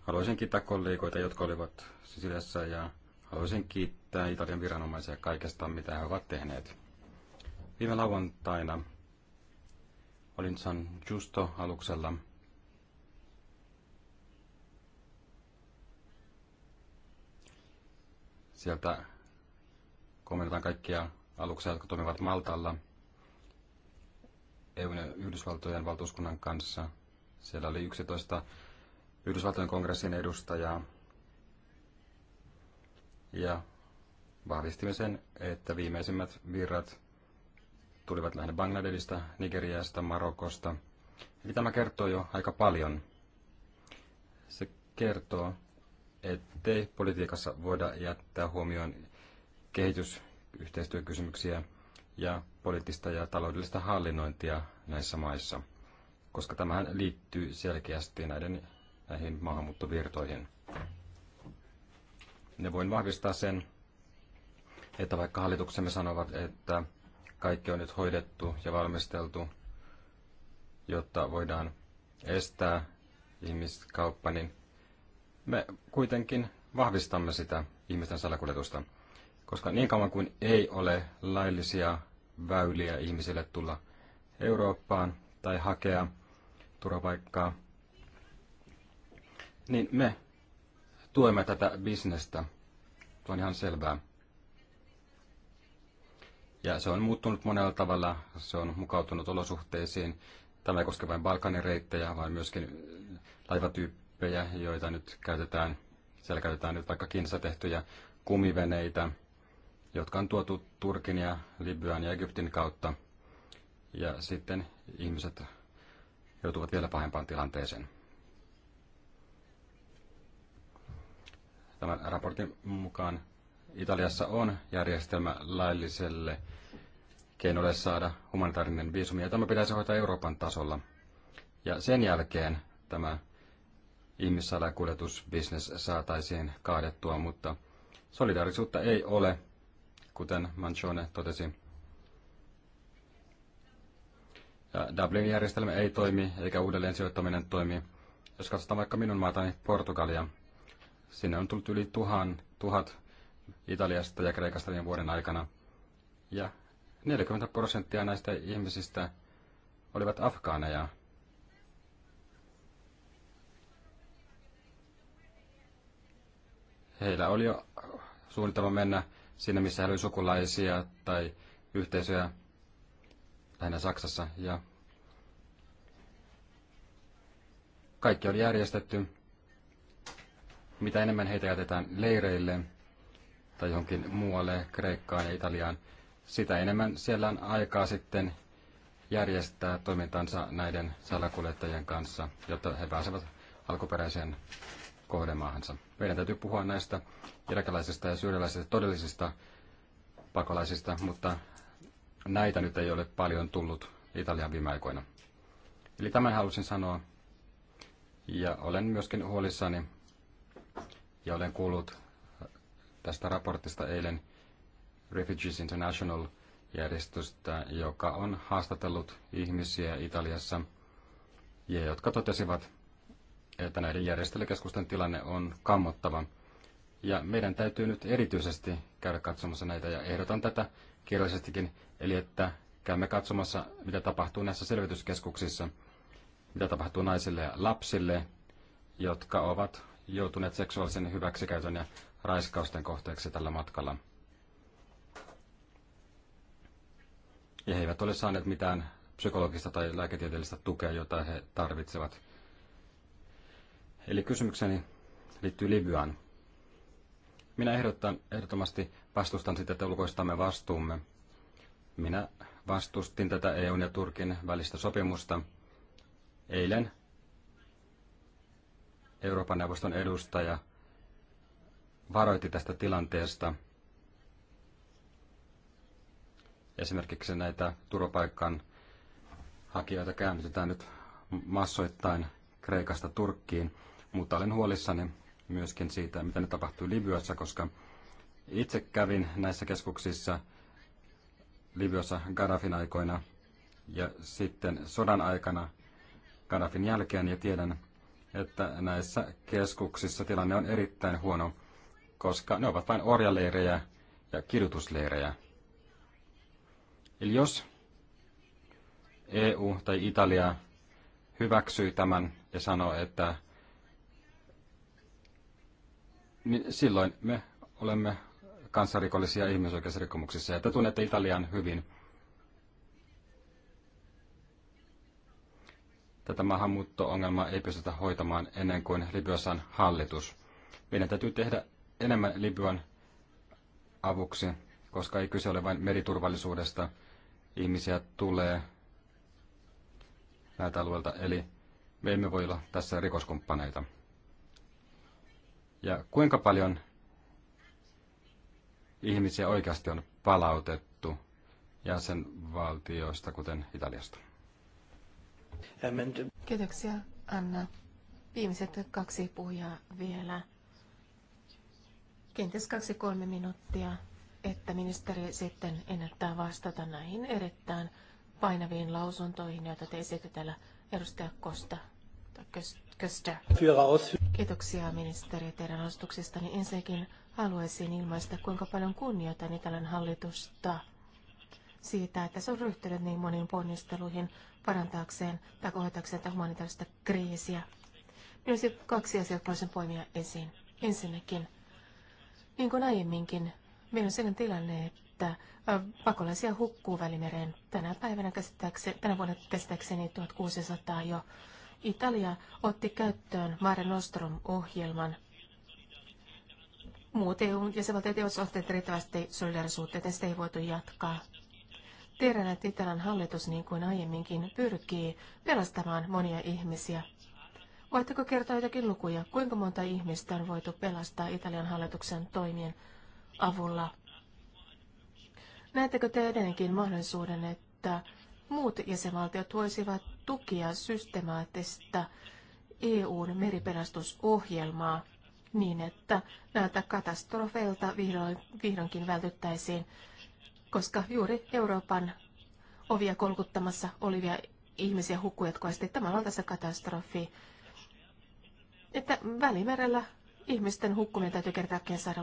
Haluaisin kiittää kollegoita, jotka olivat Sisiliassa ja haluaisin kiittää Italian viranomaisia kaikesta, mitä he ovat tehneet. Viime lauantaina olin San Justo aluksella sieltä komennetaan kaikkia aluksia, jotka toimivat Maltalla EUn ja Yhdysvaltojen valtuuskunnan kanssa. Siellä oli 11 Yhdysvaltojen kongressin edustajaa. Ja vahvistimme sen, että viimeisimmät virrat tulivat lähinnä Bangladesista, Nigeriasta, Marokosta. Eli tämä kertoo jo aika paljon. Se kertoo, ettei politiikassa voida jättää huomioon kehitys- yhteistyökysymyksiä ja poliittista ja taloudellista hallinnointia näissä maissa, koska tämähän liittyy selkeästi näiden, näihin maahanmuuttovirtoihin. Ne voin vahvistaa sen, että vaikka hallituksemme sanovat, että kaikki on nyt hoidettu ja valmisteltu, jotta voidaan estää ihmiskauppa, niin me kuitenkin vahvistamme sitä ihmisten salakuljetusta koska niin kauan kuin ei ole laillisia väyliä ihmisille tulla Eurooppaan tai hakea turvapaikkaa, niin me tuemme tätä bisnestä. Se on ihan selvää. Ja se on muuttunut monella tavalla, se on mukautunut olosuhteisiin. Tämä ei koske vain Balkanin reittejä, vaan myöskin laivatyyppejä, joita nyt käytetään. Siellä käytetään nyt vaikka Kiinassa tehtyjä kumiveneitä – jotka on tuotu Turkin ja Libyan ja Egyptin kautta. Ja sitten ihmiset joutuvat vielä pahempaan tilanteeseen. Tämän raportin mukaan Italiassa on järjestelmä lailliselle keinoille saada humanitaarinen viisumi, ja tämä pitäisi hoitaa Euroopan tasolla. Ja sen jälkeen tämä ihmissalakuljetusbisnes saataisiin kaadettua, mutta solidaarisuutta ei ole, kuten Manchone totesi. dublin järjestelmä ei toimi, eikä uudelleen sijoittaminen toimi. Jos katsotaan vaikka minun maatani Portugalia, sinne on tullut yli tuhan, tuhat Italiasta ja Kreikasta viime vuoden aikana. Ja 40 prosenttia näistä ihmisistä olivat afgaaneja. Heillä oli jo suunnitelma mennä sinne, missä hän oli sukulaisia tai yhteisöjä lähinnä Saksassa. Ja kaikki oli järjestetty. Mitä enemmän heitä jätetään leireille tai johonkin muualle, Kreikkaan ja Italiaan, sitä enemmän siellä on aikaa sitten järjestää toimintansa näiden salakuljettajien kanssa, jotta he pääsevät alkuperäiseen kohdemaahansa. Meidän täytyy puhua näistä irakilaisista ja syyrialaisista todellisista pakolaisista, mutta näitä nyt ei ole paljon tullut Italian viime aikoina. Eli tämän halusin sanoa. Ja olen myöskin huolissani ja olen kuullut tästä raportista eilen Refugees International järjestöstä, joka on haastatellut ihmisiä Italiassa ja jotka totesivat, että näiden järjestelykeskusten tilanne on kammottava. Ja meidän täytyy nyt erityisesti käydä katsomassa näitä, ja ehdotan tätä kirjallisestikin, eli että käymme katsomassa, mitä tapahtuu näissä selvityskeskuksissa, mitä tapahtuu naisille ja lapsille, jotka ovat joutuneet seksuaalisen hyväksikäytön ja raiskausten kohteeksi tällä matkalla. Ja he eivät ole saaneet mitään psykologista tai lääketieteellistä tukea, jota he tarvitsevat. Eli kysymykseni liittyy Libyaan. Minä ehdotan, ehdottomasti vastustan sitä, että ulkoistamme vastuumme. Minä vastustin tätä EUn ja Turkin välistä sopimusta eilen. Euroopan neuvoston edustaja varoitti tästä tilanteesta. Esimerkiksi näitä turvapaikan hakijoita käännytetään nyt massoittain Kreikasta Turkkiin. Mutta olen huolissani myöskin siitä, mitä nyt tapahtuu Libyassa, koska itse kävin näissä keskuksissa Libyassa Gaddafin aikoina ja sitten sodan aikana Gaddafin jälkeen ja tiedän, että näissä keskuksissa tilanne on erittäin huono, koska ne ovat vain orjaleirejä ja kidutusleirejä. Eli jos EU tai Italia hyväksyy tämän ja sanoo, että niin silloin me olemme kansanrikollisia ihmisoikeusrikkomuksissa. Ja te tunnette Italian hyvin. Tätä maahanmuutto-ongelmaa ei pystytä hoitamaan ennen kuin Libyassa on hallitus. Meidän täytyy tehdä enemmän Libyan avuksi, koska ei kyse ole vain meriturvallisuudesta. Ihmisiä tulee näitä alueilta, eli me emme voi olla tässä rikoskumppaneita. Ja kuinka paljon ihmisiä oikeasti on palautettu jäsenvaltioista, kuten Italiasta? Kiitoksia, Anna. Viimeiset kaksi puhujaa vielä. Kenties kaksi-kolme minuuttia, että ministeri sitten ennättää vastata näihin erittäin painaviin lausuntoihin, joita te esitette täällä edustaja Kosta. Tai ykköstä. Kiitoksia ministeri teidän astuksestani. Niin ensinnäkin haluaisin ilmaista, kuinka paljon kunnioitan Italian hallitusta siitä, että se on ryhtynyt niin moniin ponnisteluihin parantaakseen tai kohoitaakseen tätä humanitaarista kriisiä. Minulla olisi kaksi asiaa, jotka voisin poimia esiin. Ensinnäkin, niin kuin aiemminkin, meillä on sellainen tilanne, että äh, pakolaisia hukkuu Välimereen tänä päivänä käsittääkseni, tänä vuonna käsittääkseni 1600 jo Italia otti käyttöön Mare Nostrum-ohjelman. Muut EU-jäsenvaltiot eivät ottaneet riittävästi solidarisuutta, ja sitä ei voitu jatkaa. Tiedän, että Italian hallitus, niin kuin aiemminkin, pyrkii pelastamaan monia ihmisiä. Voitteko kertoa jotakin lukuja, kuinka monta ihmistä on voitu pelastaa Italian hallituksen toimien avulla? Näettekö te edelleenkin mahdollisuuden, että muut jäsenvaltiot voisivat tukea systemaattista EUn meripelastusohjelmaa niin, että näiltä katastrofeilta vihdoin, vihdoinkin vältyttäisiin, koska juuri Euroopan ovia kolkuttamassa olivia ihmisiä hukkui jatkuvasti. Tämä on tässä katastrofi. Että välimerellä ihmisten hukkuminen täytyy kertaakin saada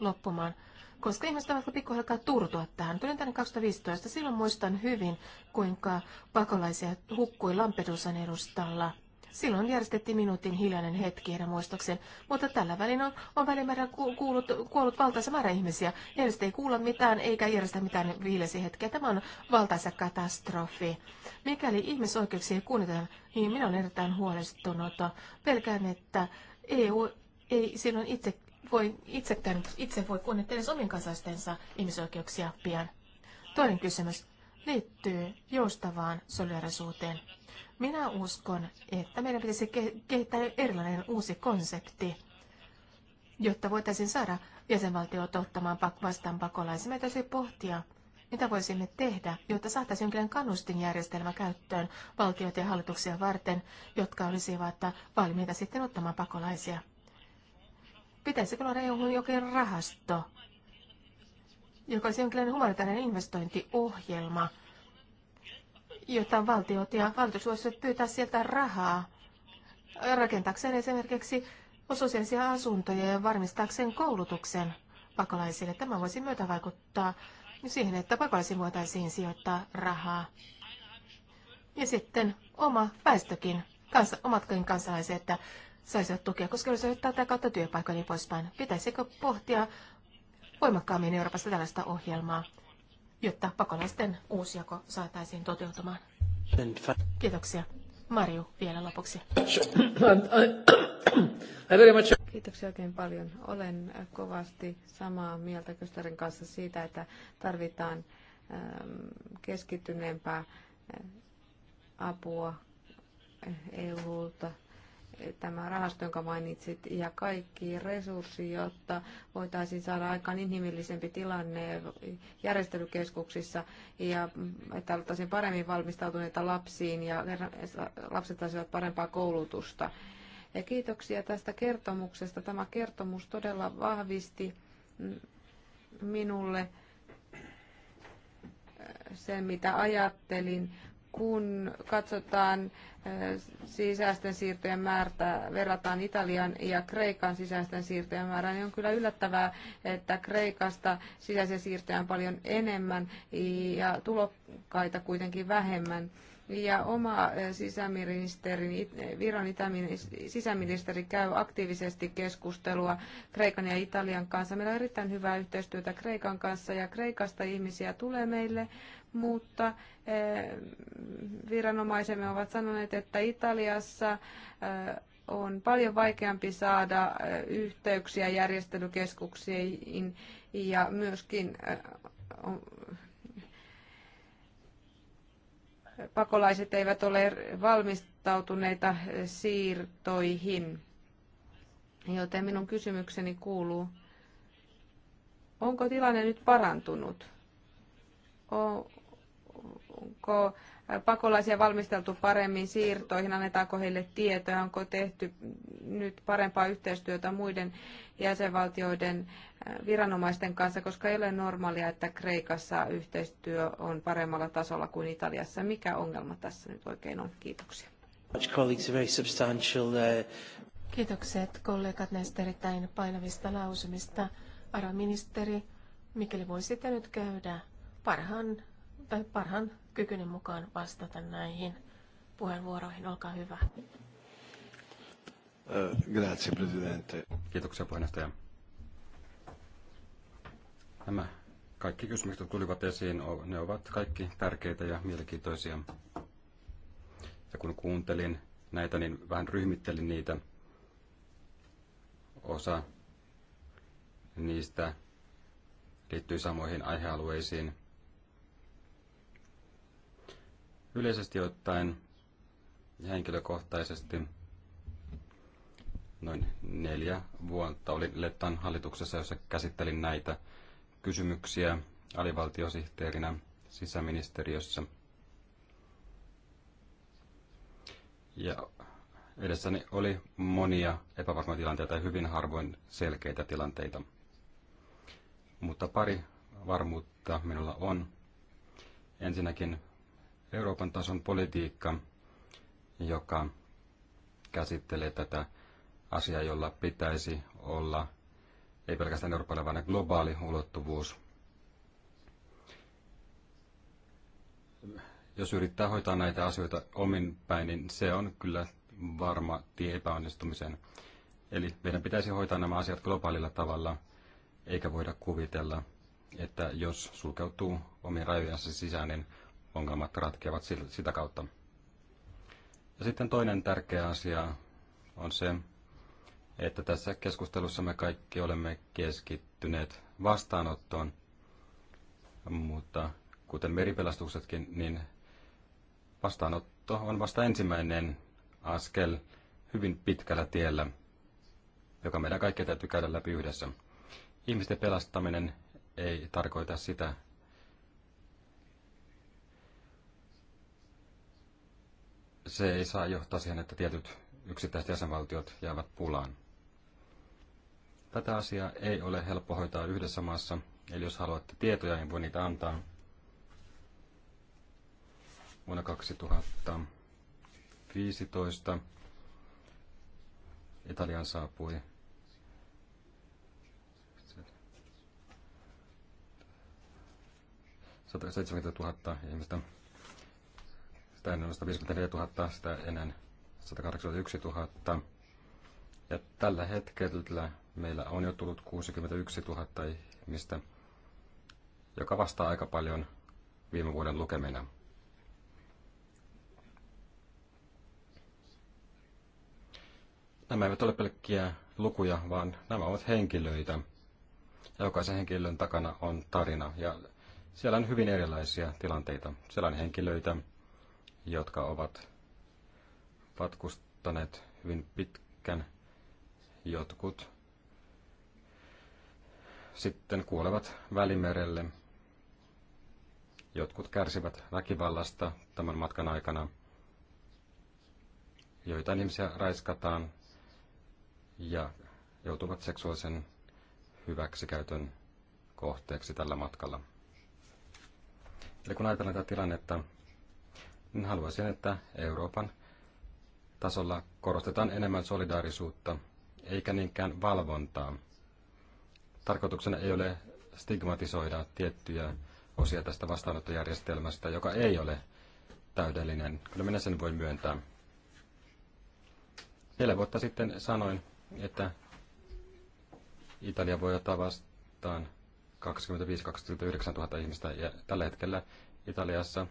loppumaan koska ihmiset ovat pikkuhiljaa turtua tähän. Tulin tänne 2015, silloin muistan hyvin, kuinka pakolaisia hukkui Lampedusan edustalla. Silloin järjestettiin minuutin hiljainen hetki heidän muistokseen, mutta tällä välin on, on välimäärä kuullut, kuollut valtaisa määrä ihmisiä. Järjestä ei kuulla mitään eikä järjestä mitään viilesi hetkeä. Tämä on valtaisa katastrofi. Mikäli ihmisoikeuksia ei kuunnitella, niin minä olen erittäin huolestunut. Pelkään, että EU ei silloin itse voi itsekään, itse voi kunnioittaa edes omien kansalaistensa ihmisoikeuksia pian. Toinen kysymys liittyy joustavaan solidarisuuteen. Minä uskon, että meidän pitäisi kehittää erilainen uusi konsepti, jotta voitaisiin saada jäsenvaltiot ottamaan vastaan pakolaisia. Meidän täytyy pohtia, mitä voisimme tehdä, jotta saataisiin jonkinlainen kannustinjärjestelmä käyttöön valtioita ja hallituksia varten, jotka olisivat valmiita sitten ottamaan pakolaisia. Pitäisikö luoda EU-hun jokin rahasto, joka olisi jonkinlainen humanitaarinen investointiohjelma, jota valtiot ja hallitus voisivat pyytää sieltä rahaa rakentakseen esimerkiksi sosiaalisia asuntoja ja varmistaakseen koulutuksen pakolaisille. Tämä voisi myötä vaikuttaa siihen, että pakolaisiin voitaisiin sijoittaa rahaa. Ja sitten oma väestökin, kansa, omatkin kansalaiset, että saisivat tukea, koska olisi ottaa tätä kautta työpaikkoja niin poispäin. Pitäisikö pohtia voimakkaammin Euroopassa tällaista ohjelmaa, jotta pakolaisten uusjako saataisiin toteutumaan? Kiitoksia. Marju vielä lopuksi. Kiitoksia oikein paljon. Olen kovasti samaa mieltä Kösterin kanssa siitä, että tarvitaan ähm, keskittyneempää äh, apua äh, EU-ta tämä rahasto, jonka mainitsit, ja kaikki resurssi, jotta voitaisiin saada aikaan inhimillisempi tilanne järjestelykeskuksissa ja että oltaisiin paremmin valmistautuneita lapsiin ja lapset saisivat parempaa koulutusta. Ja kiitoksia tästä kertomuksesta. Tämä kertomus todella vahvisti minulle sen, mitä ajattelin, kun katsotaan eh, sisäisten siirtojen määrää, verrataan Italian ja Kreikan sisäisten siirtojen määrää, niin on kyllä yllättävää, että Kreikasta sisäisiä siirtoja on paljon enemmän ja tulokkaita kuitenkin vähemmän. Ja oma eh, sisäministerin, Viron sisäministeri käy aktiivisesti keskustelua Kreikan ja Italian kanssa. Meillä on erittäin hyvää yhteistyötä Kreikan kanssa ja Kreikasta ihmisiä tulee meille mutta eh, viranomaisemme ovat sanoneet, että Italiassa eh, on paljon vaikeampi saada eh, yhteyksiä järjestelykeskuksiin ja myöskin pakolaiset eivät ole valmistautuneita siirtoihin. Joten minun kysymykseni kuuluu, onko tilanne nyt parantunut? O, onko pakolaisia valmisteltu paremmin siirtoihin, annetaanko heille tietoja, onko tehty nyt parempaa yhteistyötä muiden jäsenvaltioiden äh, viranomaisten kanssa, koska ei ole normaalia, että Kreikassa yhteistyö on paremmalla tasolla kuin Italiassa. Mikä ongelma tässä nyt oikein on? Kiitoksia. Uh, Kiitokset kollegat näistä erittäin painavista lausumista. Araministeri, mikäli voisitte nyt käydä parhaan tai parhaan kykyni mukaan vastata näihin puheenvuoroihin. Olkaa hyvä. Eh, grazie, Presidente. Kiitoksia puheenjohtaja. Nämä kaikki kysymykset, jotka tulivat esiin, ne ovat kaikki tärkeitä ja mielenkiintoisia. Ja kun kuuntelin näitä, niin vähän ryhmittelin niitä. Osa niistä liittyy samoihin aihealueisiin – Yleisesti ottaen henkilökohtaisesti noin neljä vuotta olin Lettan hallituksessa, jossa käsittelin näitä kysymyksiä alivaltiosihteerinä sisäministeriössä. Ja edessäni oli monia epävarmoja tilanteita ja hyvin harvoin selkeitä tilanteita. Mutta pari varmuutta minulla on. Ensinnäkin Euroopan tason politiikka, joka käsittelee tätä asiaa, jolla pitäisi olla ei pelkästään Euroopalle, vaan globaali ulottuvuus. Jos yrittää hoitaa näitä asioita omin päin, niin se on kyllä varma tie epäonnistumiseen. Eli meidän pitäisi hoitaa nämä asiat globaalilla tavalla, eikä voida kuvitella, että jos sulkeutuu omien rajojensa sisään, niin ongelmat ratkeavat sitä kautta. Ja sitten toinen tärkeä asia on se, että tässä keskustelussa me kaikki olemme keskittyneet vastaanottoon, mutta kuten meripelastuksetkin, niin vastaanotto on vasta ensimmäinen askel hyvin pitkällä tiellä, joka meidän kaikkea täytyy käydä läpi yhdessä. Ihmisten pelastaminen ei tarkoita sitä, se ei saa johtaa siihen, että tietyt yksittäiset jäsenvaltiot jäävät pulaan. Tätä asiaa ei ole helppo hoitaa yhdessä maassa, eli jos haluatte tietoja, niin voi niitä antaa. Vuonna 2015 Italian saapui Sata 70 ihmistä sitä ennen 154 000, sitä ennen 181 000. Ja tällä hetkellä meillä on jo tullut 61 000 ihmistä, joka vastaa aika paljon viime vuoden lukemina. Nämä eivät ole pelkkiä lukuja, vaan nämä ovat henkilöitä. Ja jokaisen henkilön takana on tarina ja siellä on hyvin erilaisia tilanteita. Siellä on henkilöitä, jotka ovat patkustaneet hyvin pitkän. Jotkut sitten kuolevat välimerelle. Jotkut kärsivät väkivallasta tämän matkan aikana. Joitain ihmisiä raiskataan ja joutuvat seksuaalisen hyväksikäytön kohteeksi tällä matkalla. Eli kun ajatellaan tätä tilannetta, niin haluaisin, että Euroopan tasolla korostetaan enemmän solidaarisuutta eikä niinkään valvontaa. Tarkoituksena ei ole stigmatisoida tiettyjä osia tästä vastaanottojärjestelmästä, joka ei ole täydellinen. Kyllä minä sen voin myöntää. Neljä vuotta sitten sanoin, että Italia voi ottaa vastaan 25-29 000 ihmistä ja tällä hetkellä Italiassa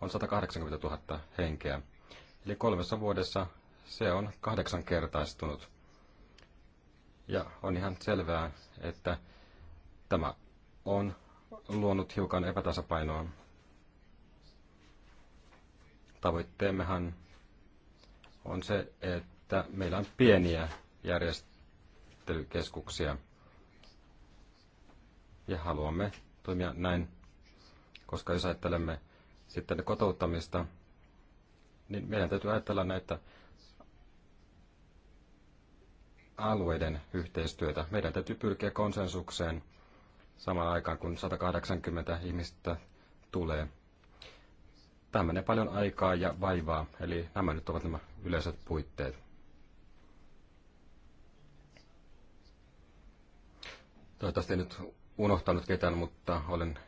on 180 000 henkeä. Eli kolmessa vuodessa se on kahdeksankertaistunut. Ja on ihan selvää, että tämä on luonut hiukan epätasapainoa. Tavoitteemmehan on se, että meillä on pieniä järjestelykeskuksia. Ja haluamme toimia näin, koska jos ajattelemme sitten kotouttamista, niin meidän täytyy ajatella näitä alueiden yhteistyötä. Meidän täytyy pyrkiä konsensukseen samaan aikaan, kun 180 ihmistä tulee. Tämä menee paljon aikaa ja vaivaa, eli nämä nyt ovat nämä yleiset puitteet. Toivottavasti en nyt unohtanut ketään, mutta olen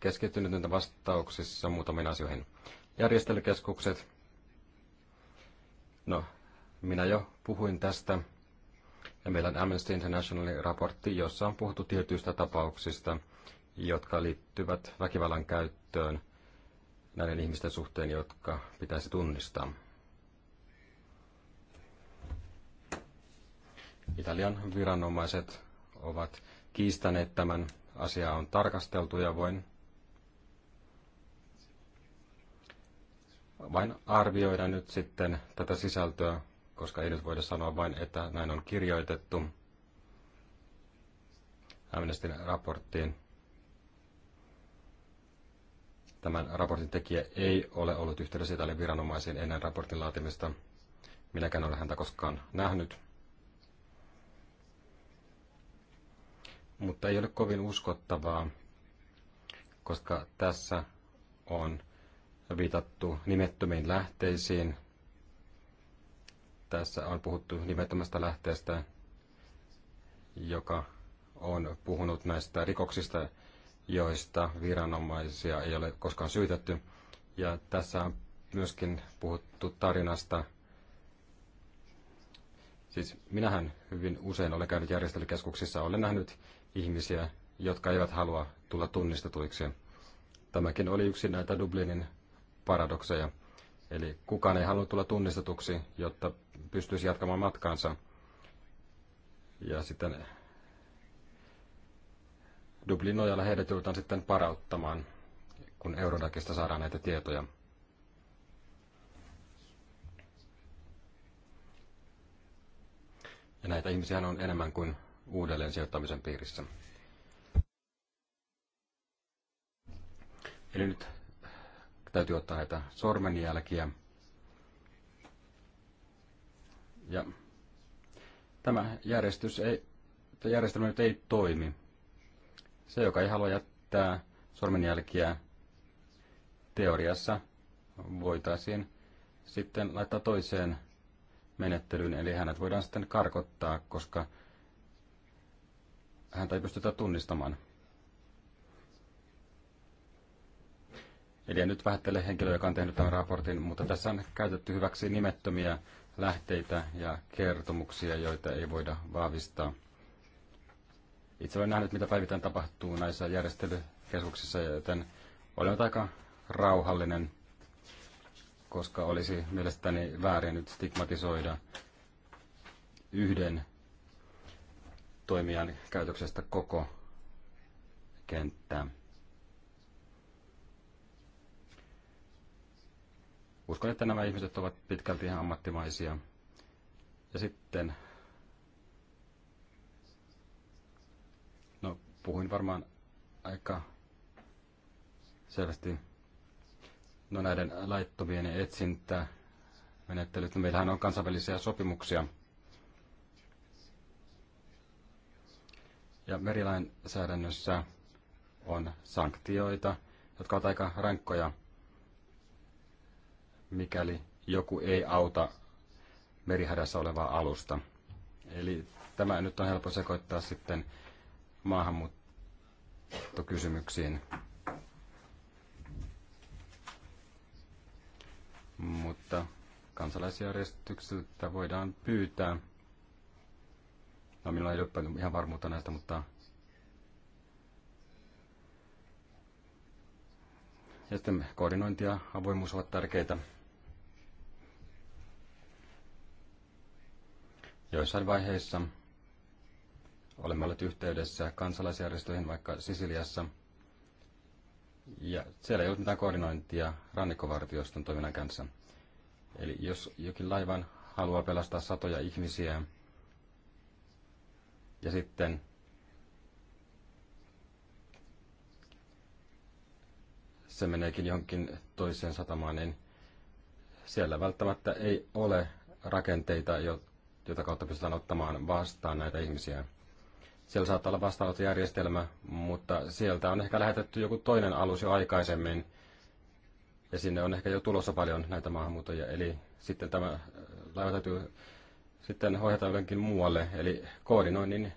keskittynyt vastauksissa muutamiin asioihin. Järjestelykeskukset. No, minä jo puhuin tästä. Ja meillä on Amnesty Internationalin raportti, jossa on puhuttu tietyistä tapauksista, jotka liittyvät väkivallan käyttöön näiden ihmisten suhteen, jotka pitäisi tunnistaa. Italian viranomaiset ovat kiistäneet tämän. Asiaa on tarkasteltu ja voin vain arvioida nyt sitten tätä sisältöä, koska ei nyt voida sanoa vain, että näin on kirjoitettu Amnestyn raporttiin. Tämän raportin tekijä ei ole ollut yhteydessä Italian viranomaisiin ennen raportin laatimista. Minäkään olen häntä koskaan nähnyt. Mutta ei ole kovin uskottavaa, koska tässä on viitattu nimettömiin lähteisiin. Tässä on puhuttu nimettömästä lähteestä, joka on puhunut näistä rikoksista, joista viranomaisia ei ole koskaan syytetty. Ja tässä on myöskin puhuttu tarinasta. Siis minähän hyvin usein olen käynyt järjestelykeskuksissa, olen nähnyt ihmisiä, jotka eivät halua tulla tunnistetuiksi. Tämäkin oli yksi näitä Dublinin paradokseja. Eli kukaan ei halua tulla tunnistetuksi, jotta pystyisi jatkamaan matkaansa. Ja sitten Dublin nojalla heidät joudutaan sitten parauttamaan, kun Eurodakista saadaan näitä tietoja. Ja näitä ihmisiä on enemmän kuin uudelleen sijoittamisen piirissä. Eli nyt täytyy ottaa näitä sormenjälkiä. Ja tämä järjestys ei, tämä järjestelmä nyt ei toimi. Se, joka ei halua jättää sormenjälkiä teoriassa, voitaisiin sitten laittaa toiseen menettelyyn, eli hänet voidaan sitten karkottaa, koska häntä ei pystytä tunnistamaan. Eli en nyt vähättele henkilöä, joka on tehnyt tämän raportin, mutta tässä on käytetty hyväksi nimettömiä lähteitä ja kertomuksia, joita ei voida vahvistaa. Itse olen nähnyt, mitä päivittäin tapahtuu näissä järjestelykeskuksissa, joten olen aika rauhallinen, koska olisi mielestäni väärin nyt stigmatisoida yhden toimijan käytöksestä koko kenttää. Uskon, että nämä ihmiset ovat pitkälti ihan ammattimaisia. Ja sitten, no puhuin varmaan aika selvästi no näiden laittomien etsintä menettelyt. No meillähän on kansainvälisiä sopimuksia. Ja merilainsäädännössä on sanktioita, jotka ovat aika rankkoja mikäli joku ei auta merihädässä olevaa alusta. Eli tämä nyt on helppo sekoittaa sitten maahanmuuttokysymyksiin. Mutta kansalaisjärjestykseltä voidaan pyytää. No minulla ei ole ihan varmuutta näistä, mutta ja sitten koordinointi ja avoimuus ovat tärkeitä. Joissain vaiheissa olemme olleet yhteydessä kansalaisjärjestöihin vaikka Sisiliassa, ja siellä ei ollut mitään koordinointia rannikkovartioston toiminnan kanssa. Eli jos jokin laivan haluaa pelastaa satoja ihmisiä, ja sitten se meneekin johonkin toiseen satamaan, niin siellä välttämättä ei ole rakenteita, jota kautta pystytään ottamaan vastaan näitä ihmisiä. Siellä saattaa olla vastaanottojärjestelmä, mutta sieltä on ehkä lähetetty joku toinen alus jo aikaisemmin, ja sinne on ehkä jo tulossa paljon näitä maahanmuuttajia. Eli sitten tämä äh, laiva täytyy sitten ohjata jotenkin muualle. Eli koordinoinnin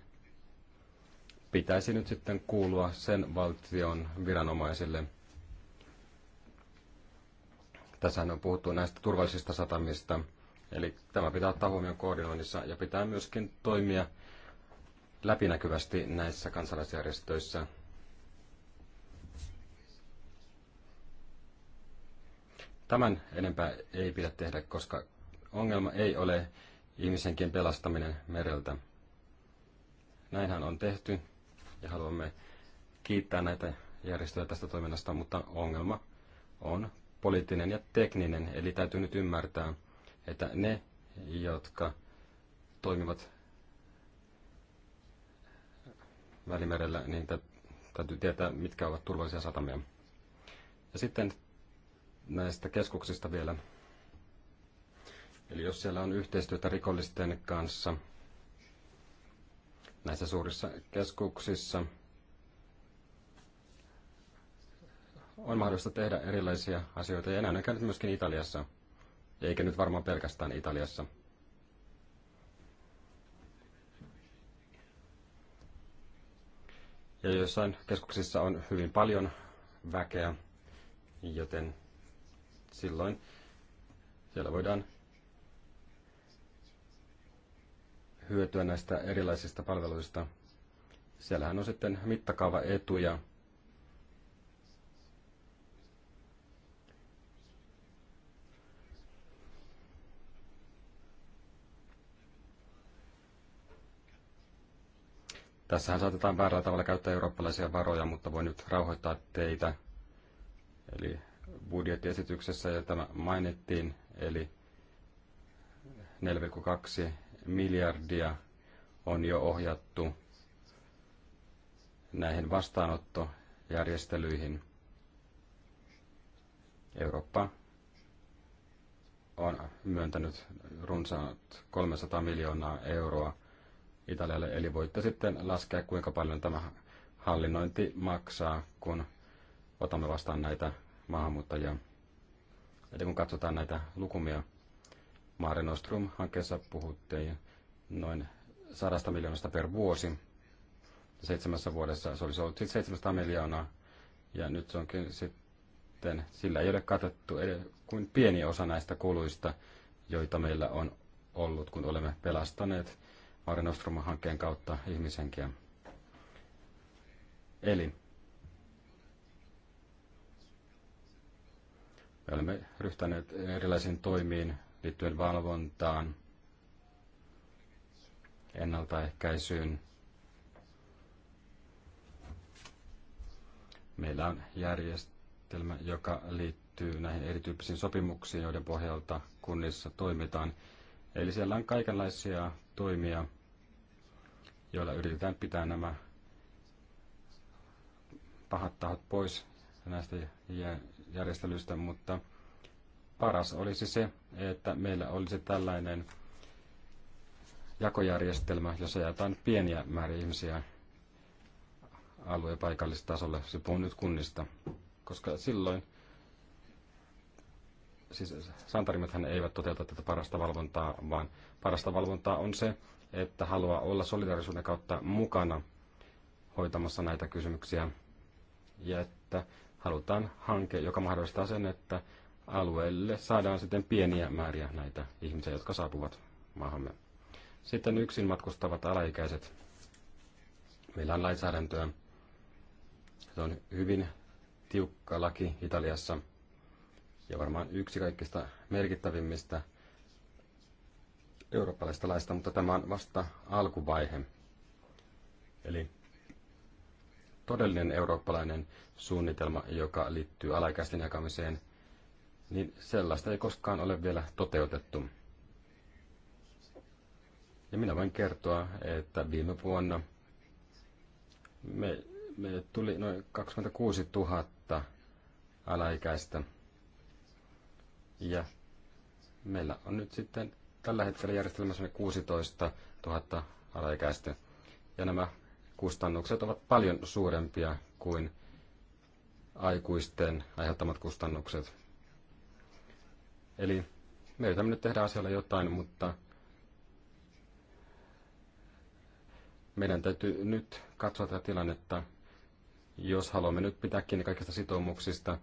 pitäisi nyt sitten kuulua sen valtion viranomaisille. Tässähän on puhuttu näistä turvallisista satamista – Eli tämä pitää ottaa huomioon koordinoinnissa ja pitää myöskin toimia läpinäkyvästi näissä kansalaisjärjestöissä. Tämän enempää ei pidä tehdä, koska ongelma ei ole ihmisenkin pelastaminen mereltä. Näinhän on tehty ja haluamme kiittää näitä järjestöjä tästä toiminnasta, mutta ongelma on poliittinen ja tekninen, eli täytyy nyt ymmärtää, että ne, jotka toimivat Välimerellä, niin täytyy tietää, mitkä ovat turvallisia satamia. Ja sitten näistä keskuksista vielä. Eli jos siellä on yhteistyötä rikollisten kanssa näissä suurissa keskuksissa, on mahdollista tehdä erilaisia asioita. Ja näin on käynyt myöskin Italiassa – eikä nyt varmaan pelkästään Italiassa. Ja joissain keskuksissa on hyvin paljon väkeä, joten silloin siellä voidaan hyötyä näistä erilaisista palveluista. Siellähän on sitten mittakaava etuja Tässähän saatetaan väärällä tavalla käyttää eurooppalaisia varoja, mutta voin nyt rauhoittaa teitä. Eli budjettiesityksessä ja tämä mainittiin, eli 4,2 miljardia on jo ohjattu näihin vastaanottojärjestelyihin. Eurooppa on myöntänyt runsaat 300 miljoonaa euroa Italialle. Eli voitte sitten laskea, kuinka paljon tämä hallinnointi maksaa, kun otamme vastaan näitä maahanmuuttajia. Eli kun katsotaan näitä lukumia, Mare Nostrum-hankkeessa puhuttiin noin 100 miljoonasta per vuosi. Seitsemässä vuodessa se olisi ollut sitten siis 700 miljoonaa, ja nyt se onkin sitten, sillä ei ole katettu kuin pieni osa näistä kuluista, joita meillä on ollut, kun olemme pelastaneet Mare Nostrum-hankkeen kautta ihmishenkiä. Eli me olemme ryhtyneet erilaisiin toimiin liittyen valvontaan, ennaltaehkäisyyn. Meillä on järjestelmä, joka liittyy näihin erityyppisiin sopimuksiin, joiden pohjalta kunnissa toimitaan. Eli siellä on kaikenlaisia toimia, joilla yritetään pitää nämä pahat tahot pois näistä järjestelyistä, mutta paras olisi se, että meillä olisi tällainen jakojärjestelmä, jossa jaetaan pieniä määriä ihmisiä alue- ja paikallistasolle, se puhuu nyt kunnista, koska silloin siis santarimethän eivät toteuta tätä parasta valvontaa, vaan parasta valvontaa on se, että haluaa olla solidarisuuden kautta mukana hoitamassa näitä kysymyksiä ja että halutaan hanke, joka mahdollistaa sen, että alueelle saadaan sitten pieniä määriä näitä ihmisiä, jotka saapuvat maahamme. Sitten yksin matkustavat alaikäiset. Meillä on lainsäädäntöä. Se on hyvin tiukka laki Italiassa ja varmaan yksi kaikista merkittävimmistä eurooppalaista laista, mutta tämä on vasta alkuvaihe. Eli todellinen eurooppalainen suunnitelma, joka liittyy alaikäisten jakamiseen, niin sellaista ei koskaan ole vielä toteutettu. Ja minä voin kertoa, että viime vuonna me, me tuli noin 26 000 alaikäistä. Ja meillä on nyt sitten tällä hetkellä järjestelmässä on 16 000 alaikäistä. Ja nämä kustannukset ovat paljon suurempia kuin aikuisten aiheuttamat kustannukset. Eli me yritämme nyt tehdä asialle jotain, mutta meidän täytyy nyt katsoa tätä tilannetta, jos haluamme nyt pitää kiinni kaikista sitoumuksista.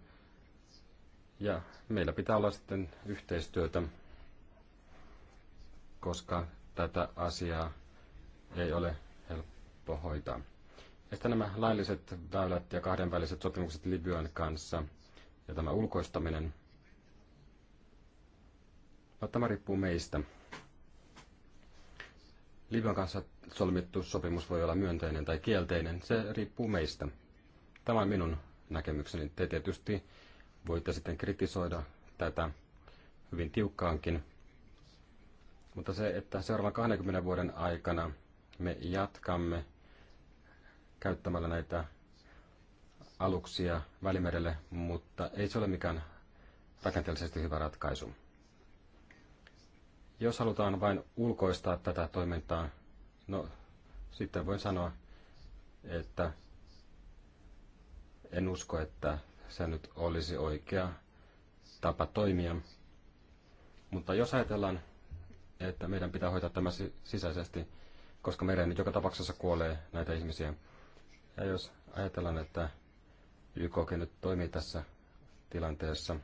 Ja meillä pitää olla sitten yhteistyötä koska tätä asiaa ei ole helppo hoitaa. Ja sitten nämä lailliset väylät ja kahdenväliset sopimukset Libyan kanssa ja tämä ulkoistaminen. No, tämä riippuu meistä. Libyan kanssa solmittu sopimus voi olla myönteinen tai kielteinen. Se riippuu meistä. Tämä on minun näkemykseni. Te tietysti voitte sitten kritisoida tätä hyvin tiukkaankin, mutta se, että seuraavan 20 vuoden aikana me jatkamme käyttämällä näitä aluksia Välimerelle, mutta ei se ole mikään rakenteellisesti hyvä ratkaisu. Jos halutaan vain ulkoistaa tätä toimintaa, no sitten voin sanoa, että en usko, että se nyt olisi oikea tapa toimia. Mutta jos ajatellaan että meidän pitää hoitaa tämä sisäisesti, koska meidän nyt joka tapauksessa kuolee näitä ihmisiä. Ja jos ajatellaan, että YK nyt toimii tässä tilanteessa,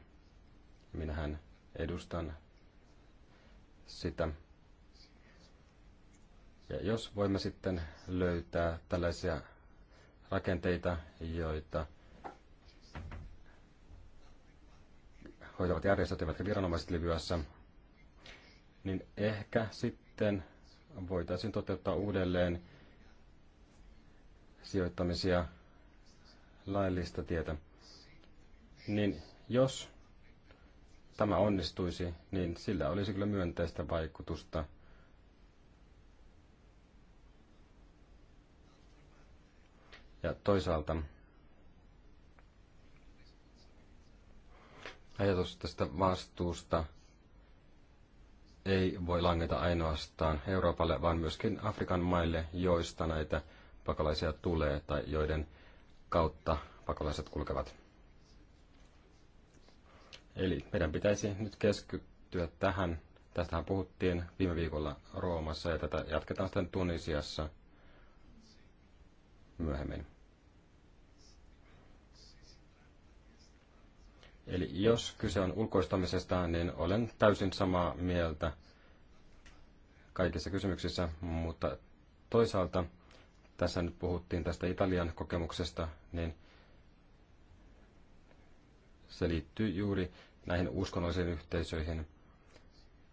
minähän edustan sitä. Ja jos voimme sitten löytää tällaisia rakenteita, joita hoitavat järjestöt eivätkä viranomaiset Libyassa, niin ehkä sitten voitaisiin toteuttaa uudelleen sijoittamisia laillista tietä. Niin jos tämä onnistuisi, niin sillä olisi kyllä myönteistä vaikutusta Ja toisaalta ajatus tästä vastuusta ei voi langeta ainoastaan Euroopalle, vaan myöskin Afrikan maille, joista näitä pakolaisia tulee tai joiden kautta pakolaiset kulkevat. Eli meidän pitäisi nyt keskittyä tähän. Tästähän puhuttiin viime viikolla Roomassa ja tätä jatketaan sitten Tunisiassa myöhemmin. Eli jos kyse on ulkoistamisesta, niin olen täysin samaa mieltä kaikissa kysymyksissä, mutta toisaalta tässä nyt puhuttiin tästä Italian kokemuksesta, niin se liittyy juuri näihin uskonnollisiin yhteisöihin.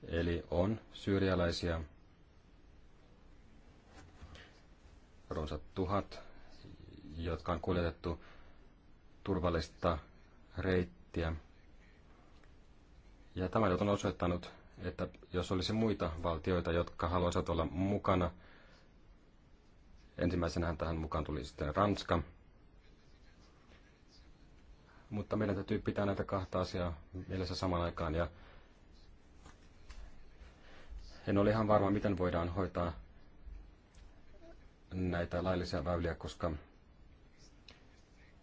Eli on syyrialaisia runsat tuhat, jotka on kuljetettu turvallista reittiä prosenttia. Ja tämä on osoittanut, että jos olisi muita valtioita, jotka haluaisivat olla mukana, ensimmäisenä tähän mukaan tuli sitten Ranska, mutta meidän täytyy pitää näitä kahta asiaa mielessä samaan aikaan. Ja en ole ihan varma, miten voidaan hoitaa näitä laillisia väyliä, koska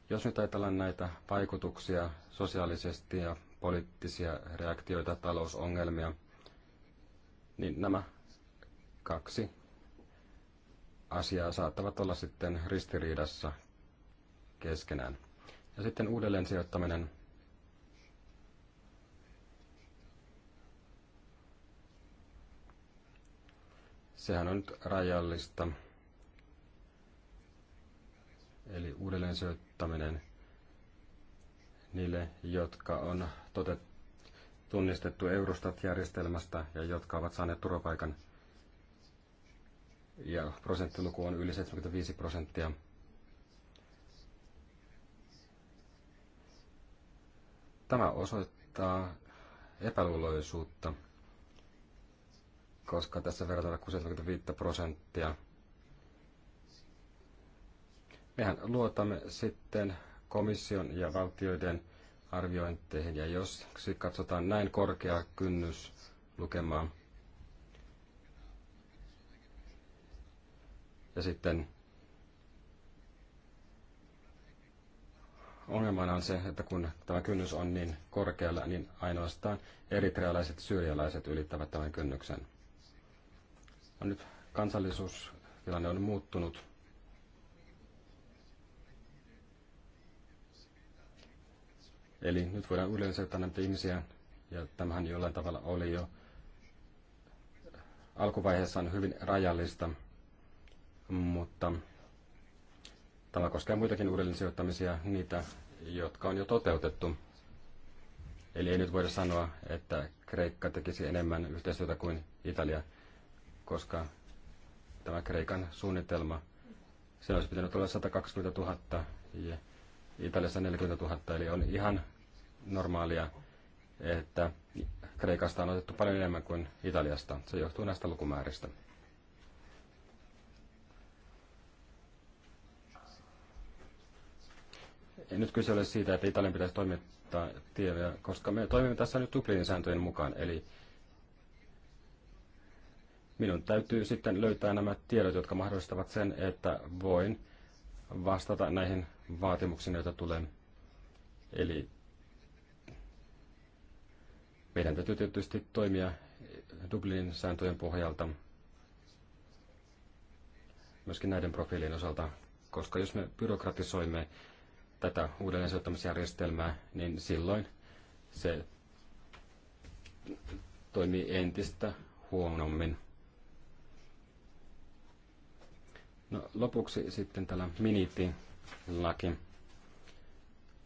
jos nyt ajatellaan näitä vaikutuksia sosiaalisesti ja poliittisia reaktioita, talousongelmia, niin nämä kaksi asiaa saattavat olla sitten ristiriidassa keskenään. Ja sitten uudelleen sijoittaminen. Sehän on nyt rajallista. Eli uudelleen sijoittaminen tiedottaminen niille, jotka on totet, tunnistettu Eurostat-järjestelmästä ja jotka ovat saaneet turvapaikan. Ja prosenttiluku on yli 75 prosenttia. Tämä osoittaa epäluuloisuutta, koska tässä verrataan 65 prosenttia – mehän luotamme sitten komission ja valtioiden arviointeihin, ja jos siis katsotaan näin korkea kynnys lukemaan, ja sitten ongelmana on se, että kun tämä kynnys on niin korkealla, niin ainoastaan eritrealaiset syyrialaiset ylittävät tämän kynnyksen. No nyt kansallisuustilanne on muuttunut Eli nyt voidaan yleensä näitä ihmisiä, ja tämähän jollain tavalla oli jo alkuvaiheessaan hyvin rajallista, mutta tämä koskee muitakin uudelleen sijoittamisia, niitä, jotka on jo toteutettu. Eli ei nyt voida sanoa, että Kreikka tekisi enemmän yhteistyötä kuin Italia, koska tämä Kreikan suunnitelma, se olisi pitänyt olla 120 000 ja Italiassa 40 000, eli on ihan normaalia, että Kreikasta on otettu paljon enemmän kuin Italiasta. Se johtuu näistä lukumääristä. Ei nyt kyse ole siitä, että Italian pitäisi toimittaa tietoja, koska me toimimme tässä nyt Dublinin sääntöjen mukaan. Eli minun täytyy sitten löytää nämä tiedot, jotka mahdollistavat sen, että voin vastata näihin vaatimuksiin, joita tulee. Eli meidän täytyy tietysti toimia Dublinin sääntöjen pohjalta myöskin näiden profiilien osalta, koska jos me byrokratisoimme tätä uudelleen sijoittamisjärjestelmää, niin silloin se toimii entistä huonommin. No, lopuksi sitten tällä minitilaki.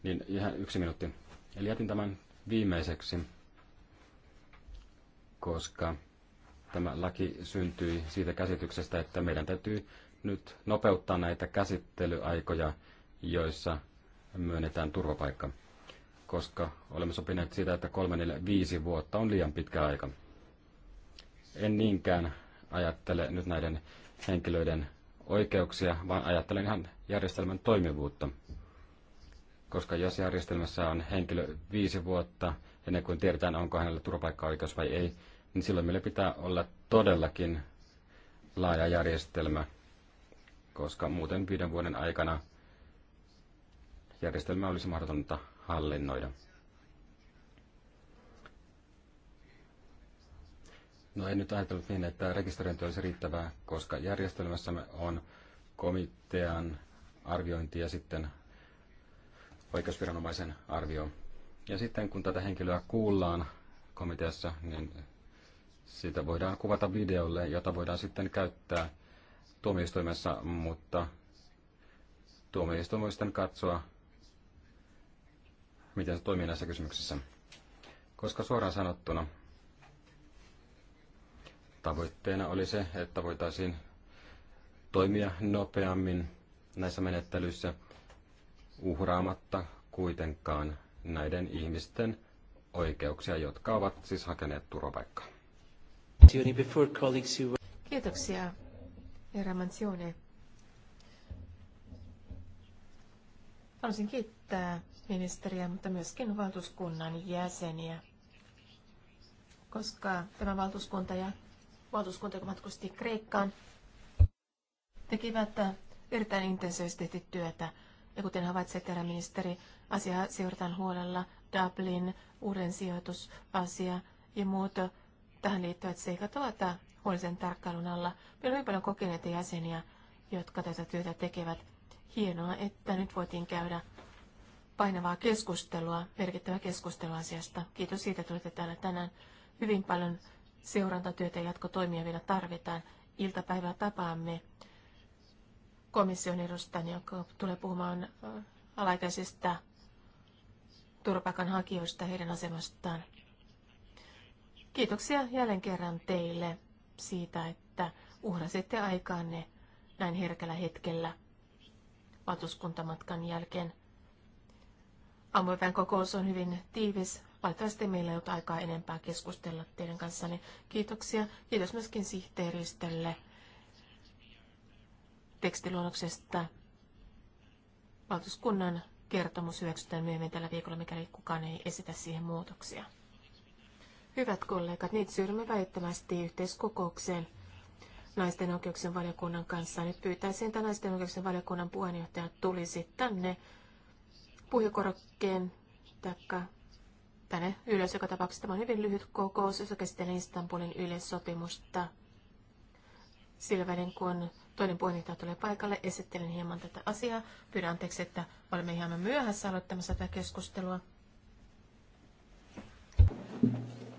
Niin ihan yksi minuutti. Eli jätin tämän viimeiseksi koska tämä laki syntyi siitä käsityksestä, että meidän täytyy nyt nopeuttaa näitä käsittelyaikoja, joissa myönnetään turvapaikka, koska olemme sopineet siitä, että 3-4-5 vuotta on liian pitkä aika. En niinkään ajattele nyt näiden henkilöiden oikeuksia, vaan ajattelen ihan järjestelmän toimivuutta. Koska jos järjestelmässä on henkilö viisi vuotta ennen kuin tiedetään, onko hänellä turvapaikkaoikeus vai ei, niin silloin meillä pitää olla todellakin laaja järjestelmä, koska muuten viiden vuoden aikana järjestelmä olisi mahdotonta hallinnoida. No en nyt ajatellut niin, että rekisteröinti olisi riittävää, koska järjestelmässämme on komitean arviointi ja sitten oikeusviranomaisen arvio. Ja sitten kun tätä henkilöä kuullaan komiteassa, niin sitä voidaan kuvata videolle, jota voidaan sitten käyttää tuomioistuimessa, mutta tuomioistuin voi sitten katsoa, miten se toimii näissä kysymyksissä. Koska suoraan sanottuna tavoitteena oli se, että voitaisiin toimia nopeammin näissä menettelyissä uhraamatta kuitenkaan näiden ihmisten oikeuksia, jotka ovat siis hakeneet turvapaikkaa. Kiitoksia, herra Mansione. Haluaisin kiittää ministeriä, mutta myöskin valtuuskunnan jäseniä, koska tämä valtuuskunta ja valtuuskunta, joka matkusti Kreikkaan, tekivät erittäin intensiivisesti työtä. Ja kuten havaitsee herra ministeri, asiaa seurataan huolella. Dublin, uuden sijoitusasia ja muut tähän liittyvät seikat ovat huolisen tarkkailun alla. Meillä on paljon kokeneita jäseniä, jotka tätä työtä tekevät. Hienoa, että nyt voitiin käydä painavaa keskustelua, merkittävää keskustelua asiasta. Kiitos siitä, että olette täällä tänään. Hyvin paljon seurantatyötä ja jatkotoimia vielä tarvitaan. Iltapäivällä tapaamme komission edustajan, joka tulee puhumaan äh, alaikäisistä turvapaikanhakijoista heidän asemastaan. Kiitoksia jälleen kerran teille siitä, että uhrasitte aikaanne näin herkällä hetkellä valtuuskuntamatkan jälkeen. Aamupäivän kokous on hyvin tiivis. Valitettavasti meillä ei ole aikaa enempää keskustella teidän kanssanne. Kiitoksia. Kiitos myöskin sihteeristölle tekstiluonnoksesta. Valtuuskunnan kertomus hyväksytään myöhemmin tällä viikolla, mikäli kukaan ei esitä siihen muutoksia. Hyvät kollegat, niitä siirrymme välittömästi yhteiskokoukseen naisten oikeuksien valiokunnan kanssa. Nyt pyytäisin, että naisten oikeuksien valiokunnan puheenjohtaja tulisi tänne puhekorokkeen taikka tänne ylös. Joka tapauksessa tämä on hyvin lyhyt kokous, jossa käsitellään Istanbulin yleissopimusta. Sillä välin, kun toinen puheenjohtaja tulee paikalle, esittelen hieman tätä asiaa. Pyydän anteeksi, että olemme hieman myöhässä aloittamassa tätä keskustelua.